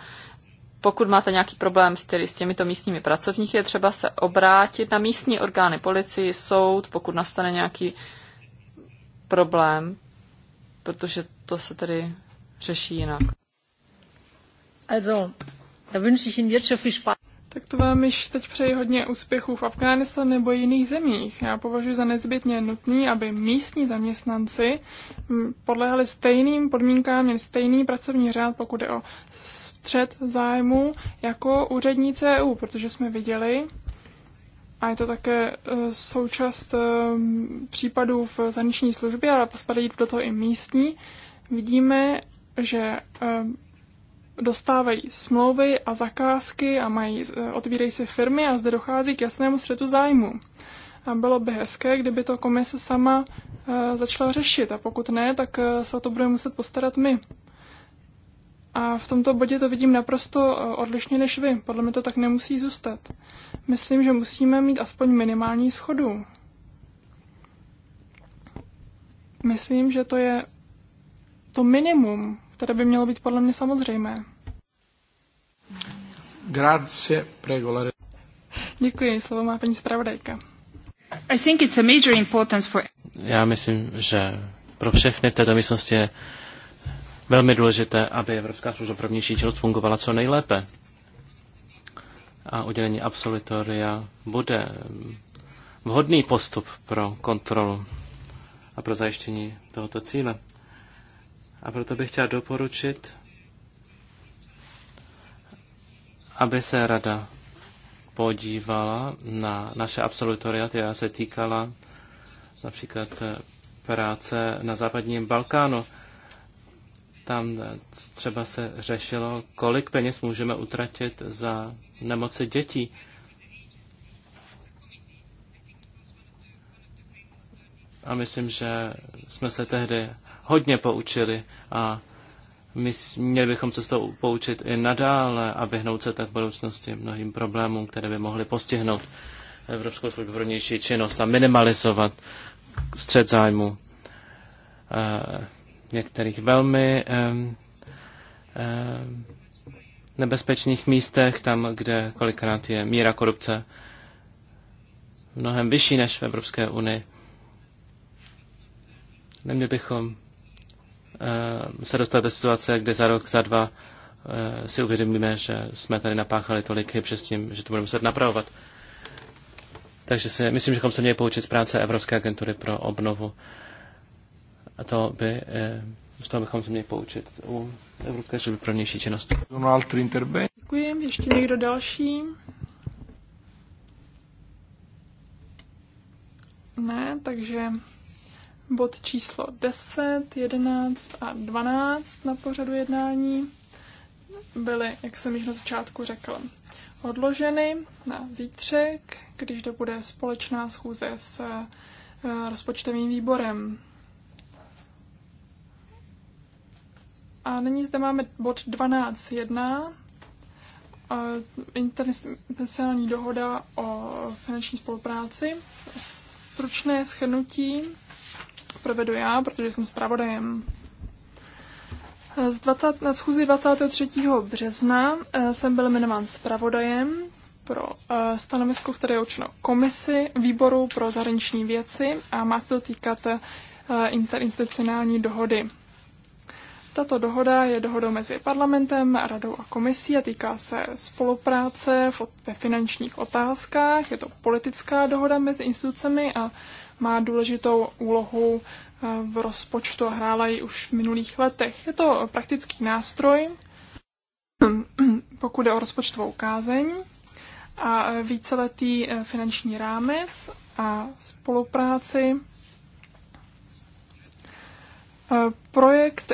Pokud máte nějaký problém s, těmi, s těmito místními pracovníky, je třeba se obrátit na místní orgány policii, soud, pokud nastane nějaký problém, protože to se tedy řeší jinak. Also, da wünsche ich Ihnen jetzt schon viel Spaß. Tak to vám již teď přeji hodně úspěchů v Afghánistánu nebo jiných zemích. Já považuji za nezbytně nutný, aby místní zaměstnanci podléhali stejným podmínkám, měli stejný pracovní řád, pokud je o střed zájmu, jako úředníci EU, protože jsme viděli, a je to také e, součást e, případů v zahraniční službě, ale spadají do toho i místní, vidíme, že e, dostávají smlouvy a zakázky a mají, eh, otvírají se firmy a zde dochází k jasnému střetu zájmu. A bylo by hezké, kdyby to komise sama eh, začala řešit a pokud ne, tak eh, se o to budeme muset postarat my. A v tomto bodě to vidím naprosto odlišně než vy. Podle mě to tak nemusí zůstat. Myslím, že musíme mít aspoň minimální schodu. Myslím, že to je to minimum, které by mělo být podle mě samozřejmé. Grazie, prego. Děkuji, slovo má paní zpravodajka. I think it's a major importance for... Já myslím, že pro všechny v této místnosti je velmi důležité, aby Evropská služba pro vnější činnost fungovala co nejlépe. A udělení absolutoria bude vhodný postup pro kontrolu a pro zajištění tohoto cíle. A proto bych chtěl doporučit aby se rada podívala na naše absolutoria, která se týkala například eh, práce na západním Balkánu. Tam eh, třeba se řešilo, kolik peněz můžeme utratit za nemoci dětí. A myslím, že jsme se tehdy hodně poučili a my měli bychom se z toho poučit i nadále a vyhnout se tak v budoucnosti mnohým problémům, které by mohly postihnout Evropskou službu pro vnější činnost a minimalizovat střed zájmu eh, některých velmi nebezpečných místech, tam, kde kolikrát je míra korupce mnohem vyšší než v Evropské unii. Neměli bychom Eh, se dostat do situace, kde za rok, za dva eh, si uvědomíme, že jsme tady napáchali tolik chyb, že, s tím, že to budeme muset napravovat. Takže si myslím, že bychom se měli poučit z práce Evropské agentury pro obnovu. A to by, eh, z toho bychom se měli poučit u Evropské služby pro vnější činnost. Děkuji. Ještě někdo další? Ne, takže bod číslo 10, 11 a 12 na pořadu jednání byly, jak jsem již na začátku řekla, odloženy na zítřek, když to bude společná schůze s eh, rozpočtovým výborem. A nyní zde máme bod 12.1, eh, internacionální dohoda o finanční spolupráci. Stručné schrnutí provedu já, protože jsem zpravodajem. Z 20, na schůzi 23. března eh, jsem byl jmenován zpravodajem pro eh, stanovisko, které je určeno komisi výboru pro zahraniční věci a má se to týkat eh, interinstitucionální dohody. Tato dohoda je dohodou mezi parlamentem, radou a komisí a týká se spolupráce ve finančních otázkách. Je to politická dohoda mezi institucemi a má důležitou úlohu eh, v rozpočtu a hrála ji už v minulých letech. Je to praktický nástroj, pokud je o rozpočtovou kázeň a víceletý eh, finanční rámec a spolupráci. Eh, projekt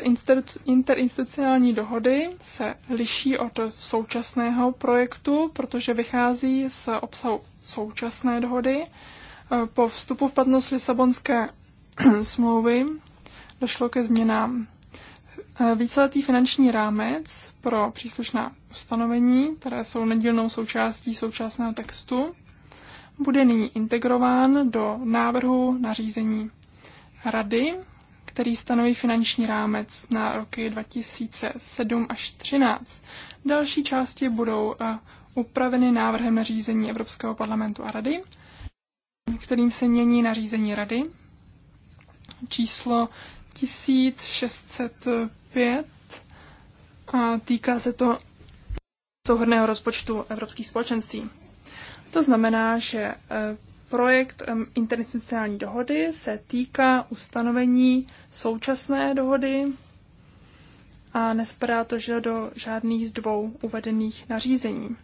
interinstitucionální dohody se liší od současného projektu, protože vychází z obsahu současné dohody po vstupu v platnost Lisabonské smlouvy došlo ke změnám. Víceletý finanční rámec pro příslušná ustanovení, které jsou nedílnou součástí současného textu, bude nyní integrován do návrhu nařízení Rady, který stanoví finanční rámec na roky 2007 až 2013. Další části budou eh, upraveny návrhem nařízení Evropského parlamentu a Rady kterým se mění nařízení rady číslo 1605 a týká se to souhrného rozpočtu Evropských společenství. To znamená, že eh, projekt interinstitucionální dohody se týká ustanovení současné dohody a nespadá to že do žádných z dvou uvedených nařízení.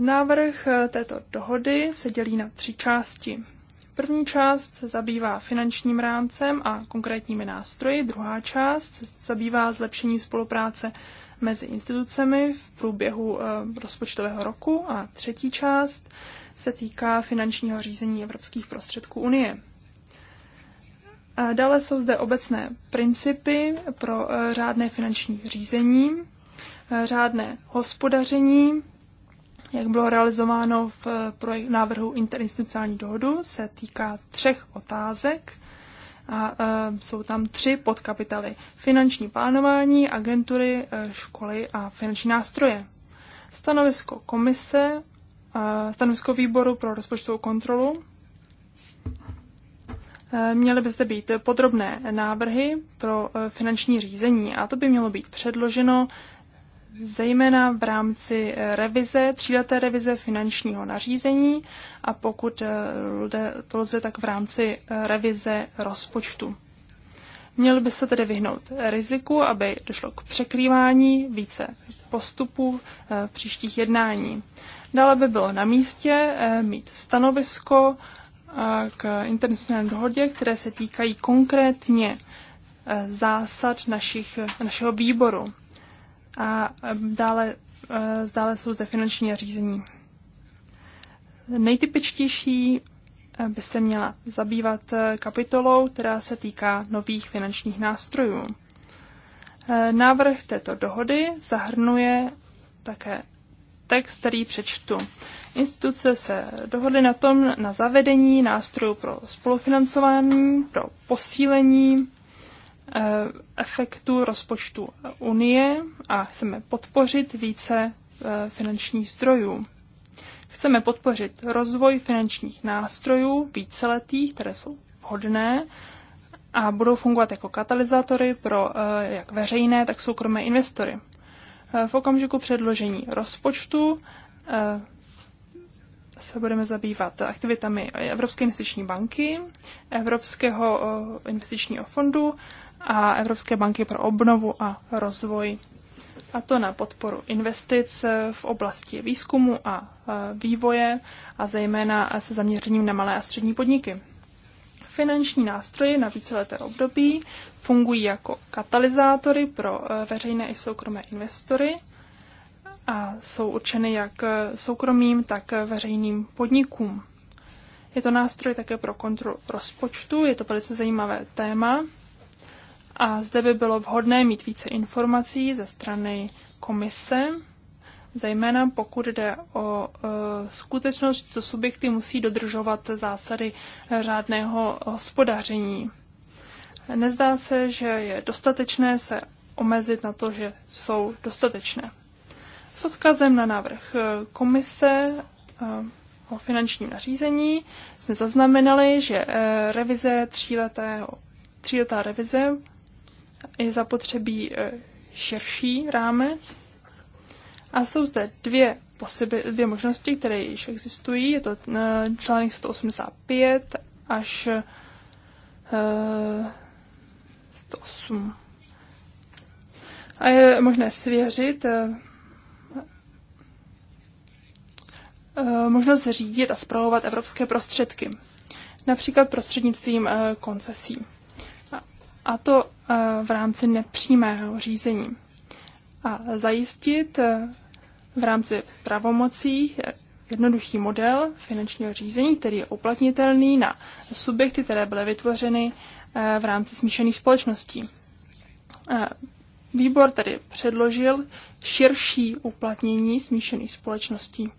Návrh eh, této dohody se dělí na tři části. První část se zabývá finančním rámcem a konkrétními nástroji, druhá část se zabývá zlepšení spolupráce mezi institucemi v průběhu eh, rozpočtového roku a třetí část se týká finančního řízení evropských prostředků Unie. A dále jsou zde obecné principy pro eh, řádné finanční řízení, řádné hospodaření jak bylo realizováno v eh, projekt, návrhu interinstitucionální dohodu, se týká třech otázek a e, jsou tam tři podkapitaly. Finanční plánování, agentury, eh, školy a finanční nástroje. Stanovisko komise, e, stanovisko výboru pro rozpočtovou kontrolu. E, měly by zde být podrobné návrhy pro finanční řízení a to by mělo být předloženo zejména v rámci eh, revize, tříleté revize finančního nařízení a pokud eh, to lze, tak v rámci eh, revize rozpočtu. Měl by se tedy vyhnout riziku, aby došlo k překrývání více postupů příštích jednání. Dále by bylo na místě mít stanovisko k internacionální dohodě, které se týkají konkrétně zásad našich, našeho výboru. A eh, dále, eh, dále jsou zde finanční řízení. Nejtypičtější eh, by se měla zabývat kapitolou, která se týká nových finančních nástrojů. Návrh této dohody zahrnuje také text, který přečtu. Instituce se dohodly na tom na zavedení nástrojů pro spolufinancování, pro posílení Eh, efektu rozpočtu Unie a chceme podpořit více eh, finančních zdrojů. Chceme podpořit rozvoj finančních nástrojů víceletých, které jsou vhodné a budou fungovat jako katalyzátory pro eh, jak veřejné, tak soukromé investory. V okamžiku předložení rozpočtu se budeme zabývat aktivitami Evropské investiční banky, Evropského investičního fondu a Evropské banky pro obnovu a rozvoj. A to na podporu investic v oblasti výzkumu a e, vývoje a zejména se zaměřením na malé a střední podniky. Finanční nástroje na víceleté období fungují jako katalyzátory pro e, veřejné i soukromé investory a jsou určeny jak e, soukromým, tak veřejným podnikům. Je to nástroj také pro kontrolu rozpočtu, je to velice zajímavé téma a zde by bylo vhodné mít více informací ze strany komise, zejména pokud jde o e, skutečnost, že to subjekty musí dodržovat zásady řádného hospodaření. Nezdá se, že je dostatečné se omezit na to, že jsou dostatečné. S odkazem na návrh komise e, o finančním nařízení jsme zaznamenali, že e, revize tříletého, tříletá revize je zapotřebí e, širší rámec. A jsou zde dvě, posibi- dvě možnosti, které již existují. Je to e, článek 185 až 108. E, a je možné svěřit možnost řídit a zpravovat evropské prostředky, například prostřednictvím koncesí a to eh, v rámci nepřímého řízení. A zajistit eh, v rámci pravomocí eh, jednoduchý model finančního řízení, který je uplatnitelný na subjekty, které byly vytvořeny v rámci smíšených společností. Výbor tedy předložil širší uplatnění smíšených společností.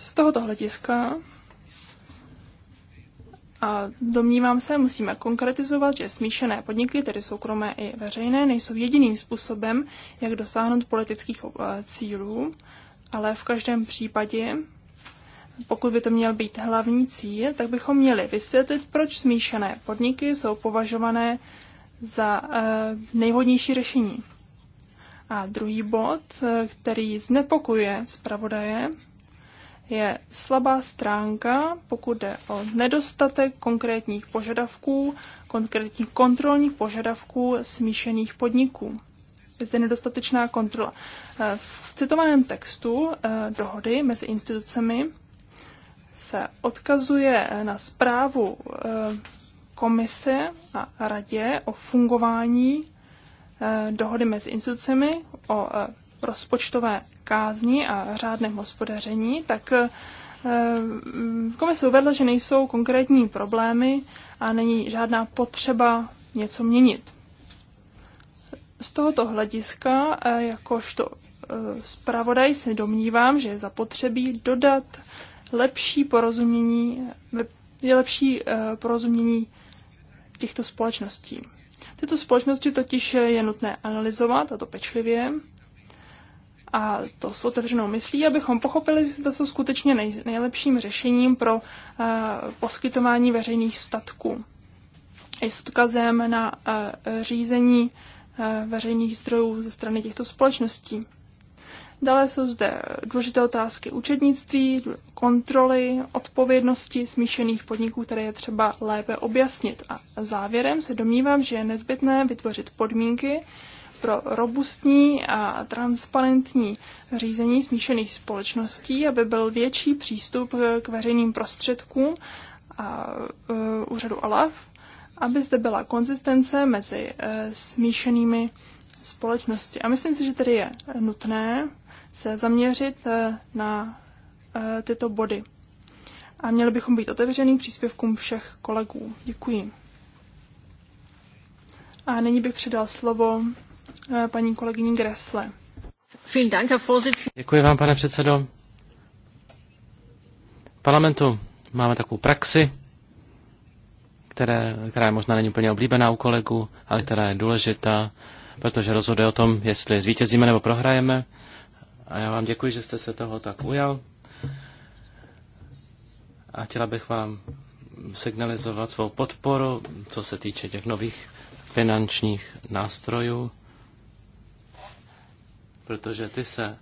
Z tohoto hlediska a domnívám se, musíme konkretizovat, že smíšené podniky, tedy soukromé i veřejné, nejsou jediným způsobem, jak dosáhnout politických eh, cílů, ale v každém případě, pokud by to měl být hlavní cíl, tak bychom měli vysvětlit, proč smíšené podniky jsou považované za eh, nejvhodnější řešení. A druhý bod, eh, který znepokuje zpravodaje, je slabá stránka, pokud jde o nedostatek konkrétních požadavků, konkrétních kontrolních požadavků smíšených podniků. Je zde nedostatečná kontrola. Eh, v citovaném textu eh, dohody mezi institucemi se odkazuje eh, na zprávu komise a radě o fungování dohody mezi institucemi o rozpočtové kázni a řádném hospodaření, tak eh, komise uvedla, že nejsou konkrétní problémy a není žádná potřeba něco měnit. Z tohoto hlediska, eh, jakožto eh, zpravodaj, se domnívám, že je zapotřebí dodat lepší porozumění, je lepší porozumění těchto společností. Tyto společnosti totiž je nutné analyzovat, a to pečlivě, a to s otevřenou myslí, abychom pochopili, zda jsou skutečně nej, nejlepším řešením pro uh, poskytování veřejných statků. I s odkazem na uh, řízení uh, veřejných zdrojů ze strany těchto společností. Dále jsou zde důležité otázky účetnictví, kontroly, odpovědnosti smíšených podniků, které je třeba lépe objasnit. A závěrem se domnívám, že je nezbytné vytvořit podmínky, pro robustní a transparentní řízení smíšených společností, aby byl větší přístup eh, k veřejným prostředkům a eh, úřadu ALAF, aby zde byla konzistence mezi eh, smíšenými společnosti. A myslím si, že tedy je nutné se zaměřit na tyto body. A měli bychom být otevřený příspěvkům všech kolegů. Děkuji. A nyní bych předal slovo Eh, paní kolegyní Gressle. Děkuji vám, pane předsedo. V parlamentu máme takovou praxi, které, která je možná není úplně oblíbená u kolegů, ale která je důležitá, protože rozhoduje o tom, jestli zvítězíme nebo prohrajeme. A já vám děkuji, že jste se toho tak ujal. A chtěla bych vám signalizovat svou podporu, co se týče těch nových finančních nástrojů protože ty se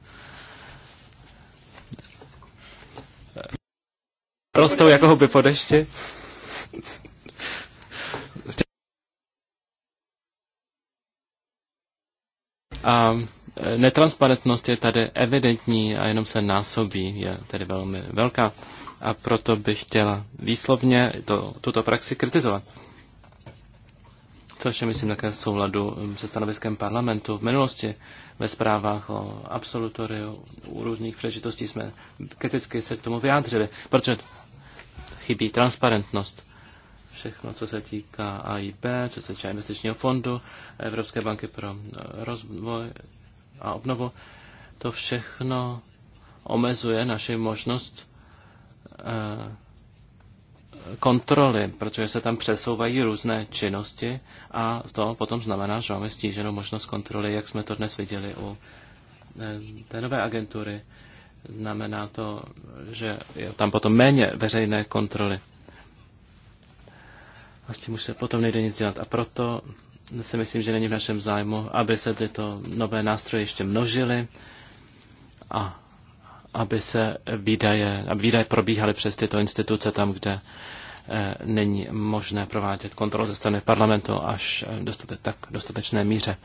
rostou jako huby po dešti. A e, netransparentnost je tady evidentní a jenom se násobí, je tedy velmi velká. A proto bych chtěla výslovně to, tuto praxi kritizovat. Což je, myslím, také v souladu se stanoviskem parlamentu v minulosti, ve zprávách o absolutoriu, u různých přežitostí jsme kriticky se k tomu vyjádřili, protože chybí transparentnost. Všechno, co se týká AIB, co se týká investičního fondu, Evropské banky pro eh, rozvoj a obnovu, to všechno omezuje naši možnost eh, kontroly, protože se tam přesouvají různé činnosti a to potom znamená, že máme stíženou možnost kontroly, jak jsme to dnes viděli u eh, té nové agentury. Znamená to, že je tam potom méně veřejné kontroly. A s tím už se potom nejde nic dělat. A proto si myslím, že není v našem zájmu, aby se tyto nové nástroje ještě množily a aby se výdaje, aby výdaje probíhaly přes tyto instituce tam, kde eh, není možné provádět kontrolu ze strany parlamentu až eh, dostate, tak dostatečné míře.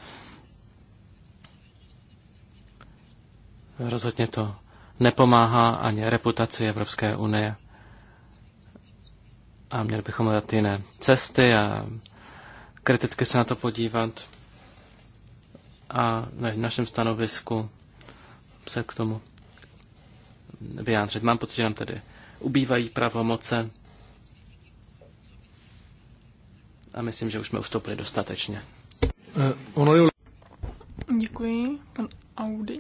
Rozhodně to nepomáhá ani reputaci Evropské unie. A měli bychom hledat jiné cesty a kriticky se na to podívat. A v našem stanovisku se k tomu vyjádřit. Mám pocit, že nám tedy ubývají pravomoce a myslím, že už jsme ustoupili dostatečně. Eh, Děkuji. Pan Audi.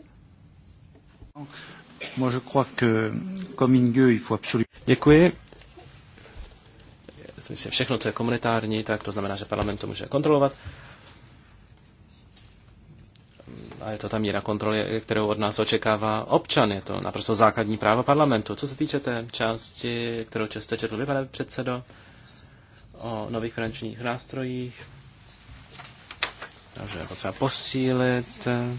Děkuji. Myslím, všechno, co je komunitární, tak to znamená, že parlament to může kontrolovat a je to ta míra kontroly, kterou od nás očekává občan. Je to naprosto základní právo parlamentu. Co se týče té části, kterou často četl vy, pane předsedo, o nových finančních nástrojích, takže je potřeba posílit eh,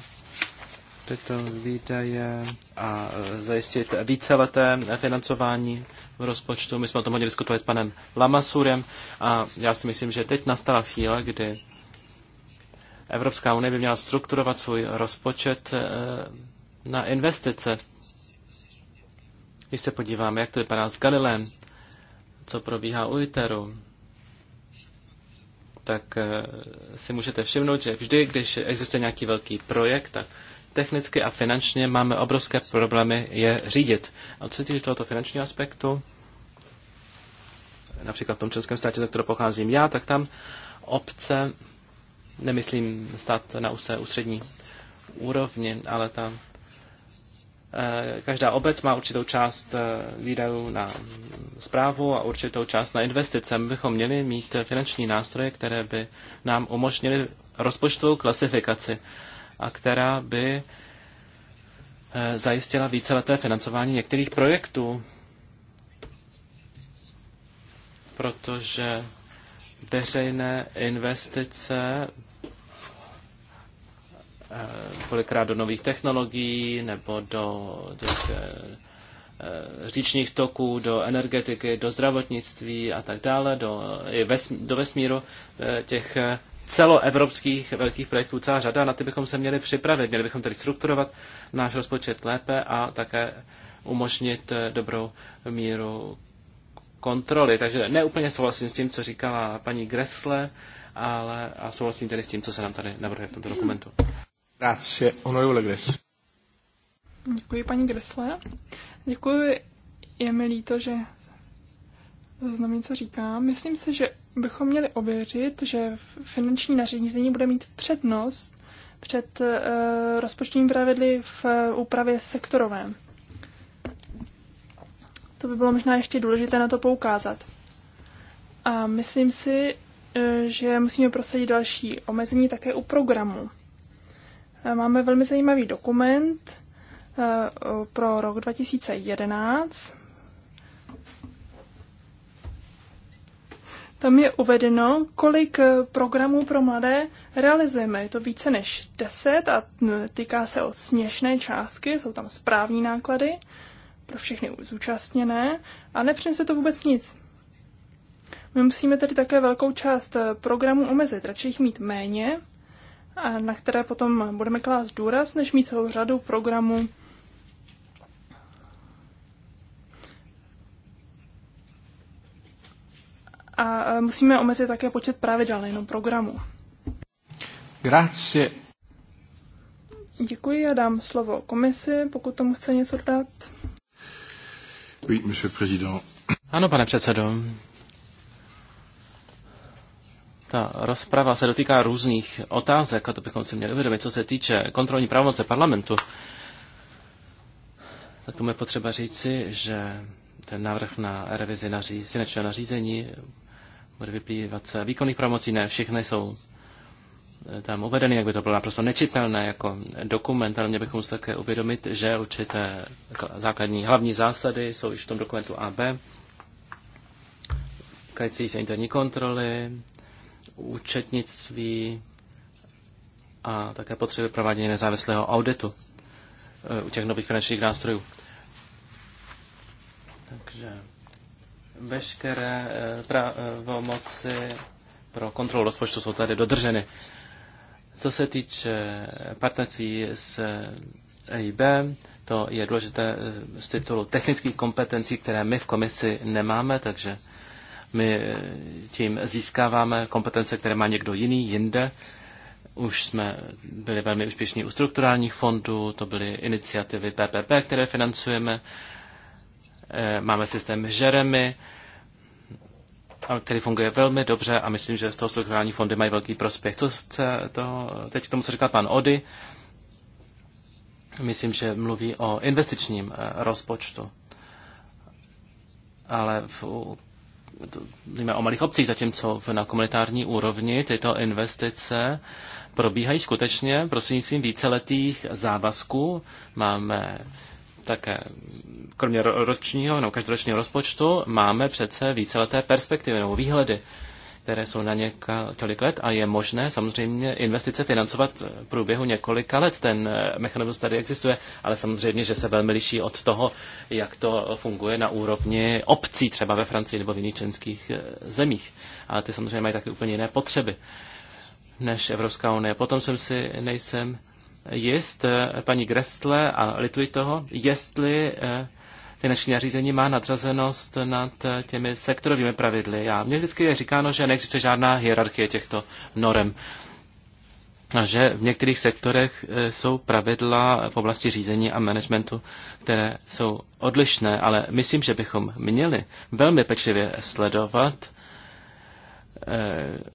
tyto výdaje a eh, zajistit víceleté financování v rozpočtu. My jsme o tom hodně diskutovali s panem Lamasurem a já si myslím, že teď nastala chvíle, kdy Evropská unie by měla strukturovat svůj rozpočet eh, na investice. Když se podíváme, jak to vypadá s Galilem, co probíhá u ITERu, tak eh, si můžete všimnout, že vždy, když existuje nějaký velký projekt, tak technicky a finančně máme obrovské problémy je řídit. A co se týče tohoto finančního aspektu, například v tom českém státě, ze kterého pocházím já, tak tam obce nemyslím stát na ústřední, ústřední úrovni, ale ta eh, každá obec má určitou část eh, výdajů na zprávu a určitou část na investice. My bychom měli mít finanční nástroje, které by nám umožnily rozpočtovou klasifikaci a která by eh, zajistila víceleté financování některých projektů, protože veřejné investice Eh, kolikrát do nových technologií nebo do těch eh, eh, říčních toků, do energetiky, do zdravotnictví a tak dále, do, i ves, do vesmíru těch celoevropských velkých projektů celá řada, na ty bychom se měli připravit, měli bychom tedy strukturovat náš rozpočet lépe a také umožnit dobrou míru kontroly. Takže neúplně souhlasím s tím, co říkala paní Gressle, ale a souhlasím tedy s tím, co se nám tady navrhuje v tomto dokumentu. Grazie, onorevole Gress. Děkuji, paní Gressle. Děkuji, je mi líto, že znám, co říkám. Myslím si, že bychom měli ověřit, že finanční nařízení bude mít přednost před uh, eh, rozpočtovým pravidly v uh, úpravě sektorové. To by bylo možná ještě důležité na to poukázat. A myslím si, eh, že musíme prosadit další omezení také u programu. Eh, máme velmi zajímavý dokument eh, pro rok 2011. Tam je uvedeno, kolik eh, programů pro mladé realizujeme. Je to více než 10 a týká se o směšné částky, jsou tam správní náklady pro všechny zúčastněné a nepřinese to vůbec nic. My musíme tedy také velkou část programů omezit, radši jich mít méně, na které potom budeme klást důraz, než mít celou řadu programů, a e, musíme omezit také počet pravidel, jenom programů. Grazie. Děkuji a dám slovo komisi, pokud tomu chce něco dát. Oui, monsieur président. Ano, pane předsedo ta rozprava se dotýká různých otázek, a to bychom si měli uvědomit, co se týče kontrolní pravomoce parlamentu, tak tomu je potřeba říci, že ten návrh na revizi nařízení, nařízení bude vyplývat se výkonných pravomocí, ne všechny jsou eh, tam uvedeny, jak by to bylo naprosto nečitelné jako dokument, ale mě bychom se také uvědomit, že určité základní hlavní zásady jsou již v tom dokumentu AB, týkající se interní kontroly, účetnictví a také potřeby provádění nezávislého auditu eh, u těch nových finančních nástrojů. Takže veškeré eh, pravomoci pro kontrolu rozpočtu jsou tady dodrženy. Co se týče partnerství s EIB, to je důležité eh, z titulu technických kompetencí, které my v komisi nemáme, takže my tím získáváme kompetence, které má někdo jiný jinde. Už jsme byli velmi úspěšní u strukturálních fondů, to byly iniciativy PPP, které financujeme. Eh, máme systém Jeremy, který funguje velmi dobře a myslím, že z toho strukturální fondy mají velký prospěch. Co se to, teď k tomu, co říkal pan Ody, myslím, že mluví o investičním eh, rozpočtu. Ale v mluvíme o malých obcích, zatímco na komunitární úrovni tyto investice probíhají skutečně prostřednictvím víceletých závazků. Máme také, kromě ročního, no, každoročního rozpočtu, máme přece víceleté perspektivy nebo výhledy které jsou na několik let a je možné samozřejmě investice financovat v průběhu několika let. Ten eh, mechanismus tady existuje, ale samozřejmě, že se velmi liší od toho, jak to funguje na úrovni obcí třeba ve Francii nebo v jiných členských eh, zemích. Ale ty samozřejmě mají taky úplně jiné potřeby než Evropská unie. Potom jsem si nejsem jist, eh, paní Gressle, a lituji toho, jestli finanční nařízení má nadřazenost nad eh, těmi sektorovými pravidly. A mně vždycky je říkáno, že neexistuje žádná hierarchie těchto norem. A že v některých sektorech eh, jsou pravidla v oblasti řízení a managementu, které jsou odlišné, ale myslím, že bychom měli velmi pečlivě sledovat eh,